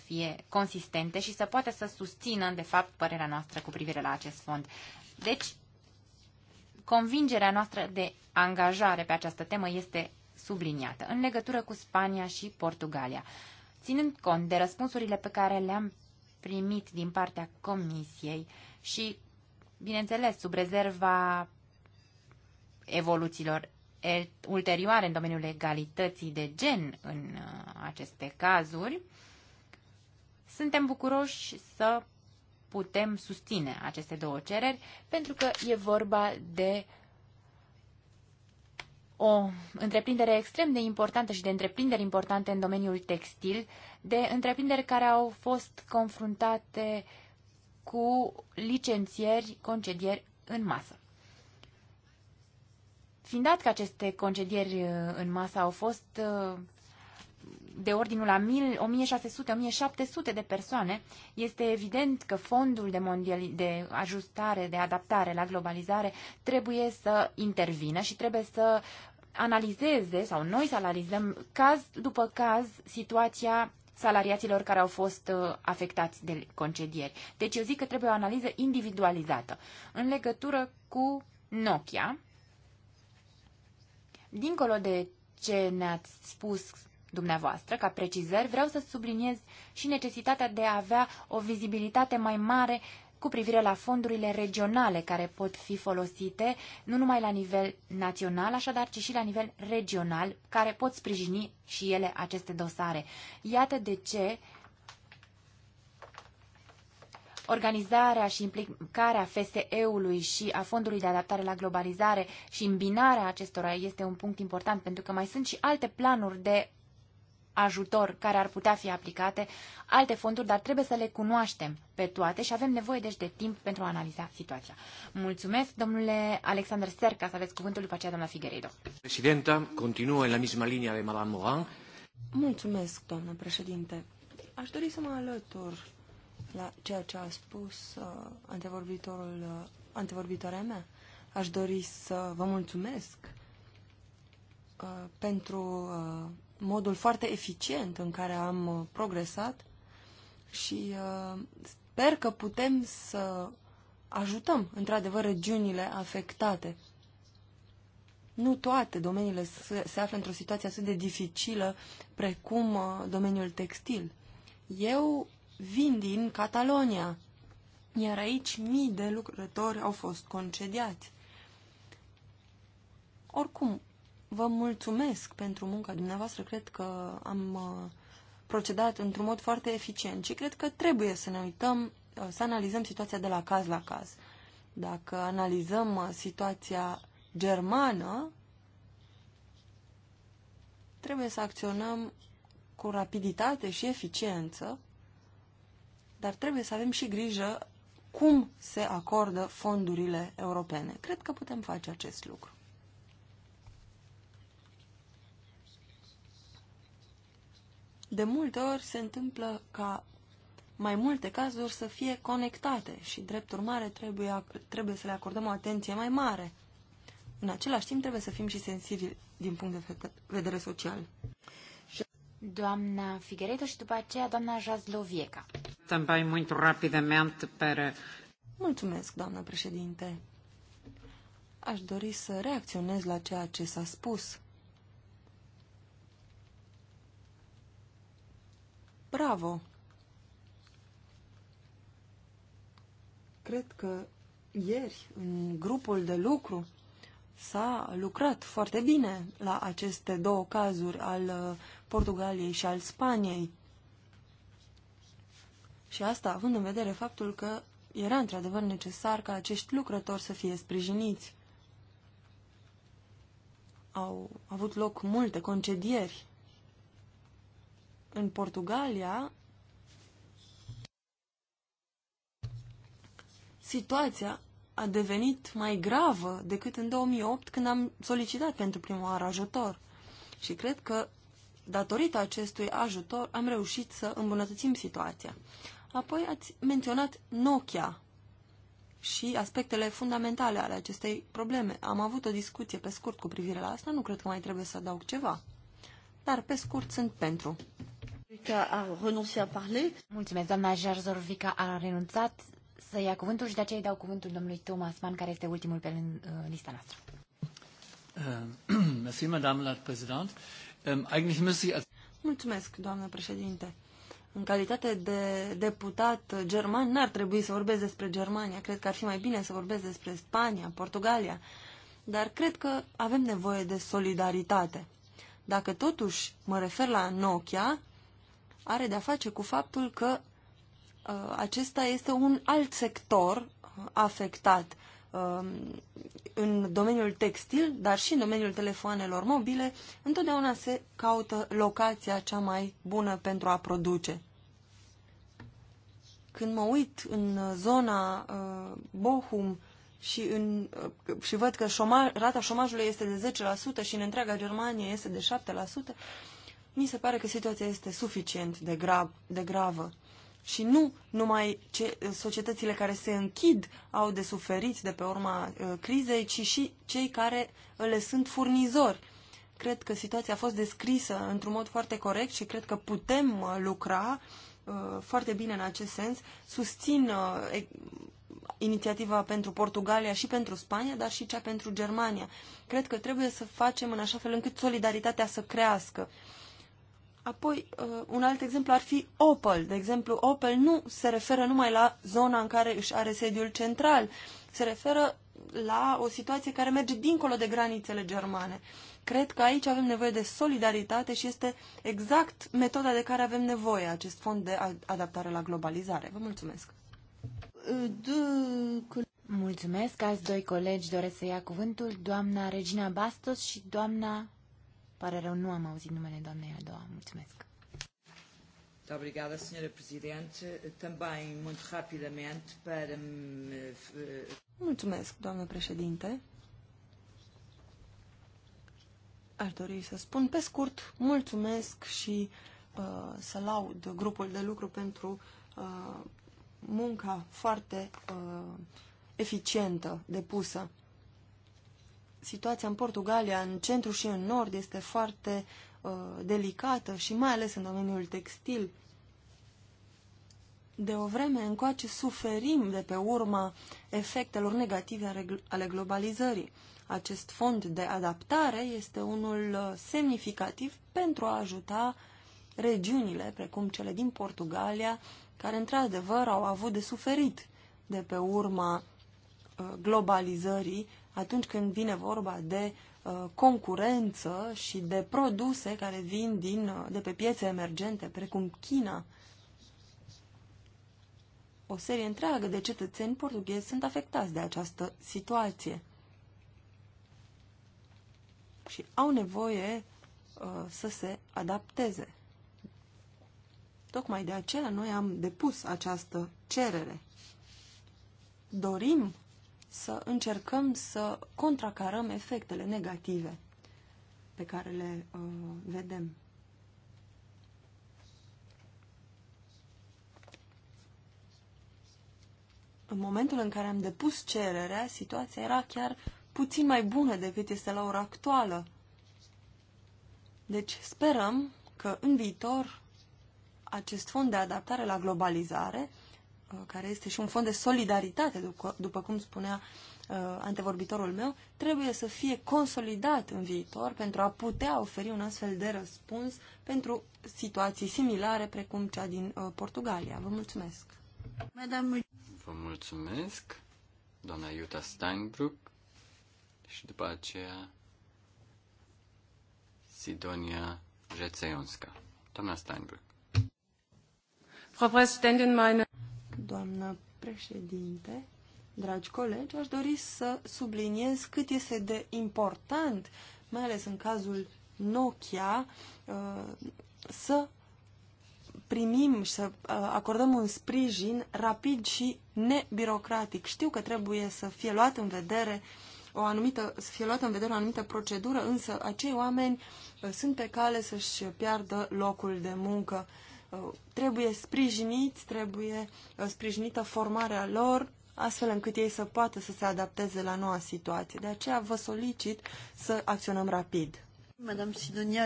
S3: fie consistente și să poată să susțină, de fapt, părerea noastră cu privire la acest fond. Deci, convingerea noastră de angajare pe această temă este subliniată în legătură cu Spania și Portugalia. Ținând cont de răspunsurile pe care le-am primit din partea Comisiei și, bineînțeles, sub rezerva evoluțiilor ulterioare în domeniul egalității de gen în uh, aceste cazuri, suntem bucuroși să putem susține aceste două cereri, pentru că e vorba de o întreprindere extrem de importantă și de întreprinderi importante în domeniul textil, de întreprinderi care au fost confruntate cu licențieri, concedieri în masă. Fiind dat că aceste concedieri uh, în masă au fost uh, de ordinul la 1600-1700 de persoane, este evident că fondul de, mondiali- de ajustare, de adaptare la globalizare trebuie să intervină și trebuie să analizeze sau noi să analizăm caz după caz situația salariaților care au fost uh, afectați de concedieri. Deci eu zic că trebuie o analiză individualizată în legătură cu Nokia. Dincolo de ce ne-ați spus dumneavoastră, ca precizări, vreau să subliniez și necesitatea de a avea o vizibilitate mai mare cu privire la fondurile regionale care pot fi folosite nu numai la nivel național, așadar, ci și la nivel regional, care pot sprijini și ele aceste dosare. Iată de ce organizarea și implicarea FSE-ului și a Fondului de Adaptare la Globalizare și îmbinarea acestora este un punct important, pentru că mai sunt și alte planuri de ajutor care ar putea fi aplicate, alte fonduri, dar trebuie să le cunoaștem pe toate și avem nevoie deci de timp pentru a analiza situația. Mulțumesc, domnule Alexander Serca, să aveți cuvântul după aceea, doamna Figueredo. Președinta, continuă în la misma linie de Madame Moran.
S4: Mulțumesc, doamnă președinte. Aș dori să mă alătur la ceea ce a spus uh, antevorbitorul, uh, antevorbitoarea mea. Aș dori să vă mulțumesc uh, pentru uh, modul foarte eficient în care am uh, progresat și uh, sper că putem să ajutăm, într-adevăr, regiunile afectate. Nu toate domeniile se, se află într-o situație atât de dificilă precum uh, domeniul textil. Eu vin din Catalonia, iar aici mii de lucrători au fost concediați. Oricum, vă mulțumesc pentru munca dumneavoastră. Cred că am uh, procedat într-un mod foarte eficient și cred că trebuie să ne uităm, uh, să analizăm situația de la caz la caz. Dacă analizăm uh, situația germană, trebuie să acționăm cu rapiditate și eficiență dar trebuie să avem și grijă cum se acordă fondurile europene. Cred că putem face acest lucru. De multe ori se întâmplă ca mai multe cazuri să fie conectate și, drept urmare, trebuie, trebuie să le acordăm o atenție mai mare. În același timp, trebuie să fim și
S3: sensibili din punct de vedere social doamna Figueredo și după aceea doamna Jazlovieca. Também muito rapidamente para...
S4: Mulțumesc, doamnă președinte. Aș dori să reacționez la ceea ce s-a spus. Bravo! Cred că ieri, în grupul de lucru, s-a lucrat foarte bine la aceste două cazuri al uh, Portugaliei și al Spaniei. Și asta având în vedere faptul că era într-adevăr necesar ca acești lucrători să fie sprijiniți. Au avut loc multe concedieri. În Portugalia, situația a devenit mai gravă decât în 2008 când am solicitat pentru prima oară ajutor. Și cred că datorită acestui ajutor, am reușit să îmbunătățim situația. Apoi ați menționat Nokia și aspectele fundamentale ale acestei probleme. Am avut o discuție pe scurt cu privire la asta, nu cred că mai trebuie să adaug ceva. Dar pe scurt sunt pentru.
S3: A renunțat Mulțumesc, doamna Jarzorvica a renunțat să ia cuvântul și de aceea îi dau cuvântul domnului Thomas Mann, care este ultimul pe lista noastră.
S2: Uh, *clears throat* Mersi, madame la Ähm,
S3: Mulțumesc, doamnă președinte.
S4: În calitate de deputat german, n-ar trebui să vorbesc despre Germania. Cred că ar fi mai bine să vorbesc despre Spania, Portugalia. Dar cred că avem nevoie de solidaritate. Dacă totuși mă refer la Nokia, are de-a face cu faptul că uh, acesta este un alt sector uh, afectat Um, în domeniul textil, dar și în domeniul telefoanelor mobile, întotdeauna se caută locația cea mai bună pentru a produce. Când mă uit în zona uh, Bochum și, în, uh, și văd că șoma, rata șomajului este de 10% și în întreaga Germanie este de 7%, mi se pare că situația este suficient de, grav, de gravă și nu numai ce, societățile care se închid au de suferit de pe urma uh, crizei, ci și cei care uh, le sunt furnizori. Cred că situația a fost descrisă într-un mod foarte corect și cred că putem uh, lucra uh, foarte bine în acest sens. Susțin uh, inițiativa pentru Portugalia și pentru Spania, dar și cea pentru Germania. Cred că trebuie să facem în așa fel încât solidaritatea să crească. Uh, Apoi, uh, un alt exemplu ar fi Opel. De exemplu, Opel nu se referă numai la zona în care își are sediul central, se referă la o situație care merge dincolo de granițele germane. Cred că aici avem nevoie de solidaritate și este exact metoda de care avem nevoie, acest fond de adaptare la globalizare. Vă mulțumesc!
S3: Mulțumesc! Alți doi colegi doresc să ia cuvântul, doamna Regina Bastos și doamna Pare rău, nu am auzit numele doamnei a doua. Mulțumesc.
S4: Muito obrigada, Sra. Presidente. Também, muito rapidamente, para me...
S1: Eh,
S4: mulțumesc, doamnă președinte. Aș dori să spun pe scurt, mulțumesc și uh, să laud grupul de lucru pentru uh, munca foarte uh, eficientă depusă situația în Portugalia, în centru și în nord, este foarte uh, delicată și mai ales în domeniul textil. De o vreme încoace suferim de pe urma efectelor negative ale globalizării. Acest fond de adaptare este unul uh, semnificativ pentru a ajuta regiunile, precum cele din Portugalia, care într-adevăr au avut de suferit de pe urma uh, globalizării atunci când vine vorba de uh, concurență și de produse care vin din, uh, de pe piețe emergente, precum China. O serie întreagă de cetățeni portughezi sunt afectați de această situație și au nevoie uh, să se adapteze. Tocmai de aceea noi am depus această cerere. Dorim să încercăm să contracarăm efectele negative pe care le uh, vedem. În momentul în care am depus cererea, situația era chiar puțin mai bună decât este la ora actuală. Deci sperăm că în viitor acest fond de adaptare la globalizare Uh, care este și un fond de solidaritate, după, după cum spunea uh, antevorbitorul meu, trebuie să fie consolidat în viitor pentru a putea oferi un astfel de răspuns pentru situații similare precum cea din uh, Portugalia. Vă mulțumesc! Madame...
S2: Vă mulțumesc, doamna Iuta Steinbruck și după aceea Sidonia Rețeionska. Doamna Steinbruck.
S4: Frau Präsidentin, meine doamnă președinte, dragi colegi, aș dori să subliniez cât este de important, mai ales în cazul Nokia, uh, să primim și să uh, acordăm un sprijin rapid și nebirocratic. Știu că trebuie să fie luat în vedere o anumită, să fie luată în vedere o anumită procedură, însă acei oameni uh, sunt pe cale să-și piardă locul de muncă. Uh, trebuie sprijiniți, trebuie uh, sprijinită formarea lor, astfel încât ei să poată să se adapteze la noua situație. De aceea vă solicit să acționăm
S3: rapid. Madame Sidonia,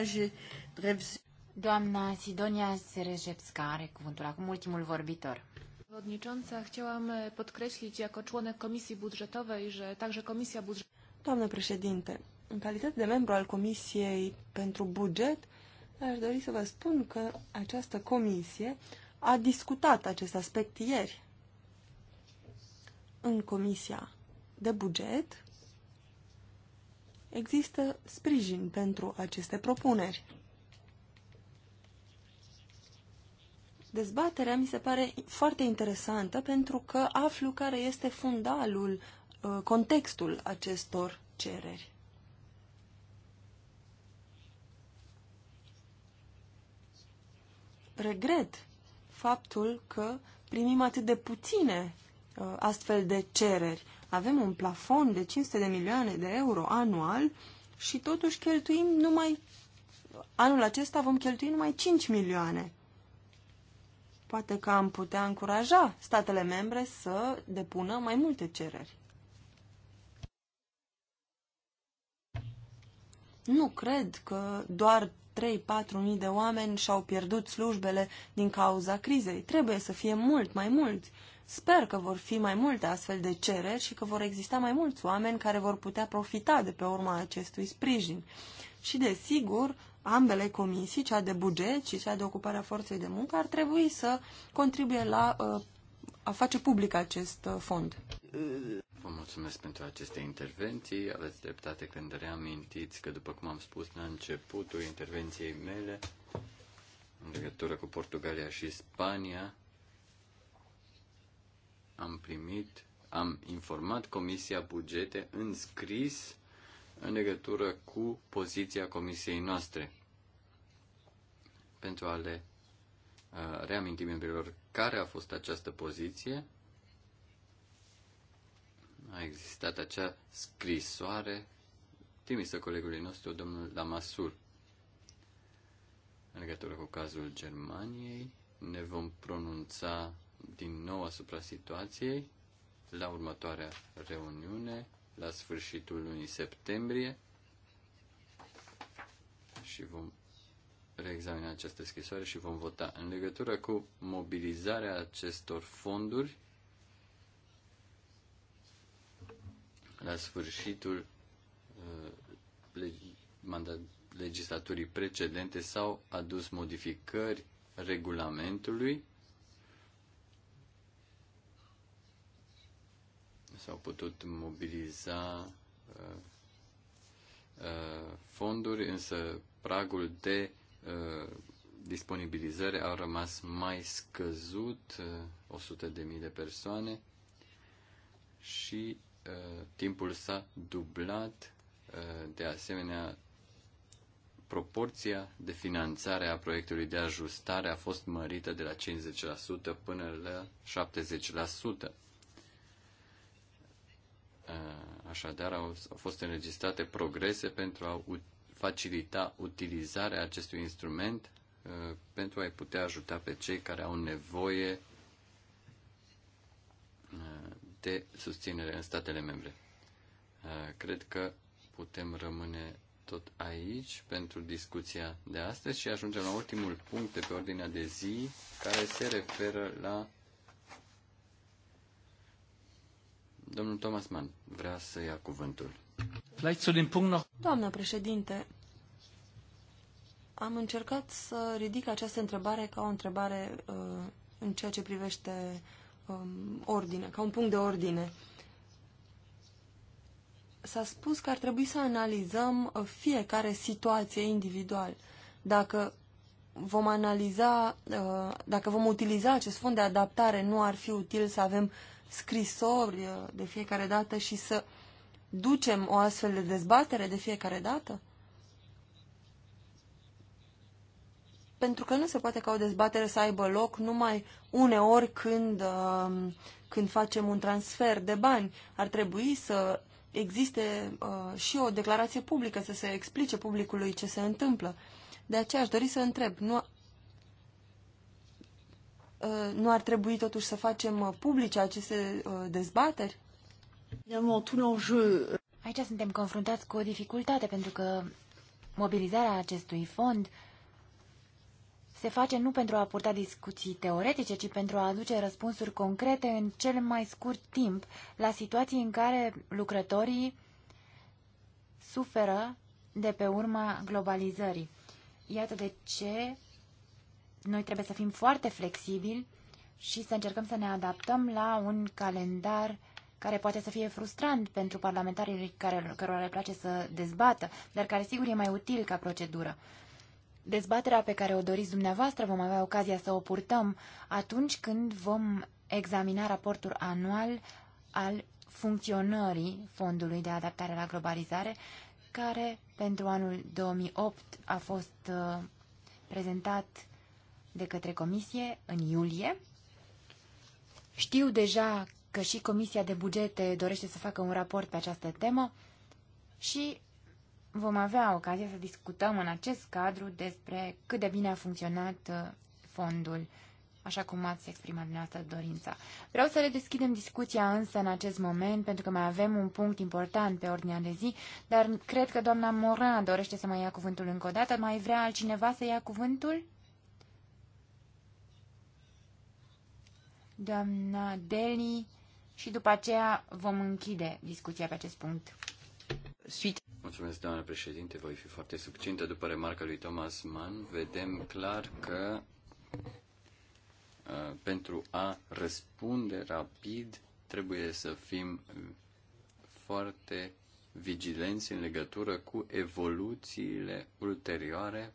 S3: Doamna Sidonia Serejewska are cuvântul acum ultimul vorbitor. Przewodnicząca, chciałam podkreślić jako członek Komisji Budżetowej, że także Komisja Budżetowa... Doamnă președinte, în calitate de membru
S4: al Comisiei pentru Buget, Aș dori să vă spun că această comisie a discutat acest aspect ieri în comisia de buget. Există sprijin pentru aceste propuneri. Dezbaterea mi se pare foarte interesantă pentru că aflu care este fundalul, uh, contextul acestor cereri. regret faptul că primim atât de puține uh, astfel de cereri. Avem un plafon de 500 de milioane de euro anual și totuși cheltuim numai... Anul acesta vom cheltui numai 5 milioane. Poate că am putea încuraja statele membre să depună mai multe cereri. Nu cred că doar 3-4 de oameni și-au pierdut slujbele din cauza crizei. Trebuie să fie mult mai mulți. Sper că vor fi mai multe astfel de cereri și că vor exista mai mulți oameni care vor putea profita de pe urma acestui sprijin. Și, desigur, ambele comisii, cea de buget și cea de ocuparea forței de muncă, ar trebui să contribuie la uh, a face public acest uh, fond.
S2: Vă mulțumesc pentru aceste intervenții. Aveți dreptate când reamintiți că, după cum am spus la începutul intervenției mele, în legătură cu Portugalia și Spania, am primit, am informat Comisia Bugete în scris în legătură cu poziția Comisiei noastre pentru a le uh, reaminti membrilor care a fost această poziție a existat acea scrisoare trimisă colegului nostru, domnul Lamasur. În legătură cu cazul Germaniei, ne vom pronunța din nou asupra situației la următoarea reuniune, la sfârșitul lunii septembrie, și vom reexamina această scrisoare și vom vota în legătură cu mobilizarea acestor fonduri la sfârșitul uh, legislaturii precedente s-au adus modificări regulamentului s-au putut mobiliza uh, uh, fonduri, însă pragul de disponibilizare a rămas mai scăzut, 100.000 de persoane și Uh, timpul s-a dublat, uh, de asemenea, proporția de finanțare a proiectului de ajustare a fost mărită de la 50% până la 70%. Uh, așadar, au, fost înregistrate progrese pentru a facilita utilizarea acestui instrument pentru a-i putea ajuta pe cei care au nevoie de susținere în statele membre. Uh, cred că putem rămâne tot aici pentru discuția de astăzi și ajungem la ultimul punct de pe ordinea de zi care se referă la Domnul Thomas Mann vrea să ia cuvântul.
S4: Doamna președinte, am încercat să ridic această întrebare ca o întrebare uh, în ceea ce privește um, ordine, ca un punct de ordine. S-a spus că ar trebui să analizăm uh, fiecare situație individual. Dacă vom analiza, uh, dacă vom utiliza acest fond de adaptare, nu ar fi util să avem scrisori uh, de fiecare dată și să ducem o astfel de dezbatere de fiecare dată? pentru că nu se poate ca o dezbatere să aibă loc numai uneori când, um, când facem un transfer de bani. Ar trebui să existe uh, și o declarație publică, să se explice publicului ce se întâmplă. De aceea aș dori să întreb, nu, uh, nu ar trebui totuși să facem uh, publice aceste dezbateri?
S3: Euh, Aici suntem confruntați cu o dificultate, pentru că mobilizarea acestui fond uh, se face nu pentru a purta discuții teoretice, ci pentru a aduce răspunsuri concrete în cel mai scurt timp la situații în care lucrătorii suferă de pe urma globalizării. Iată de ce noi trebuie să fim foarte flexibili și să încercăm să ne adaptăm la un calendar care poate să fie frustrant pentru parlamentarii care, cărora le place să dezbată, dar care sigur e mai util ca procedură dezbaterea pe care o doriți dumneavoastră vom avea ocazia să o purtăm atunci când vom examina raportul anual al funcționării Fondului de Adaptare la Globalizare, care pentru anul 2008 a fost uh, prezentat de către Comisie în iulie. Știu deja că și Comisia de Bugete dorește să facă un raport pe această temă și vom avea ocazia să discutăm în acest cadru despre cât de bine a funcționat uh, fondul, așa cum ați exprimat dumneavoastră dorința. Vreau să le deschidem discuția însă în acest moment, pentru că mai avem un punct important pe ordinea de zi, dar cred că doamna Moran dorește să mai ia cuvântul încă o dată. Mai vrea altcineva să ia cuvântul? Doamna Deli și după aceea vom închide discuția pe acest punct. Suite.
S2: Mulțumesc, doamnă președinte. Voi fi foarte succintă. După remarca lui Thomas Mann, vedem clar că uh, pentru a răspunde rapid trebuie să fim foarte vigilenți în legătură cu evoluțiile ulterioare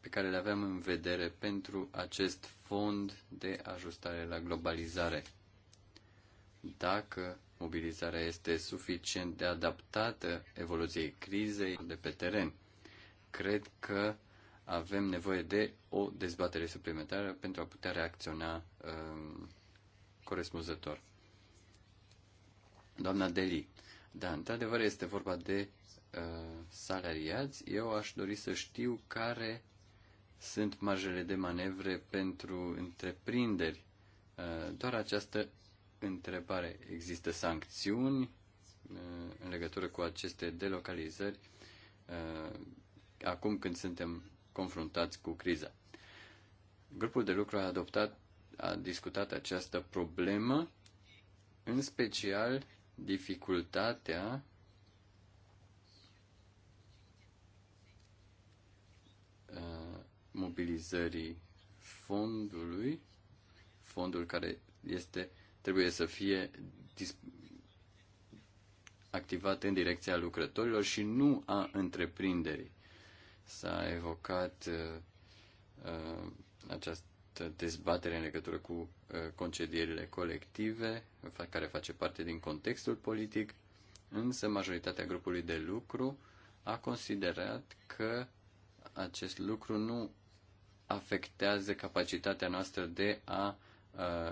S2: pe care le aveam în vedere pentru acest fond de ajustare la globalizare. Dacă mobilizarea este suficient de adaptată evoluției crizei de pe teren. Cred că avem nevoie de o dezbatere suplimentară pentru a putea reacționa um, corespunzător. Doamna Deli, da, într-adevăr este vorba de uh, salariați. Eu aș dori să știu care sunt marjele de manevre pentru întreprinderi. Uh, doar această întrebare. Există sancțiuni uh, în legătură cu aceste delocalizări uh, acum când suntem confruntați cu criza? Grupul de lucru a adoptat, a discutat această problemă, în special dificultatea uh, mobilizării fondului, fondul care este trebuie să fie activat în direcția lucrătorilor și nu a întreprinderii. S-a evocat uh, uh această dezbatere în legătură cu uh, concedierile colective, care face parte din contextul politic, însă majoritatea grupului de lucru a considerat că acest lucru nu afectează capacitatea noastră de a uh,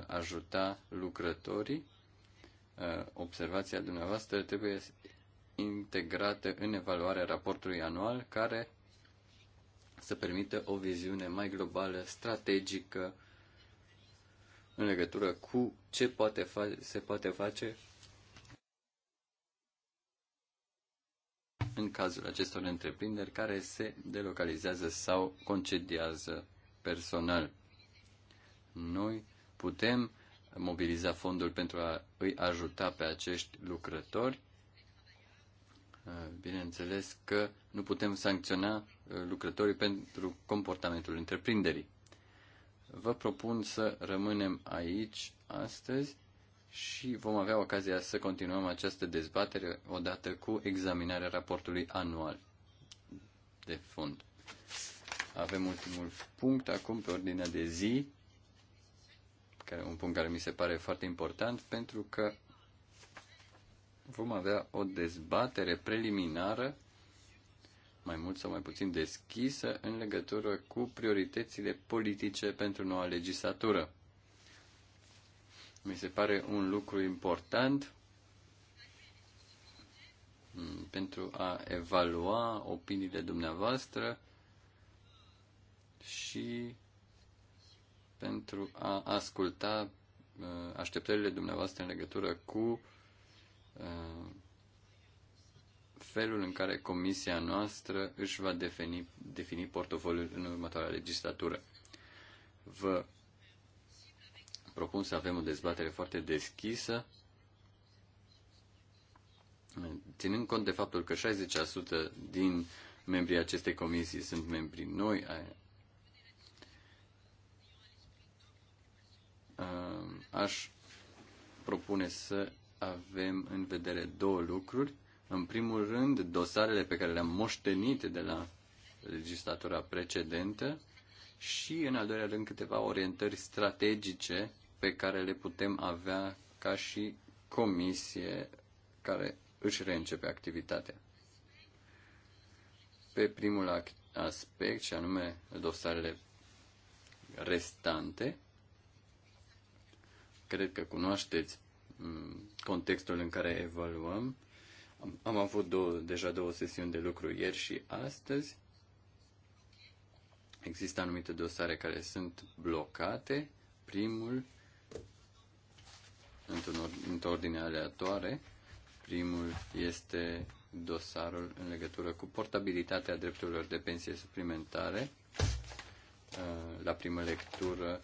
S2: ajuta lucrătorii. Observația dumneavoastră trebuie integrată în evaluarea raportului anual care să permită o viziune mai globală, strategică, în legătură cu ce poate fa- se poate face în cazul acestor întreprinderi care se delocalizează sau concediază personal. Noi putem mobiliza fonduri pentru a îi ajuta pe acești lucrători. Uh, bineînțeles că nu putem sancționa uh, lucrătorii pentru comportamentul întreprinderii. Vă propun să rămânem aici astăzi și vom avea ocazia să continuăm această dezbatere odată cu examinarea raportului anual de fond. Avem ultimul punct acum pe ordinea de zi care, un punct care mi se pare foarte important, pentru că vom avea o dezbatere preliminară, mai mult sau mai puțin deschisă, în legătură cu prioritățile politice pentru noua legislatură. Mi se pare un lucru important mm, pentru a evalua opiniile dumneavoastră și pentru a asculta uh, așteptările dumneavoastră în legătură cu uh, felul în care comisia noastră își va defini, defini portofoliul în următoarea legislatură. Vă propun să avem o dezbatere foarte deschisă, ținând cont de faptul că 60% din membrii acestei comisii sunt membri noi aș propune să avem în vedere două lucruri. În primul rând, dosarele pe care le-am moștenit de la legislatura precedentă și, în al doilea rând, câteva orientări strategice pe care le putem avea ca și comisie care își reîncepe activitatea. Pe primul aspect, și anume dosarele restante, Cred că cunoașteți mm, contextul în care evaluăm. Am, avut două, deja două sesiuni de lucru ieri și astăzi. Există anumite dosare care sunt blocate. Primul, într-o ordine aleatoare, primul este dosarul în legătură cu portabilitatea drepturilor de pensie suplimentare. Uh, la primă lectură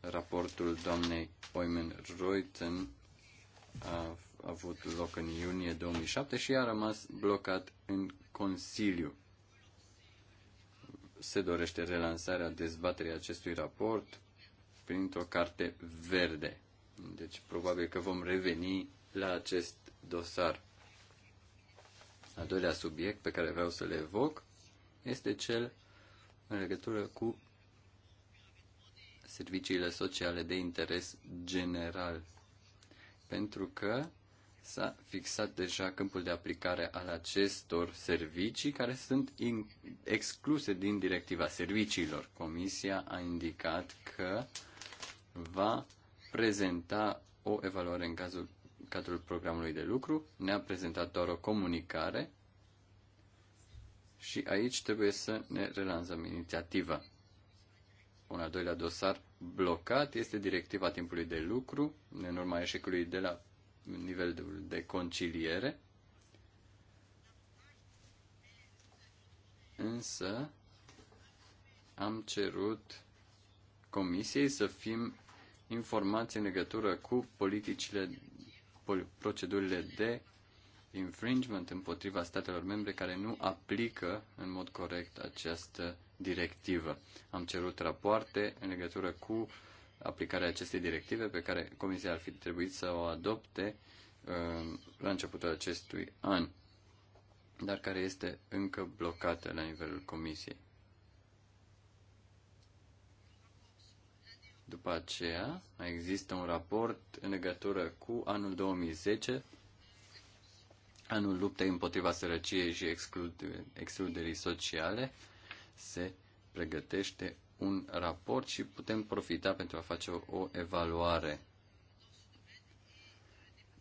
S2: raportul doamnei Oimen Reuten a avut loc în iunie 2007 și a rămas blocat în Consiliu. Se dorește relansarea dezbaterii acestui raport printr-o carte verde. Deci probabil că vom reveni la acest dosar. Al doilea subiect pe care vreau să le evoc este cel în legătură cu serviciile sociale de interes general, pentru că s-a fixat deja câmpul de aplicare al acestor servicii care sunt in, excluse din directiva serviciilor. Comisia a indicat că va prezenta o evaluare în cazul, cadrul programului de lucru, ne-a prezentat doar o comunicare și aici trebuie să ne relansăm inițiativa. Un al doilea dosar blocat este directiva timpului de lucru, în urma eșecului de la nivel de conciliere. Însă am cerut comisiei să fim informați în legătură cu politicile, procedurile de infringement împotriva statelor membre care nu aplică în mod corect această directivă. Am cerut rapoarte în legătură cu aplicarea acestei directive pe care Comisia ar fi trebuit să o adopte uh, la începutul acestui an, dar care este încă blocată la nivelul Comisiei. După aceea, mai există un raport în legătură cu anul 2010, anul luptei împotriva sărăciei și excluderii sociale, se pregătește un raport și putem profita pentru a face o, o evaluare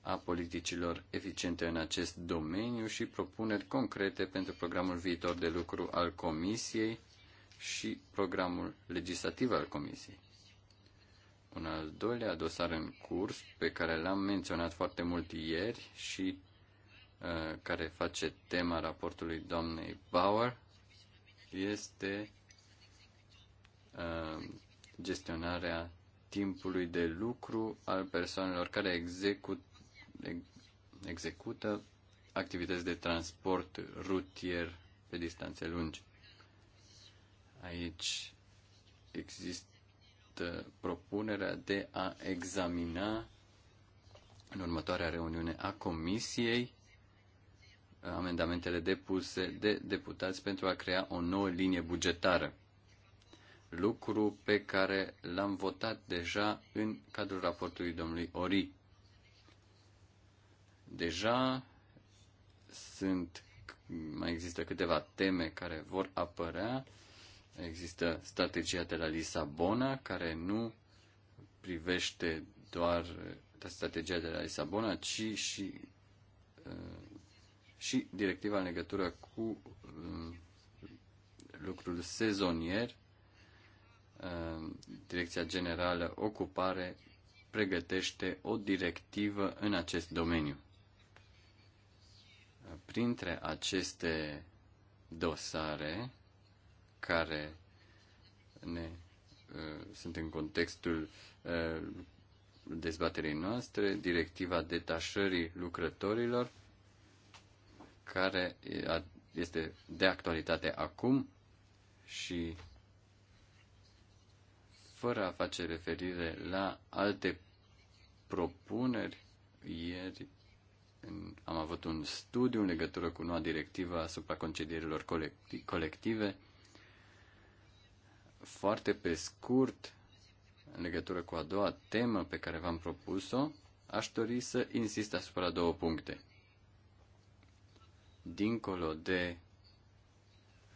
S2: a politicilor eficiente în acest domeniu și propuneri concrete pentru programul viitor de lucru al Comisiei și programul legislativ al Comisiei. Un al doilea dosar în curs, pe care l-am menționat foarte mult ieri și uh, care face tema raportului doamnei Bauer, este uh, gestionarea timpului de lucru al persoanelor care execut, execută activități de transport rutier pe distanțe lungi. Aici există propunerea de a examina în următoarea reuniune a Comisiei amendamentele depuse de deputați pentru a crea o nouă linie bugetară, lucru pe care l-am votat deja în cadrul raportului domnului Ori. Deja sunt, mai există câteva teme care vor apărea. Există strategia de la Lisabona, care nu privește doar strategia de la Lisabona, ci și uh, și directiva în legătură cu um, lucrul sezonier, um, Direcția Generală Ocupare pregătește o directivă în acest domeniu. Printre aceste dosare care ne, uh, sunt în contextul uh, dezbaterii noastre, directiva detașării lucrătorilor, care este de actualitate acum și fără a face referire la alte propuneri, ieri am avut un studiu în legătură cu noua directivă asupra concedierilor colective. Foarte pe scurt, în legătură cu a doua temă pe care v-am propus-o, aș dori să insist asupra două puncte dincolo de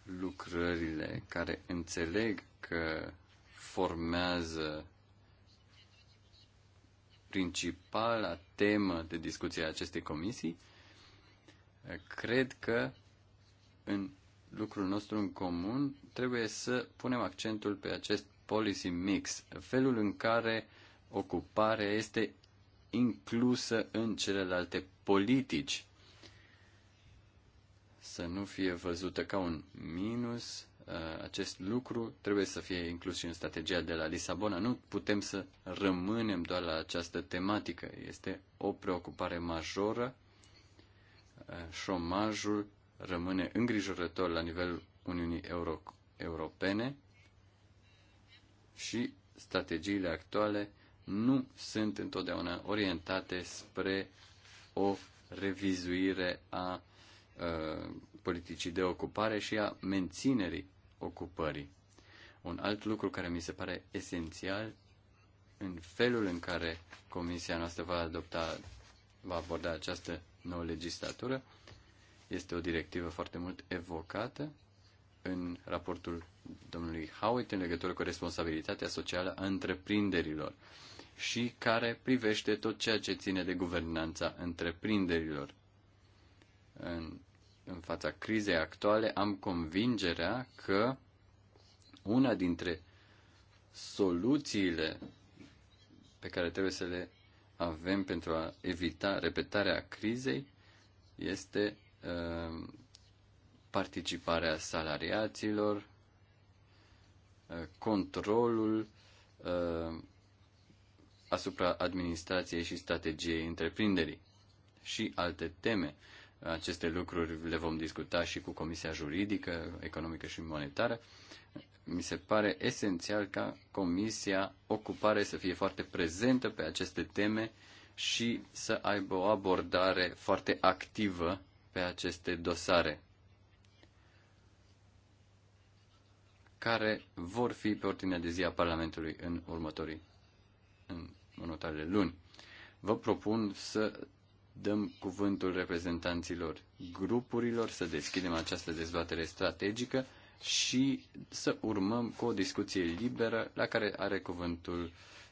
S2: lucrările care înțeleg că formează principala temă de discuție a acestei comisii, cred că în lucrul nostru în comun trebuie să punem accentul pe acest policy mix, felul în care ocuparea este inclusă în celelalte politici să nu fie văzută ca un minus. Uh, acest lucru trebuie să fie inclus și în strategia de la Lisabona. Nu putem să rămânem doar la această tematică. Este o preocupare majoră. Uh, șomajul rămâne îngrijorător la nivelul Uniunii Euro- Europene și strategiile actuale nu sunt întotdeauna orientate spre o revizuire a Uh, politicii de ocupare și a menținerii ocupării. Un alt lucru care mi se pare esențial în felul în care comisia noastră va adopta, va aborda această nouă legislatură, este o directivă foarte mult evocată în raportul domnului Howitt în legătură cu responsabilitatea socială a întreprinderilor și care privește tot ceea ce ține de guvernanța întreprinderilor în, în fața crizei actuale, am convingerea că una dintre soluțiile pe care trebuie să le avem pentru a evita repetarea crizei este uh, participarea salariaților, uh, controlul uh, asupra administrației și strategiei întreprinderii și alte teme. Aceste lucruri le vom discuta și cu Comisia Juridică, Economică și Monetară. Mi se pare esențial ca Comisia Ocupare să fie foarte prezentă pe aceste teme și să aibă o abordare foarte activă pe aceste dosare care vor fi pe ordinea de zi a Parlamentului în următorii în luni. Vă propun să dăm cuvântul reprezentanților grupurilor, să deschidem această dezbatere strategică și să urmăm cu o discuție liberă la care are cuvântul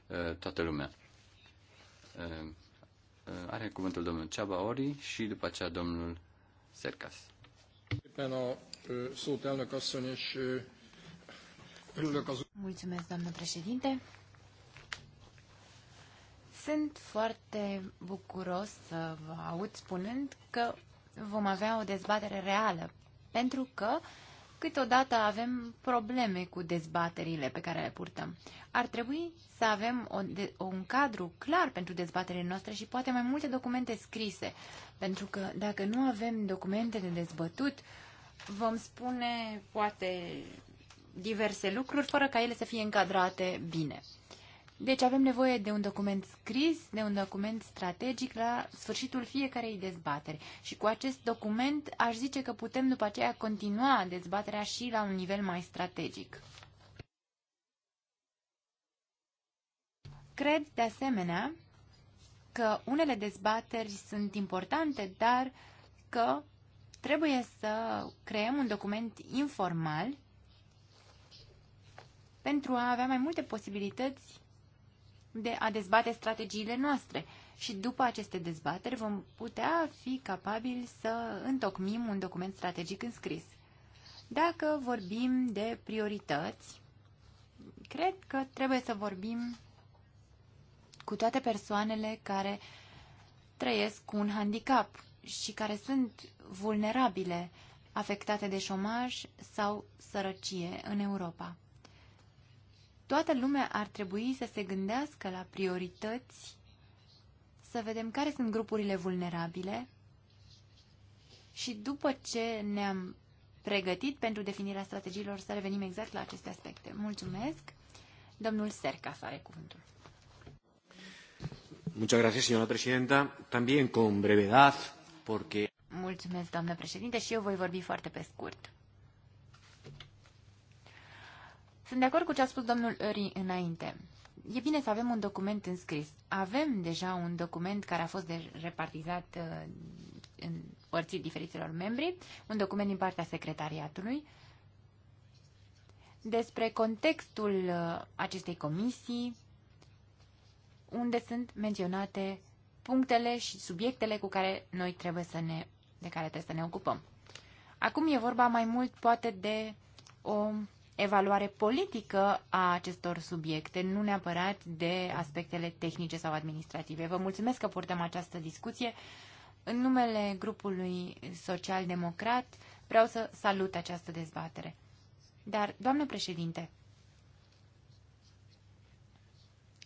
S2: uh, toată lumea. Uh, uh, are cuvântul domnul Ceaba Ori și după aceea domnul Sercas.
S3: Mulțumesc, doamnă președinte. Sunt foarte bucuros să vă aud spunând că vom avea o dezbatere reală, pentru că câteodată avem probleme cu dezbaterile pe care le purtăm. Ar trebui să avem o, de, un cadru clar pentru dezbaterile noastre și poate mai multe documente scrise, pentru că dacă nu avem documente de dezbătut, vom spune poate diverse lucruri fără ca ele să fie încadrate bine. Deci avem nevoie de un document scris, de un document strategic la sfârșitul fiecarei dezbateri. Și cu acest document aș zice că putem după aceea continua dezbaterea și la un nivel mai strategic. Cred, de asemenea, că unele dezbateri sunt importante, dar că trebuie să creăm un document informal pentru a avea mai multe posibilități de a dezbate strategiile noastre. Și după aceste dezbateri vom putea fi capabili să întocmim un document strategic înscris. Dacă vorbim de priorități, cred că trebuie să vorbim cu toate persoanele care trăiesc cu un handicap și care sunt vulnerabile, afectate de șomaj sau sărăcie în Europa. Toată lumea ar trebui să se gândească la priorități, să vedem care sunt grupurile vulnerabile și după ce ne-am pregătit pentru definirea strategiilor să revenim exact la aceste aspecte. Mulțumesc. Domnul Serca să are cuvântul. Muchas gracias, señora presidenta. También con brevedad, porque... Mulțumesc, doamnă președinte, și eu voi vorbi foarte pe scurt. Sunt de acord cu ce a spus domnul Ori înainte. E bine să avem un document înscris. Avem deja un document care a fost de repartizat uh, în părții diferiților membri, un document din partea secretariatului despre contextul uh, acestei comisii, unde sunt menționate punctele și subiectele cu care noi trebuie să ne, de care trebuie să ne ocupăm. Acum e vorba mai mult poate de o evaluare politică a acestor subiecte, nu neapărat de aspectele tehnice sau administrative. Vă mulțumesc că purtăm această discuție. În numele grupului social-democrat vreau să salut această dezbatere. Dar, doamnă președinte,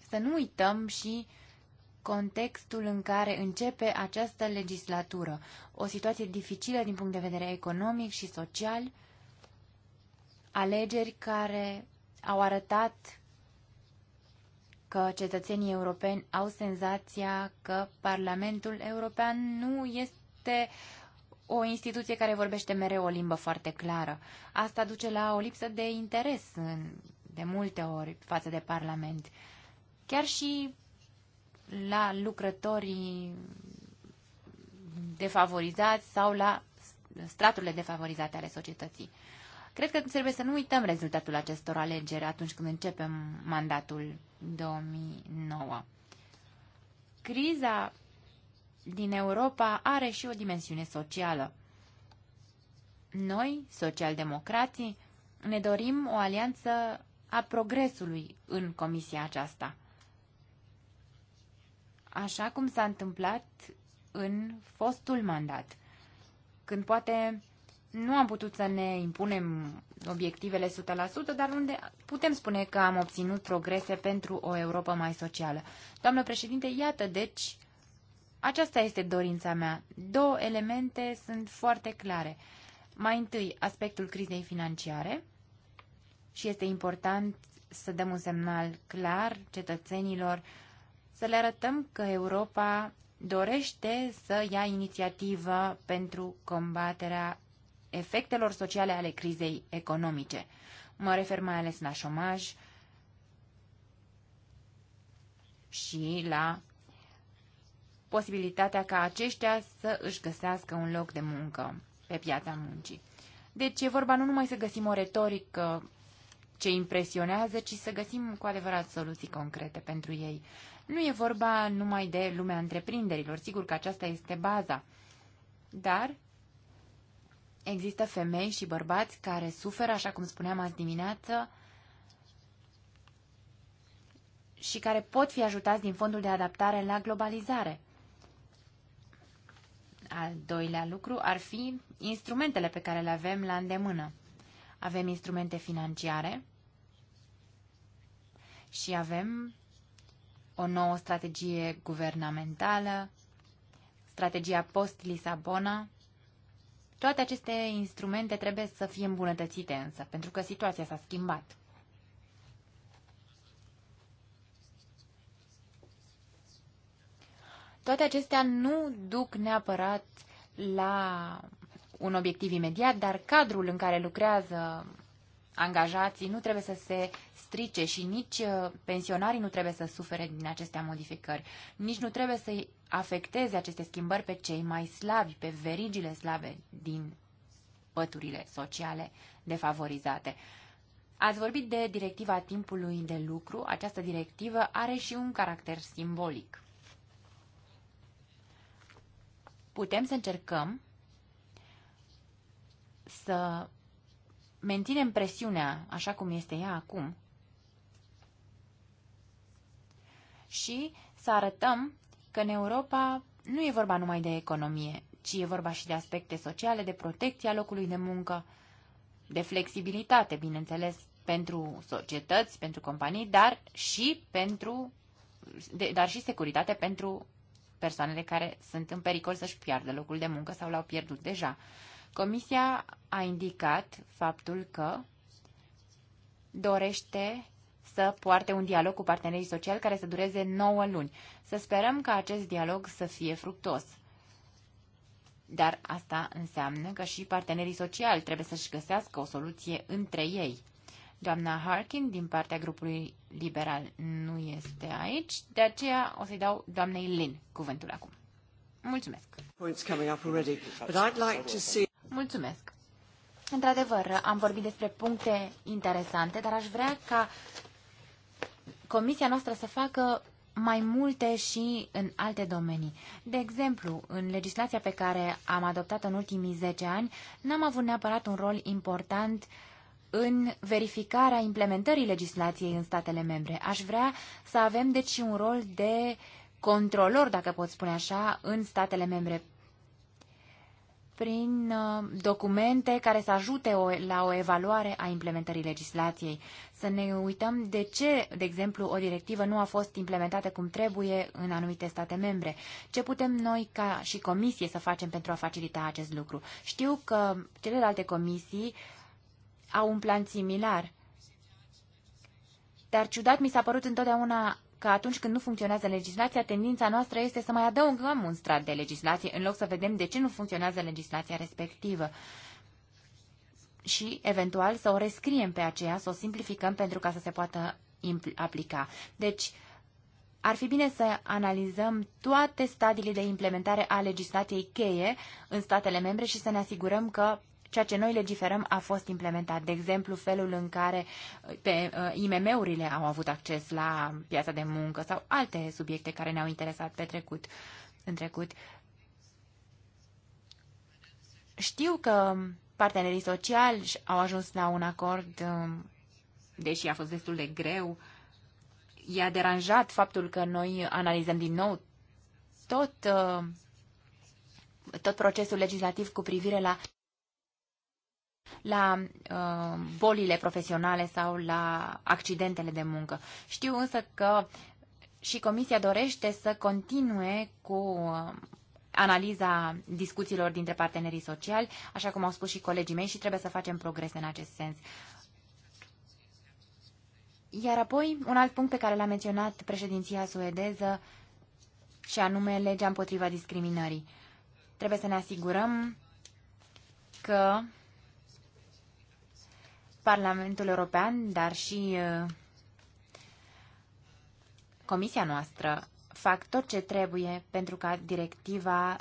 S3: să nu uităm și contextul în care începe această legislatură. O situație dificilă din punct de vedere economic și social, Alegeri care au arătat că cetățenii europeni au senzația că Parlamentul European nu este o instituție care vorbește mereu o limbă foarte clară. Asta duce la o lipsă de interes în, de multe ori față de Parlament. Chiar și la lucrătorii defavorizați sau la straturile defavorizate ale societății. Cred că trebuie să nu uităm rezultatul acestor alegeri atunci când începem mandatul 2009. Criza din Europa are și o dimensiune socială. Noi, socialdemocrații, ne dorim o alianță a progresului în comisia aceasta. Așa cum s-a întâmplat în fostul mandat, când poate nu am putut să ne impunem obiectivele 100%, dar unde putem spune că am obținut progrese pentru o Europa mai socială. Doamnă președinte, iată deci, aceasta este dorința mea. Două elemente sunt foarte clare. Mai întâi, aspectul crizei financiare și este important să dăm un semnal clar cetățenilor, să le arătăm că Europa dorește să ia inițiativă pentru combaterea efectelor sociale ale crizei economice. Mă refer mai ales la șomaj și la posibilitatea ca aceștia să își găsească un loc de muncă pe piața muncii. Deci e vorba nu numai să găsim o retorică ce impresionează, ci să găsim cu adevărat soluții concrete pentru ei. Nu e vorba numai de lumea întreprinderilor, sigur că aceasta este baza, dar Există femei și bărbați care suferă, așa cum spuneam azi dimineață, și care pot fi ajutați din fondul de adaptare la globalizare. Al doilea lucru ar fi instrumentele pe care le avem la îndemână. Avem instrumente financiare și avem o nouă strategie guvernamentală, strategia post-Lisabona, toate aceste instrumente trebuie să fie îmbunătățite însă, pentru că situația s-a schimbat. Toate acestea nu duc neapărat la un obiectiv imediat, dar cadrul în care lucrează angajații nu trebuie să se strice și nici uh, pensionarii nu trebuie să sufere din aceste modificări. Nici nu trebuie să-i afecteze aceste schimbări pe cei mai slabi, pe verigile slabe din păturile sociale defavorizate. Ați vorbit de directiva timpului de lucru. Această directivă are și un caracter simbolic. Putem să încercăm să menținem presiunea așa cum este ea acum și să arătăm că în Europa nu e vorba numai de economie, ci e vorba și de aspecte sociale, de protecția locului de muncă, de flexibilitate, bineînțeles, pentru societăți, pentru companii, dar și pentru de, dar și securitate pentru persoanele care sunt în pericol să-și piardă locul de muncă sau l-au pierdut deja. Comisia a indicat faptul că dorește să poarte un dialog cu partenerii sociali care să dureze 9 luni. Să sperăm că acest dialog să fie fructos. Dar asta înseamnă că și partenerii sociali trebuie să-și găsească o soluție între ei. Doamna Harkin, din partea grupului liberal, nu este aici, de aceea o să-i dau doamnei Lin cuvântul acum. Mulțumesc! Mulțumesc! Într-adevăr, am vorbit despre puncte interesante, dar aș vrea ca comisia noastră să facă mai multe și în alte domenii. De exemplu, în legislația pe care am adoptat-o în ultimii 10 ani, n-am avut neapărat un rol important în verificarea implementării legislației în statele membre. Aș vrea să avem deci un rol de controlor, dacă pot spune așa, în statele membre prin uh, documente care să ajute o, la o evaluare a implementării legislației. Să ne uităm de ce, de exemplu, o directivă nu a fost implementată cum trebuie în anumite state membre. Ce putem noi ca și comisie să facem pentru a facilita acest lucru? Știu că celelalte comisii au un plan similar, dar ciudat mi s-a părut întotdeauna că atunci când nu funcționează legislația, tendința noastră este să mai adăugăm un strat de legislație în loc să vedem de ce nu funcționează legislația respectivă și, eventual, să o rescriem pe aceea, să o simplificăm pentru ca să se poată aplica. Deci, ar fi bine să analizăm toate stadiile de implementare a legislației cheie în statele membre și să ne asigurăm că ceea ce noi legiferăm a fost implementat. De exemplu, felul în care uh, uh, IMM-urile au avut acces la piața de muncă sau alte subiecte care ne-au interesat pe trecut, în trecut. Știu că partenerii sociali au ajuns la un acord, um, deși a fost destul de greu. I-a deranjat faptul că noi analizăm din nou tot, uh, tot procesul legislativ cu privire la la uh, bolile profesionale sau la accidentele de muncă. Știu însă că și Comisia dorește să continue cu uh, analiza discuțiilor dintre partenerii sociali, așa cum au spus și colegii mei, și trebuie să facem progrese în acest sens. Iar apoi, un alt punct pe care l-a menționat președinția suedeză, și anume legea împotriva discriminării. Trebuie să ne asigurăm că Parlamentul European, dar și uh, Comisia noastră fac tot ce trebuie pentru ca directiva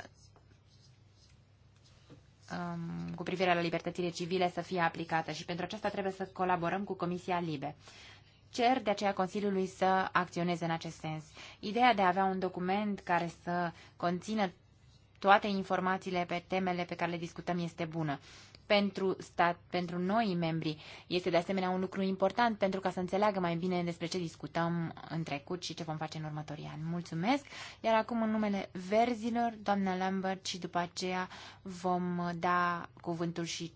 S3: um, cu privire la libertățile civile să fie aplicată și pentru aceasta trebuie să colaborăm cu Comisia Libe. Cer de aceea Consiliului să acționeze în acest sens. Ideea de a avea un document care să conțină toate informațiile pe temele pe care le discutăm este bună pentru, stat, pentru noi membri. Este de asemenea un lucru important pentru ca să înțeleagă mai bine despre ce discutăm în trecut și ce vom face în următorii ani. Mulțumesc! Iar acum în numele verzilor, doamna Lambert și după aceea vom da cuvântul și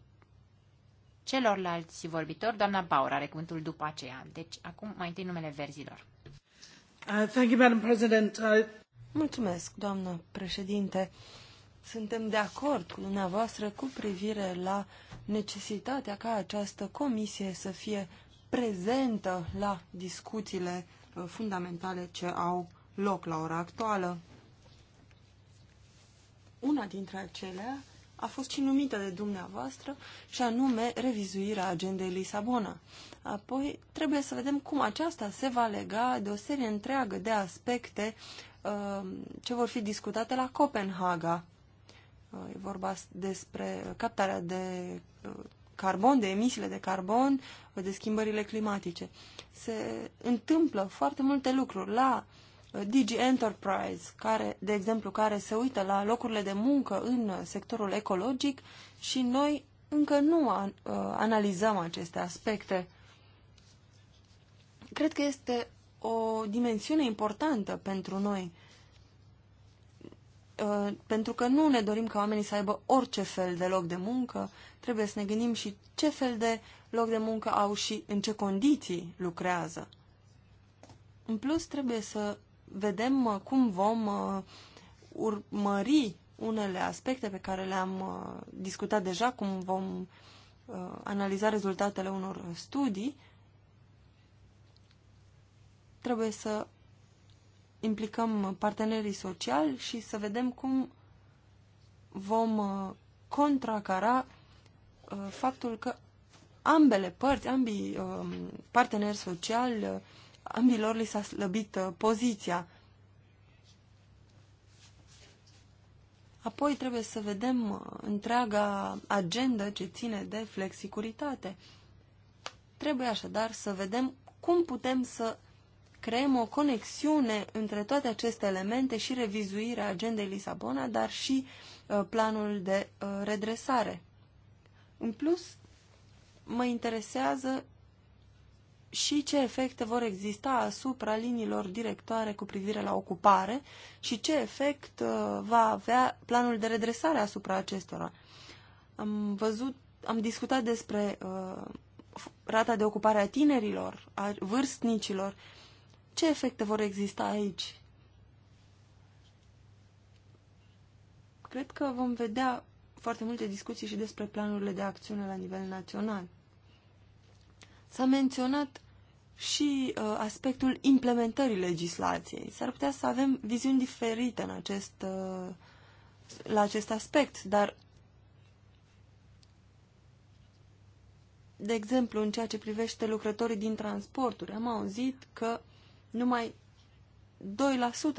S3: celorlalți vorbitori. Doamna Baur are cuvântul după aceea. Deci acum mai întâi numele verzilor.
S4: Uh, thank you, Madam President. Uh... Mulțumesc, doamnă președinte. Uh, suntem de acord cu dumneavoastră cu privire la necesitatea ca această comisie să fie prezentă la discuțiile uh, fundamentale ce au loc la ora actuală. Una dintre acelea a fost și numită de dumneavoastră și anume revizuirea agendei Lisabona. Apoi trebuie să vedem cum aceasta se va lega de o serie întreagă de aspecte uh, ce vor fi discutate la Copenhaga. Uh, e vorba despre captarea de uh, carbon, de emisiile de carbon, uh, de schimbările climatice. Se întâmplă foarte multe lucruri la DG Enterprise, care, de exemplu, care se uită la locurile de muncă în sectorul ecologic și noi încă nu analizăm aceste aspecte. Cred că este o dimensiune importantă pentru noi Uh, pentru că nu ne dorim ca oamenii să aibă orice fel de loc de muncă, trebuie să ne gândim și ce fel de loc de muncă au și în ce condiții lucrează. În plus, trebuie să vedem uh, cum vom uh, urmări unele aspecte pe care le-am discutat deja, cum vom analiza rezultatele unor studii. Trebuie să implicăm partenerii sociali și să vedem cum vom uh, contracara uh, faptul că ambele părți, ambii um, parteneri sociali, uh, ambilor li s-a slăbit poziția. Apoi trebuie să vedem întreaga agenda ce ține de flexicuritate. Trebuie așadar să vedem cum putem să creăm o conexiune între toate aceste elemente și revizuirea agendei Lisabona, dar și uh, planul de uh, redresare. În plus, mă interesează și ce efecte vor exista asupra liniilor directoare cu privire la ocupare și ce efect uh, va avea planul de redresare asupra acestora. Am văzut, am discutat despre uh, rata de ocupare a tinerilor, a vârstnicilor ce efecte vor exista aici? Cred că vom vedea foarte multe discuții și despre planurile de acțiune la nivel național. S-a menționat și uh, aspectul implementării legislației. S-ar putea să avem viziuni diferite în acest, uh, la acest aspect, dar, de exemplu, în ceea ce privește lucrătorii din transporturi, am auzit că numai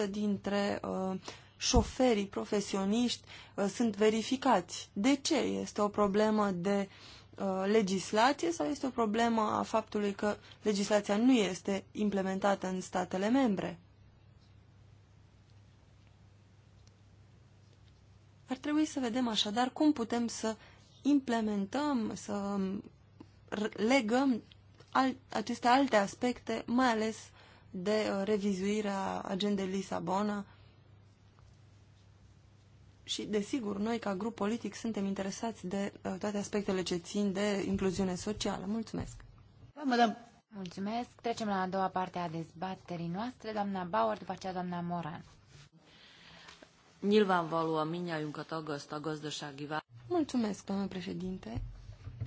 S4: 2% dintre uh, șoferii profesioniști uh, sunt verificați. De ce? Este o problemă de uh, legislație sau este o problemă a faptului că legislația nu este implementată în statele membre? Ar trebui să vedem așadar cum putem să implementăm, să um, legăm al aceste alte aspecte, mai ales de uh, revizuirea agendei Lisabona. Și, desigur, noi, ca grup politic, suntem interesați de uh, toate aspectele ce țin de incluziune socială. Mulțumesc!
S3: Mulțumesc! Trecem la a doua parte a dezbaterii noastre. Doamna Bauer, după aceea doamna Moran.
S1: Nyilvánvalóan minnyájunkat aggaszt a gazdasági
S3: Mulțumesc, doamnă președinte.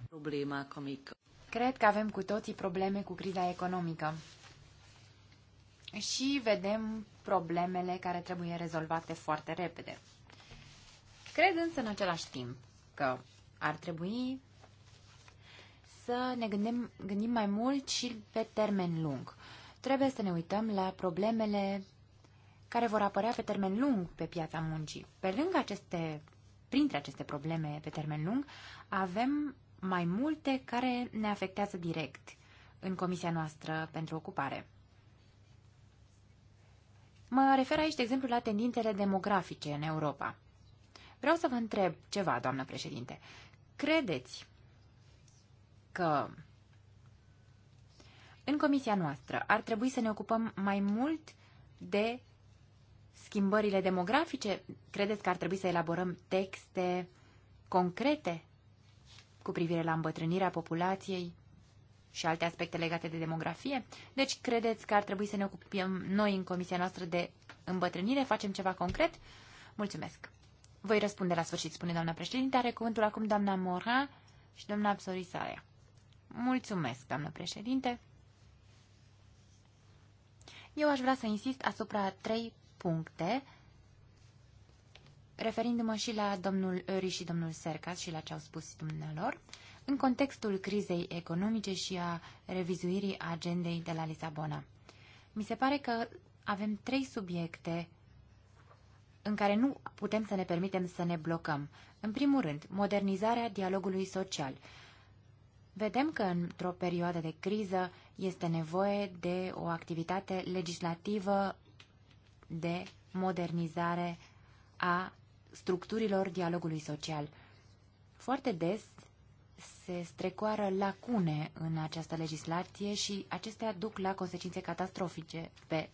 S1: Problema comică.
S3: Cred că avem cu toții probleme cu criza economică și vedem problemele care trebuie rezolvate foarte repede. Cred însă în același timp că ar trebui să ne gândim, gândim mai mult și pe termen lung. Trebuie să ne uităm la problemele care vor apărea pe termen lung pe piața muncii. Pe lângă aceste, printre aceste probleme pe termen lung, avem mai multe care ne afectează direct în comisia noastră pentru ocupare. Mă refer aici, de exemplu, la tendințele demografice în Europa. Vreau să vă întreb ceva, doamnă președinte. Credeți că în comisia noastră ar trebui să ne ocupăm mai mult de schimbările demografice? Credeți că ar trebui să elaborăm texte concrete cu privire la îmbătrânirea populației? și alte aspecte legate de demografie. Deci, credeți că ar trebui să ne ocupăm noi în comisia noastră de îmbătrânire? Facem ceva concret? Mulțumesc! Voi răspunde la sfârșit, spune doamna președinte. Are cuvântul acum doamna Mora și doamna Psorisaia. Mulțumesc, doamna președinte. Eu aș vrea să insist asupra trei puncte, referindu-mă și la domnul Öri și domnul Sercas și la ce au spus dumnealor în contextul crizei economice și a revizuirii agendei de la Lisabona. Mi se pare că avem trei subiecte în care nu putem să ne permitem să ne blocăm. În primul rând, modernizarea dialogului social. Vedem că într-o perioadă de criză este nevoie de o activitate legislativă de modernizare a structurilor dialogului social. Foarte des se strecoară lacune în această legislație și acestea duc la consecințe catastrofice pe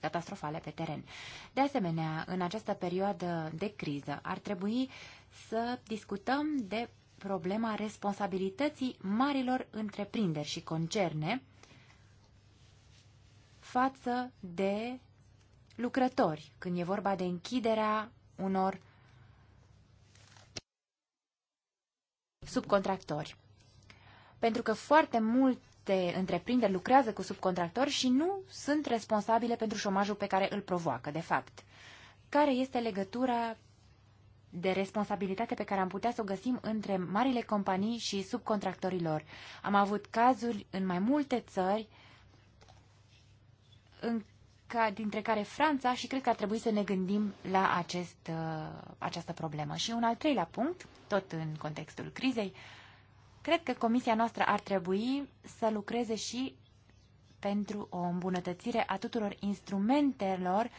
S3: catastrofale pe teren. De asemenea, în această perioadă de criză ar trebui să discutăm de problema responsabilității marilor întreprinderi și concerne față de lucrători, când e vorba de închiderea unor subcontractori. Pentru că foarte multe întreprinderi lucrează cu subcontractori și nu sunt responsabile pentru șomajul pe care îl provoacă, de fapt. Care este legătura de responsabilitate pe care am putea să o găsim între marile companii și subcontractorilor. Am avut cazuri în mai multe țări în ca, dintre care Franța și cred că ar trebui să ne gândim la acest, uh, această problemă. Și un al treilea punct, tot în contextul crizei, cred că comisia noastră ar trebui să lucreze și pentru o îmbunătățire a tuturor instrumentelor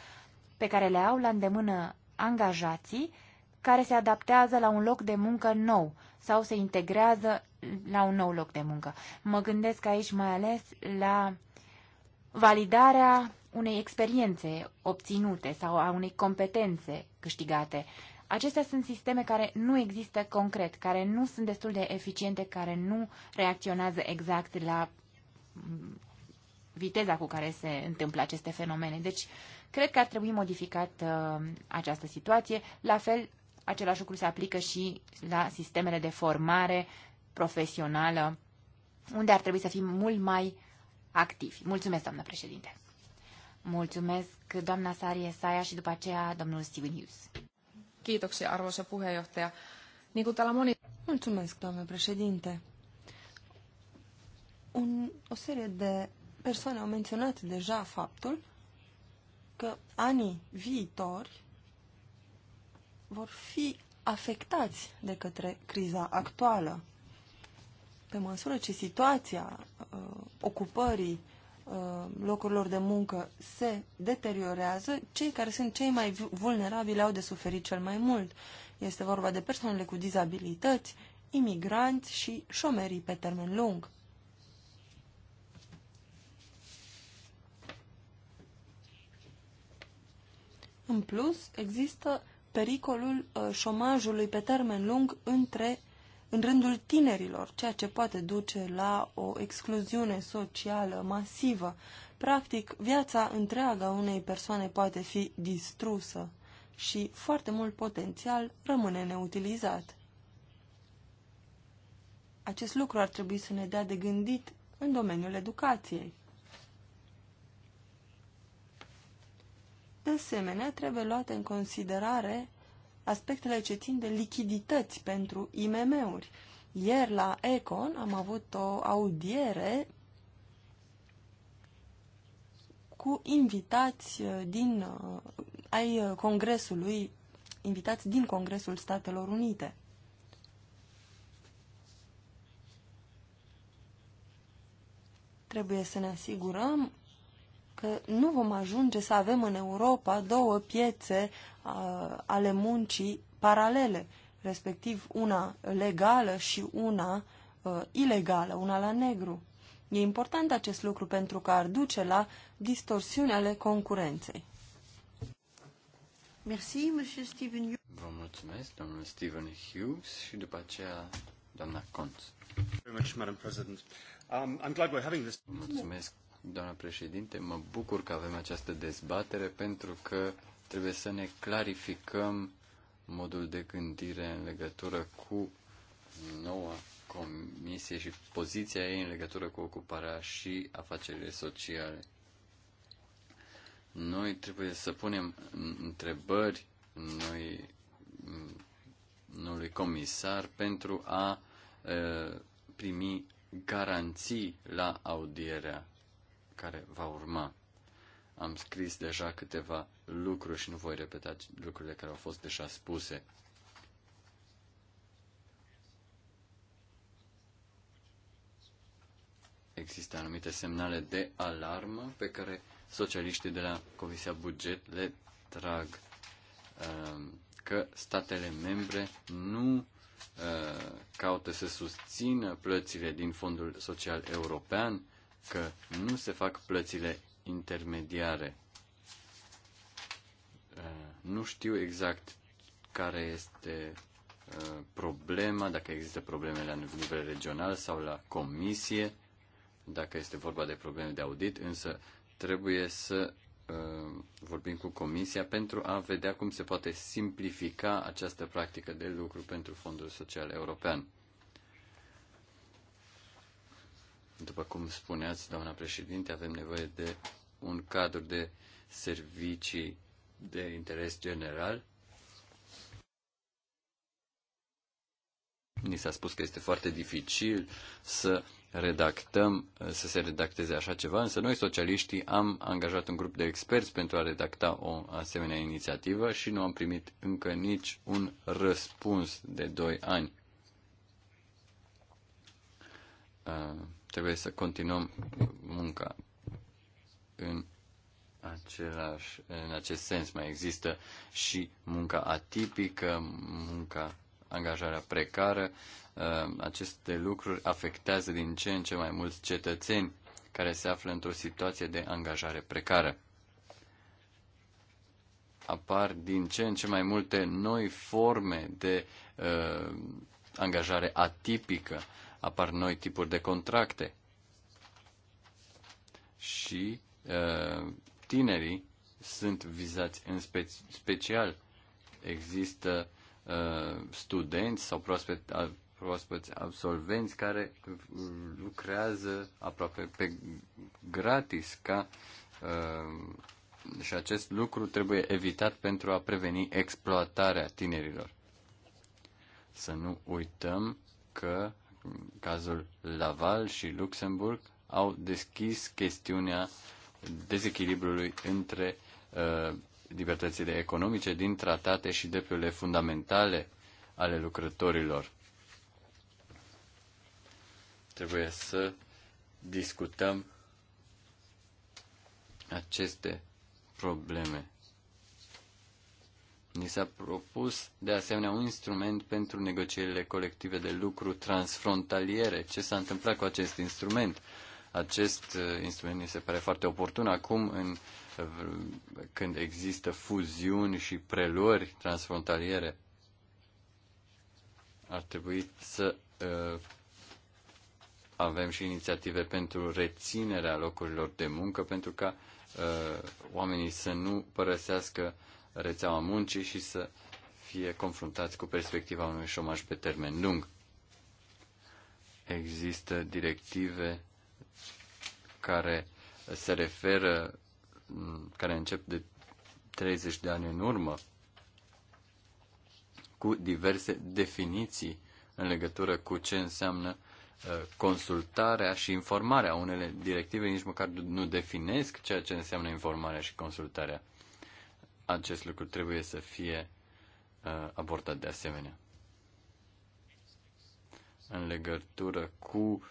S3: pe care le au la îndemână angajații care se adaptează la un loc de muncă nou sau se integrează la un nou loc de muncă. Mă gândesc aici mai ales la validarea unei experiențe obținute sau a unei competențe câștigate. Acestea sunt sisteme care nu există concret, care nu sunt destul de eficiente, care nu reacționează exact la mm, viteza cu care se întâmplă aceste fenomene. Deci, cred că ar trebui modificat uh, această situație. La fel, același lucru se aplică și la sistemele de formare profesională, unde ar trebui să fim mult mai activi. Mulțumesc, doamnă președinte! Mulțumesc, doamna Sarie Saia și după aceea domnul Steven Hughes. Kiitoksia, arvoisa puheenjohtaja. Niin kuin täällä moni... Mulțumesc, doamnă președinte.
S4: Un, o serie de persoane au menționat deja faptul că anii viitori vor fi afectați de către criza actuală. Pe măsură ce situația uh, ocupării Uh, locurilor de muncă se deteriorează, cei care sunt cei mai vulnerabili au de suferit cel mai mult. Este vorba de persoanele cu dizabilități, imigranți și șomerii pe termen lung. În plus, există pericolul uh, șomajului pe termen lung între în rândul tinerilor, ceea ce poate duce la o excluziune socială masivă. Practic, viața întreagă a unei persoane poate fi distrusă și foarte mult potențial rămâne neutilizat. Acest lucru ar trebui să ne dea de gândit în domeniul educației. De asemenea, trebuie luate în considerare aspectele ce țin de lichidități pentru IMM-uri. Ieri la Econ am avut o audiere cu invitați uh, din, uh, ai uh, Congresului, invitați din Congresul Statelor Unite. Trebuie să ne asigurăm că nu vom ajunge să avem în Europa două piețe uh, ale muncii paralele, respectiv una legală și una uh, ilegală, una la negru. E important acest lucru pentru că ar duce la distorsiuni ale concurenței.
S1: Merci, Monsieur Stephen
S2: Vă mulțumesc, domnul Stephen Hughes și după aceea doamna Conț. Um, mulțumesc, doamna președinte. Mă bucur că avem această dezbatere pentru că trebuie să ne clarificăm modul de gândire în legătură cu noua comisie și poziția ei în legătură cu ocuparea și afacerile sociale. Noi trebuie să punem întrebări noi noului comisar pentru a primi garanții la audierea care va urma. Am scris deja câteva lucruri și nu voi repeta lucrurile care au fost deja spuse. Există anumite semnale de alarmă pe care socialiștii de la Comisia Buget le trag ehm, că statele membre nu ehm, caută să susțină plățile din Fondul Social European că nu se fac plățile intermediare. Uh, nu știu exact care este uh, problema, dacă există probleme la nivel regional sau la comisie, dacă este vorba de probleme de audit, însă trebuie să uh, vorbim cu Comisia pentru a vedea cum se poate simplifica această practică de lucru pentru Fondul Social European. După cum spuneați, doamna președinte, avem nevoie de un cadru de servicii de interes general. Ni s-a spus că este foarte dificil să redactăm, să se redacteze așa ceva, însă noi, socialiștii, am angajat un grup de experți pentru a redacta o asemenea inițiativă și nu am primit încă nici un răspuns de 2 ani. Uh, trebuie să continuăm munca în același, în acest sens mai există și munca atipică, munca, angajarea precară. Uh, aceste lucruri afectează din ce în ce mai mulți cetățeni care se află într-o situație de angajare precară. Apar din ce în ce mai multe noi forme de uh, angajare atipică. Uh, apar noi tipuri de contracte și uh, tinerii sunt vizați în spe- special. Există uh, studenți sau proaspet, absolvenți care lucrează aproape pe gratis ca uh, și acest lucru trebuie evitat pentru a preveni exploatarea tinerilor. Să nu uităm că cazul Laval și Luxemburg, au deschis chestiunea dezechilibrului între uh, libertățile economice din tratate și drepturile fundamentale ale lucrătorilor. Trebuie să discutăm aceste probleme. Ni s-a propus de asemenea un instrument pentru negocierile colective de lucru transfrontaliere. Ce s-a întâmplat cu acest instrument? Acest uh, instrument mi se pare foarte oportun acum în, uh, când există fuziuni și preluări transfrontaliere. Ar trebui să uh, avem și inițiative pentru reținerea locurilor de muncă, pentru ca uh, oamenii să nu părăsească uh, rețeaua muncii și să fie confruntați cu perspectiva unui șomaj pe termen lung. Există directive care se referă, care încep de 30 de ani în urmă, cu diverse definiții în legătură cu ce înseamnă uh, consultarea și informarea. Unele directive nici măcar nu definesc ceea ce înseamnă informarea și consultarea acest lucru trebuie să fie uh, abordat de asemenea. În legătură cu uh,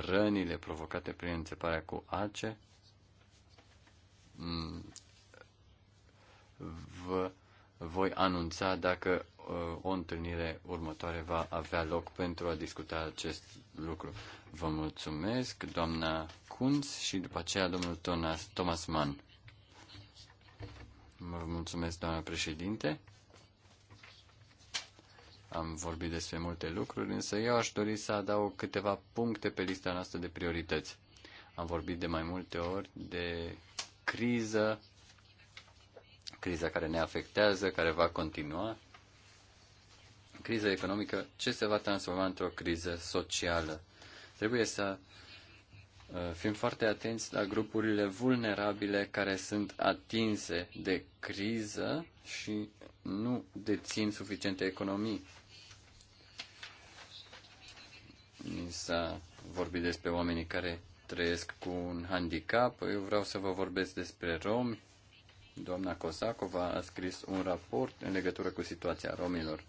S2: rănile provocate prin înțeparea cu ace, mm, vă voi anunța dacă uh, o întâlnire următoare va avea loc pentru a discuta acest lucru. Vă mulțumesc, doamna Kunz și după aceea domnul Thomas Mann. Vă mulțumesc, doamna președinte. Am vorbit despre multe lucruri, însă eu aș dori să adaug câteva puncte pe lista noastră de priorități. Am vorbit de mai multe ori de criză, criza care ne afectează, care va continua, criza economică, ce se va transforma într-o criză socială. Trebuie să Uh, fim foarte atenți la grupurile vulnerabile care sunt atinse de criză și nu dețin suficiente economii. S-a vorbit despre oamenii care trăiesc cu un handicap. Eu vreau să vă vorbesc despre romi. Doamna Cosacova a scris un raport în legătură cu situația romilor.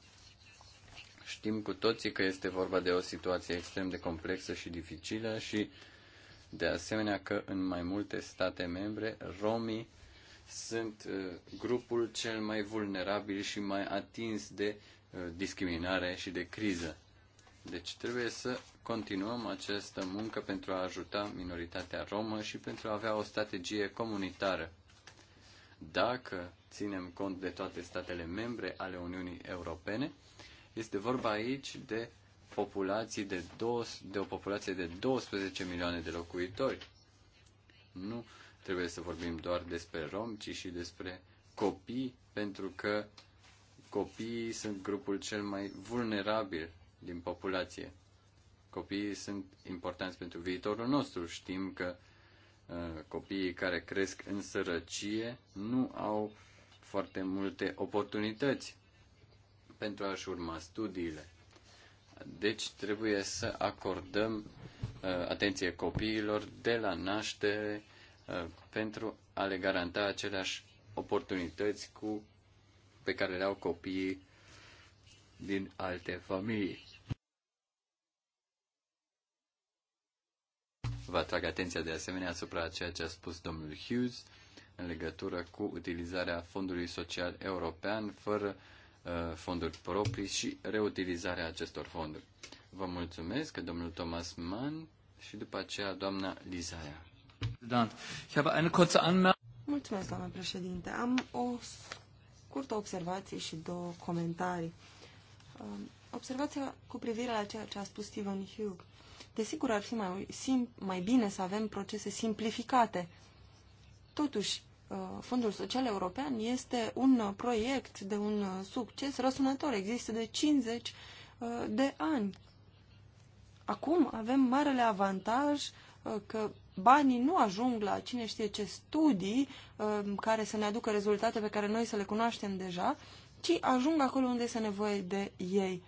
S2: Știm cu toții că este vorba de o situație extrem de complexă și dificilă și uh, de asemenea că în mai multe state membre romii sunt uh, grupul cel mai vulnerabil și mai atins de uh, discriminare și de criză. Deci trebuie să continuăm această muncă pentru a ajuta minoritatea romă și pentru a avea o strategie comunitară. Dacă ținem cont de toate statele membre ale Uniunii Europene, este vorba aici de populații de, dos, de o populație de 12 milioane de locuitori. Nu trebuie să vorbim doar despre romi, ci și despre copii, pentru că copiii sunt grupul cel mai vulnerabil din populație. Copiii sunt importanți pentru viitorul nostru. Știm că uh, copiii care cresc în sărăcie nu au foarte multe oportunități pentru a-și urma studiile. Deci trebuie să acordăm uh, atenție copiilor de la naștere uh, pentru a le garanta aceleași oportunități cu, pe care le au copiii din alte familii. Vă atrag atenția de asemenea asupra ceea ce a spus domnul Hughes în legătură cu utilizarea Fondului Social European fără uh, Uh, fonduri proprii și reutilizarea acestor fonduri. Vă mulțumesc, domnul Thomas Mann și după aceea doamna Lizaia.
S4: Mulțumesc, doamna președinte. Am o scurtă observație și două comentarii. Um, observația cu privire la ceea ce a spus Stephen Hugh. Desigur, ar fi mai, sim, mai bine să avem procese simplificate. Totuși, Uh, Fondul Social European este un uh, proiect de un uh, succes răsunător. Există de 50 de ani. Acum avem marele avantaj că banii nu ajung la cine știe ce studii care să ne aducă rezultate pe care noi să le cunoaștem deja, ci ajung acolo unde este nevoie de ei.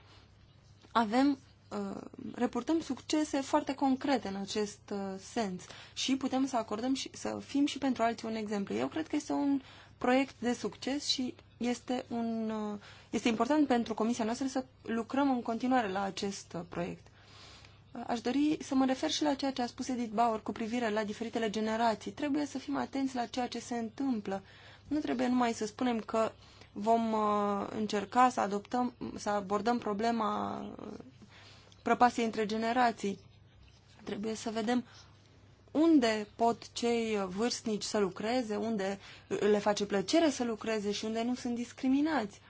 S4: Avem Uh, reportăm succese foarte concrete în acest uh, sens și putem să acordăm și să fim și pentru alții un exemplu. Eu cred că este un proiect de succes și este, un, uh, este important pentru comisia noastră să lucrăm în continuare la acest proiect. Aș dori să mă refer și la ceea ce a spus Edith Bauer cu privire la diferitele generații. Trebuie să fim atenți la ceea ce se întâmplă. Nu trebuie numai să spunem că vom încerca să adoptăm, să abordăm problema prăpastie între generații. Trebuie să vedem unde pot cei vârstnici să lucreze, unde le face plăcere să lucreze și unde nu sunt discriminați.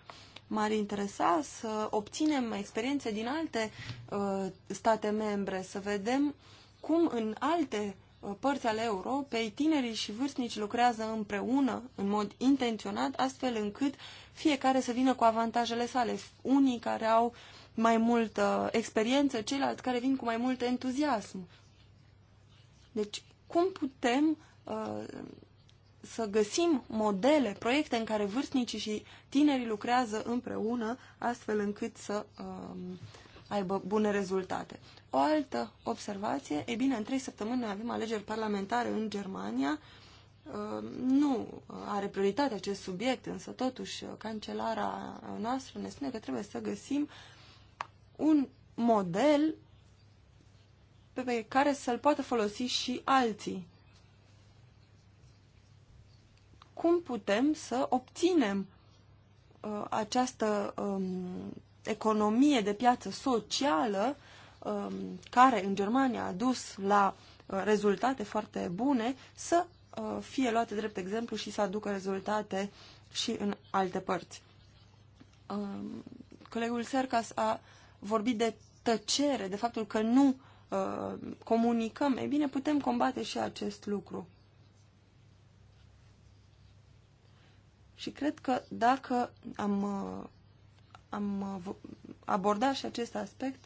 S4: M-ar interesa să obținem experiențe din alte uh, state membre, să vedem cum în alte uh, părți ale Europei tinerii și vârstnici lucrează împreună, în mod intenționat, astfel încât fiecare să vină cu avantajele sale. Unii care au mai multă experiență, ceilalți care vin cu mai mult entuziasm. Deci, cum putem uh, să găsim modele, proiecte în care vârstnicii și tinerii lucrează împreună, astfel încât să uh, aibă bune rezultate. O altă observație, e bine, în trei săptămâni noi avem alegeri parlamentare în Germania, uh, nu are prioritate acest subiect, însă totuși cancelara noastră ne spune că trebuie să găsim uh, un model pe care să-l poată folosi și alții. Cum putem să obținem uh, această um, economie de piață socială um, care în Germania a dus la uh, rezultate foarte bune să uh, fie luate drept exemplu și să aducă rezultate și în alte părți. Um, colegul Sercas a uh, vorbit de tăcere, de faptul că nu uh, comunicăm, e bine, putem combate și acest lucru. Și cred că dacă am, uh, am uh, abordat și acest aspect,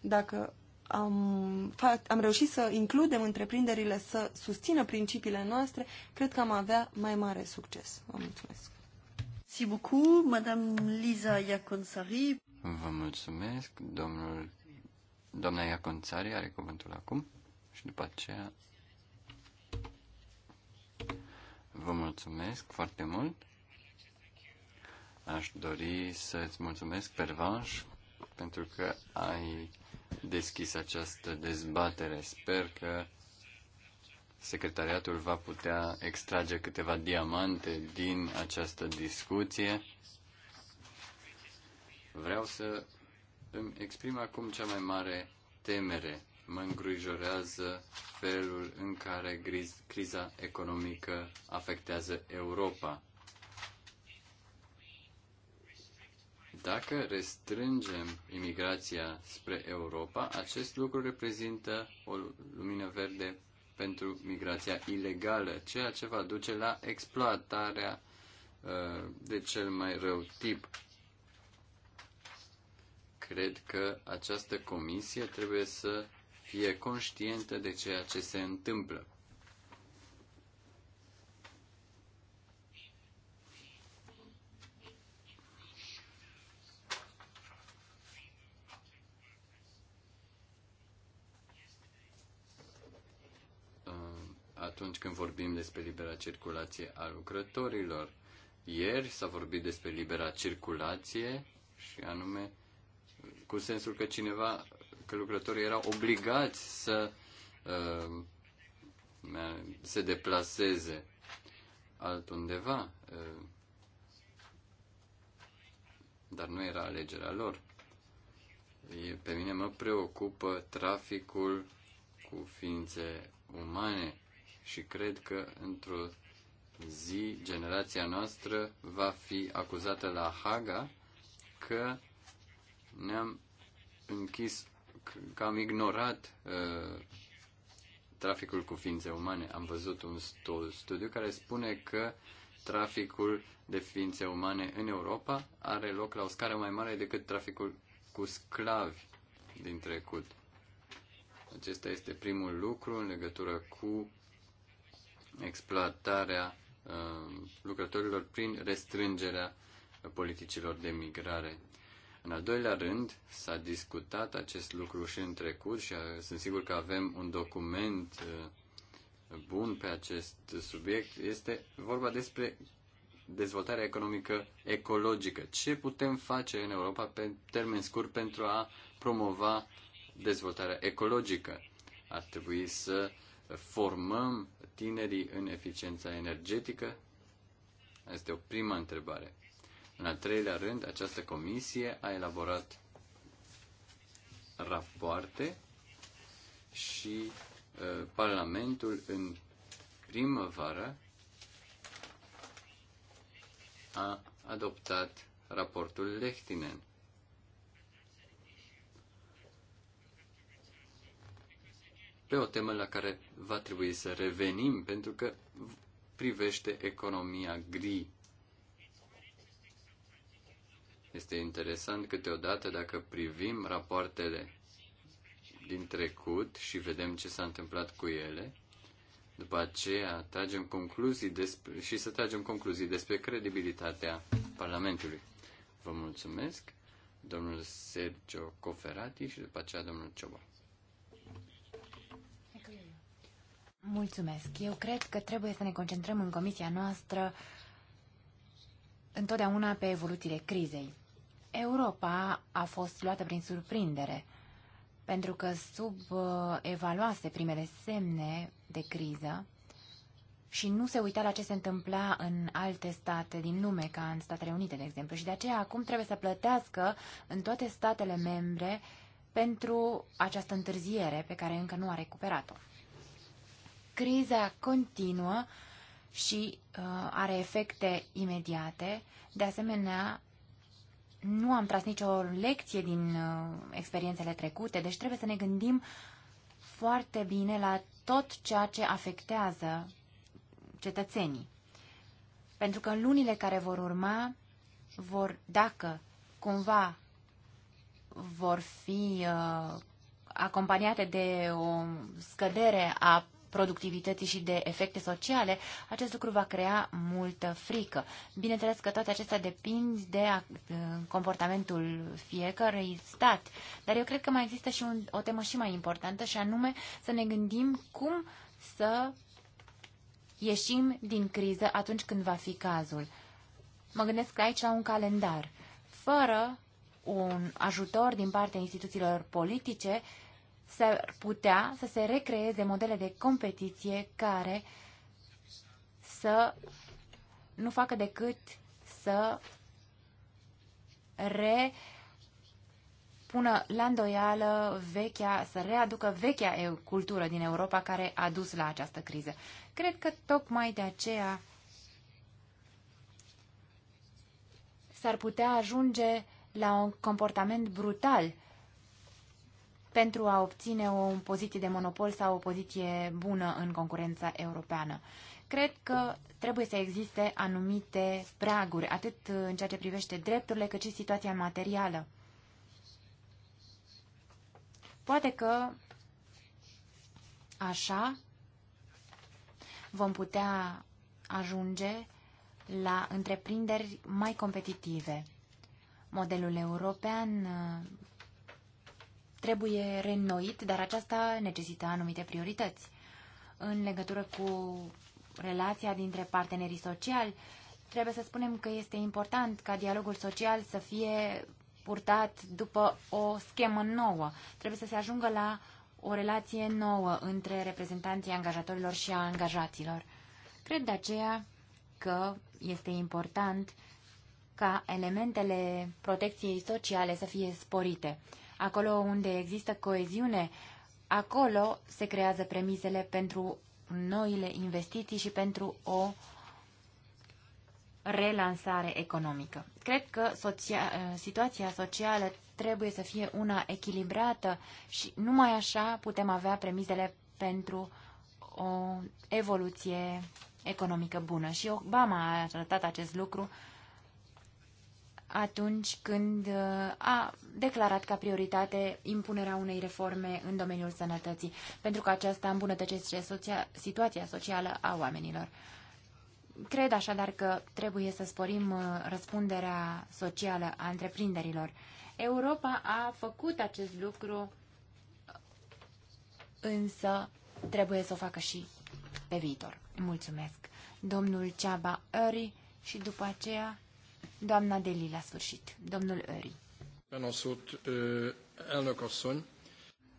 S4: dacă am, am reușit să includem întreprinderile să susțină principiile noastre, cred că am avea mai mare succes. Vă mulțumesc.
S1: Merci beaucoup, Madame Lisa Yakonsari.
S2: Vă mulțumesc. Domnul, doamna Iaconțari are cuvântul acum și după aceea vă mulțumesc foarte mult. Aș dori să-ți mulțumesc, Pervanș, pentru că ai deschis această dezbatere. Sper că secretariatul va putea extrage câteva diamante din această discuție Vreau să îmi exprim acum cea mai mare temere. Mă îngrijorează felul în care griz, criza economică afectează Europa. Dacă restrângem imigrația spre Europa, acest lucru reprezintă o lumină verde pentru migrația ilegală, ceea ce va duce la exploatarea uh, de cel mai rău tip cred că această comisie trebuie să fie conștientă de ceea ce se întâmplă. Uh, atunci când vorbim despre libera circulație a lucrătorilor. Ieri s-a vorbit despre libera circulație și anume cu sensul că cineva, că lucrătorii erau obligați să uh, se deplaseze altundeva, uh, dar nu era alegerea lor. Pe mine mă preocupă traficul cu ființe umane și cred că într-o zi generația noastră va fi acuzată la Haga că ne-am închis, că am ignorat uh, traficul cu ființe umane. Am văzut un studiu care spune că traficul de ființe umane în Europa are loc la o scară mai mare decât traficul cu sclavi din trecut. Acesta este primul lucru în legătură cu exploatarea uh, lucrătorilor prin restrângerea politicilor de migrare. În al doilea rând, s-a discutat acest lucru și în trecut și uh, sunt sigur că avem un document uh, bun pe acest subiect. Este vorba despre dezvoltarea economică ecologică. Ce putem face în Europa pe termen scurt pentru a promova dezvoltarea ecologică? Ar trebui să formăm tinerii în eficiența energetică? Asta este o prima întrebare. În al treilea rând, această comisie a elaborat rapoarte și uh, Parlamentul în primăvară a adoptat raportul Lehtinen. pe o temă la care va trebui să revenim, pentru că privește economia gri este interesant câteodată dacă privim rapoartele din trecut și vedem ce s-a întâmplat cu ele, după aceea tragem concluzii despre, și să tragem concluzii despre credibilitatea Parlamentului. Vă mulțumesc, domnul Sergio Coferati și după aceea domnul Cioba.
S3: Mulțumesc. Eu cred că trebuie să ne concentrăm în comisia noastră întotdeauna pe evoluțiile crizei. Europa a fost luată prin surprindere, pentru că sub uh, evaluase primele semne de criză și nu se uita la ce se întâmpla în alte state din lume, ca în Statele Unite, de exemplu. Și de aceea acum trebuie să plătească în toate statele membre pentru această întârziere pe care încă nu a recuperat-o. Criza continuă și uh, are efecte imediate. De asemenea, nu am tras nicio lecție din uh, experiențele trecute, deci trebuie să ne gândim foarte bine la tot ceea ce afectează cetățenii. Pentru că în lunile care vor urma, vor, dacă cumva vor fi uh, acompaniate de o scădere a productivității și de efecte sociale, acest lucru va crea multă frică. Bineînțeles că toate acestea depind de uh, comportamentul fiecărui stat, dar eu cred că mai există și un, o temă și mai importantă și anume să ne gândim cum să ieșim din criză atunci când va fi cazul. Mă gândesc aici la un calendar. Fără un ajutor din partea instituțiilor politice, s-ar putea să se recreeze modele de competiție care să nu facă decât să re pună la îndoială vechea, să readucă vechea cultură din Europa care a dus la această criză. Cred că tocmai de aceea s-ar putea ajunge la un comportament brutal pentru a obține o poziție de monopol sau o poziție bună în concurența europeană. Cred că trebuie să existe anumite praguri, atât în ceea ce privește drepturile, cât și situația materială. Poate că așa vom putea ajunge la întreprinderi mai competitive. Modelul european trebuie reînnoit, dar aceasta necesită anumite priorități. În legătură cu relația dintre partenerii sociali, trebuie să spunem că este important ca dialogul social să fie purtat după o schemă nouă. Trebuie să se ajungă la o relație nouă între reprezentanții angajatorilor și a angajaților. Cred de aceea că este important ca elementele protecției sociale să fie sporite. Acolo unde există coeziune, acolo se creează premisele pentru noile investiții și pentru o relansare economică. Cred că soția, situația socială trebuie să fie una echilibrată și numai așa putem avea premisele pentru o evoluție economică bună. Și Obama a arătat acest lucru atunci când uh, a declarat ca prioritate impunerea unei reforme în domeniul sănătății, pentru că aceasta îmbunătățește soția, situația socială a oamenilor. Cred așadar că trebuie să sporim uh, răspunderea socială a întreprinderilor. Europa a făcut acest lucru, însă trebuie să o facă și pe viitor. Mulțumesc. Domnul Ceaba Ări și după aceea Doamna Deli, la sfârșit. Domnul Öri.
S2: Penosut, elnök asszony.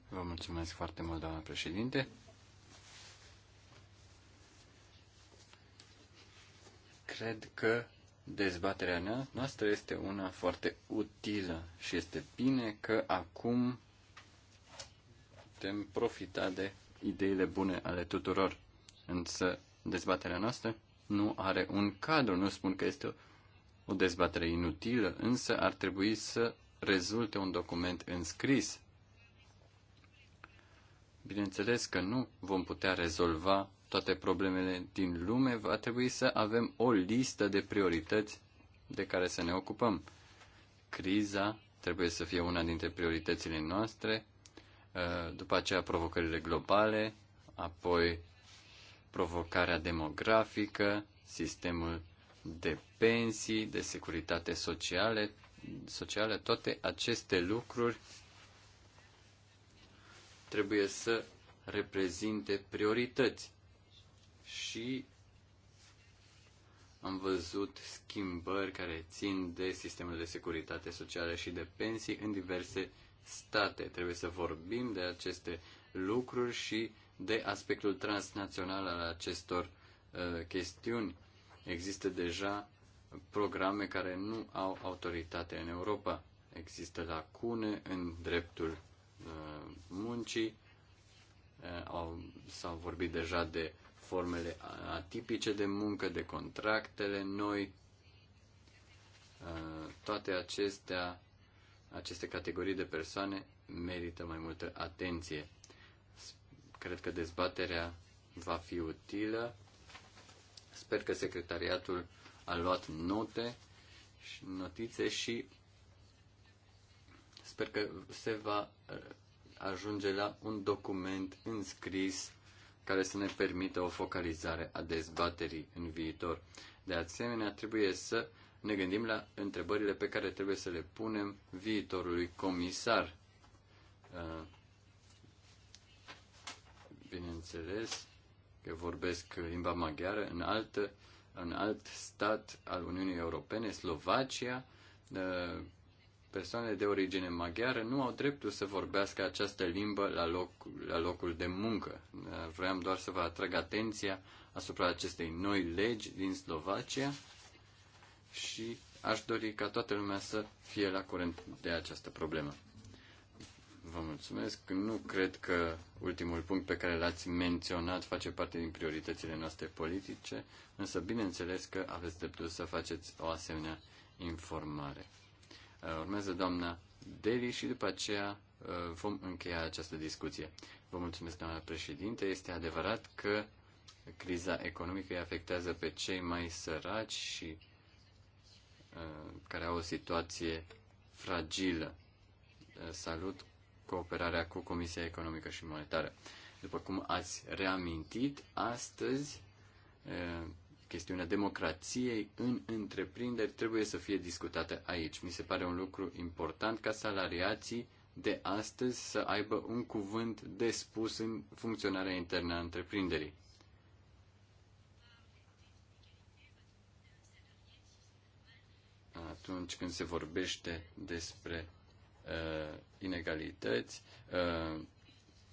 S2: Vă mulțumesc foarte mult, doamna președinte. Cred că dezbaterea noastră este una foarte utilă și este bine că acum putem profita de ideile bune ale tuturor. Însă dezbaterea noastră nu are un cadru, nu spun că este o o dezbatere inutilă, însă ar trebui să rezulte un document înscris. Bineînțeles că nu vom putea rezolva toate problemele din lume, va trebui să avem o listă de priorități de care să ne ocupăm. Criza trebuie să fie una dintre prioritățile noastre, ă, după aceea provocările globale, apoi provocarea demografică, sistemul de pensii, de securitate sociale, sociale toate aceste lucruri trebuie să reprezinte priorități. Și am văzut schimbări care țin de sistemul de securitate socială și de pensii în diverse state. Trebuie să vorbim de aceste lucruri și de aspectul transnațional al acestor uh, chestiuni Există deja programe care nu au autoritate în Europa. Există lacune în dreptul uh, muncii. Uh, s-au vorbit deja de formele atipice de muncă, de contractele noi. Uh, toate acestea, aceste categorii de persoane merită mai multă atenție. Cred că dezbaterea va fi utilă Sper că secretariatul a luat note și notițe și sper că se va uh, ajunge la un document înscris care să ne permită o focalizare a dezbaterii în viitor. De asemenea, trebuie să ne gândim la întrebările pe care trebuie să le punem viitorului comisar. Uh, Bineînțeles, că vorbesc limba maghiară, în, altă, în alt stat al Uniunii Europene, Slovacia, persoanele de origine maghiară nu au dreptul să vorbească această limbă la, loc, la locul de muncă. Vreau doar să vă atrag atenția asupra acestei noi legi din Slovacia și aș dori ca toată lumea să fie la curent de această problemă. Vă mulțumesc. Nu cred că ultimul punct pe care l-ați menționat face parte din prioritățile noastre politice, însă bineînțeles că aveți dreptul să faceți o asemenea informare. Uh, urmează doamna Deli și după aceea uh, vom încheia această discuție. Vă mulțumesc, doamna președinte. Este adevărat că criza economică îi afectează pe cei mai săraci și uh, care au o situație fragilă. Salut cooperarea cu Comisia Economică și Monetară. După cum ați reamintit, astăzi chestiunea democrației în întreprinderi trebuie să fie discutată aici. Mi se pare un lucru important ca salariații de astăzi să aibă un cuvânt de spus în funcționarea internă a întreprinderii. Atunci când se vorbește despre Uh, inegalități, uh,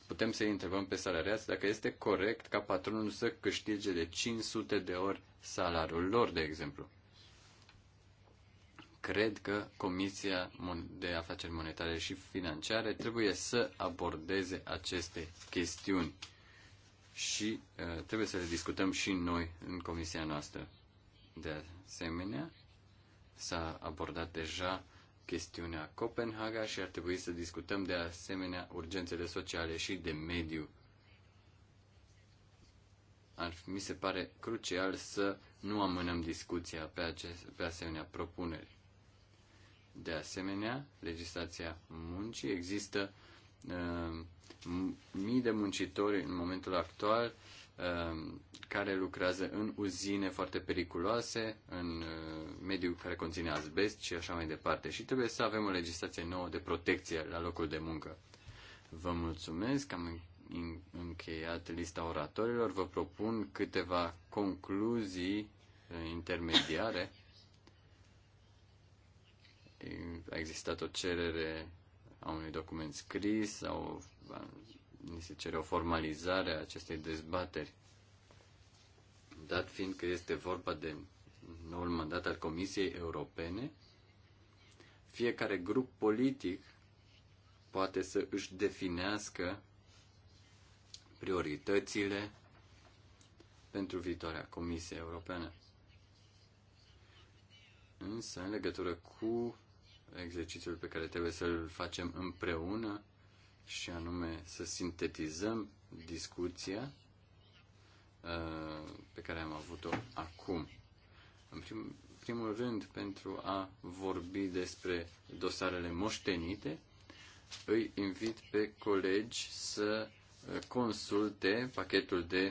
S2: putem să-i întrebăm pe salariați dacă este corect ca patronul să câștige de 500 de ori salariul lor, de exemplu. Cred că Comisia de Afaceri Monetare și Financiare trebuie să abordeze aceste chestiuni și uh, trebuie să le discutăm și noi în comisia noastră. De asemenea, s-a abordat deja chestiunea Copenhaga și ar trebui să discutăm de asemenea urgențele sociale și de mediu. Ar, mi se pare crucial să nu amânăm discuția pe, acest, pe asemenea propuneri. De asemenea, legislația muncii există uh, mii de muncitori în momentul actual Um, care lucrează în uzine foarte periculoase, în uh, mediul care conține azbest și așa mai departe. Și trebuie să avem o legislație nouă de protecție la locul de muncă. Vă mulțumesc, am încheiat lista oratorilor. Vă propun câteva concluzii uh, intermediare. A existat o cerere a unui document scris sau ni se cere o formalizare a acestei dezbateri, dat fiind că este vorba de noul mandat al Comisiei Europene, fiecare grup politic poate să își definească prioritățile pentru viitoarea Comisie Europeană. Însă, în legătură cu exercițiul pe care trebuie să-l facem împreună, și anume să sintetizăm discuția uh, pe care am avut-o acum. În prim, primul rând, pentru a vorbi despre dosarele moștenite, îi invit pe colegi să uh, consulte pachetul de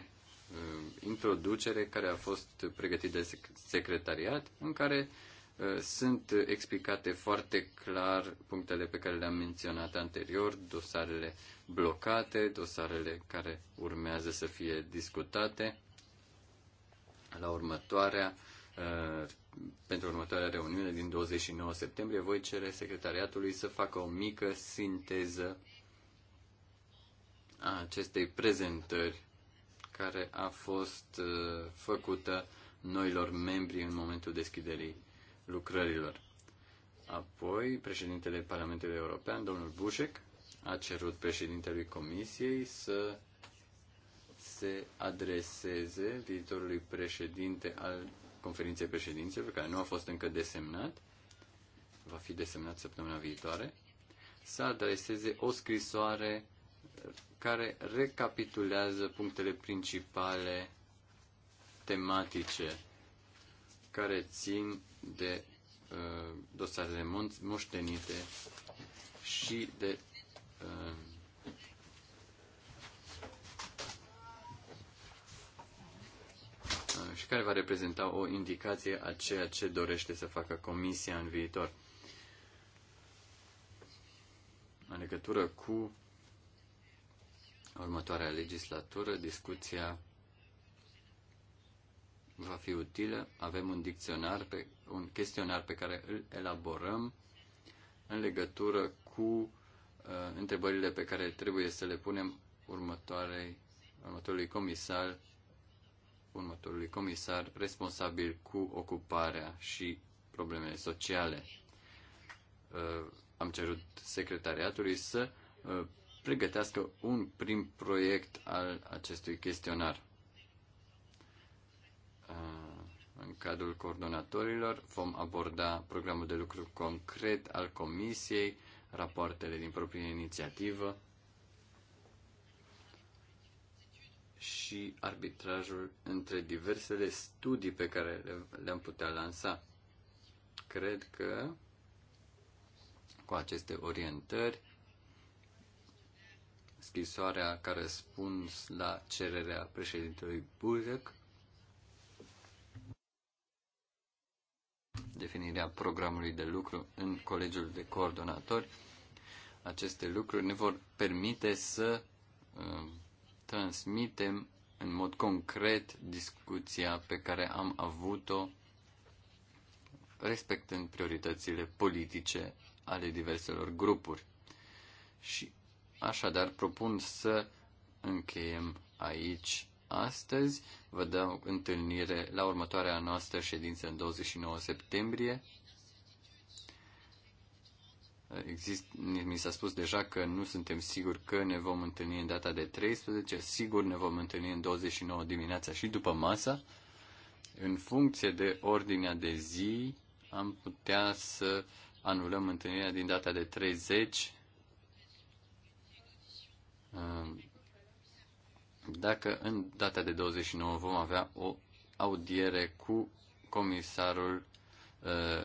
S2: uh, introducere care a fost pregătit de secretariat, în care uh, Uh, sunt explicate foarte clar punctele pe care le-am menționat anterior, dosarele blocate, dosarele care urmează să fie discutate la următoarea uh, pentru următoarea reuniune din 29 septembrie voi cere secretariatului să facă o mică sinteză a acestei prezentări care a fost uh, făcută noilor membri în momentul deschiderii lucrărilor. Apoi, președintele Parlamentului European, domnul Bușec, a cerut președintelui Comisiei să se adreseze viitorului președinte al conferinței președinților, care nu a fost încă desemnat, va fi desemnat săptămâna viitoare, să adreseze o scrisoare care recapitulează punctele principale tematice care țin de uh, dosarele moștenite și de uh, uh, și care va reprezenta o indicație a ceea ce dorește să facă Comisia în viitor. În legătură cu următoarea legislatură, discuția va fi utilă. Avem un dicționar, pe, un chestionar pe care îl elaborăm în legătură cu uh, întrebările pe care trebuie să le punem următoarei, următorului comisar următorului comisar responsabil cu ocuparea și problemele sociale. Uh, am cerut secretariatului să uh, pregătească un prim proiect al acestui chestionar în cadrul coordonatorilor vom aborda programul de lucru concret al Comisiei, rapoartele din proprie inițiativă și arbitrajul între diversele studii pe care le-am putea lansa. Cred că cu aceste orientări, scrisoarea ca răspuns la cererea președintelui Buzek definirea programului de lucru în colegiul de coordonatori. Aceste lucruri ne vor permite să uh, transmitem în mod concret discuția pe care am avut-o respectând prioritățile politice ale diverselor grupuri. Și așadar propun să încheiem aici astăzi. Vă dau întâlnire la următoarea noastră ședință în 29 septembrie. Exist, mi s-a spus deja că nu suntem siguri că ne vom întâlni în data de 13, sigur ne vom întâlni în 29 dimineața și după masă, În funcție de ordinea de zi, am putea să anulăm întâlnirea din data de 30 dacă în data de 29 vom avea o audiere cu comisarul uh,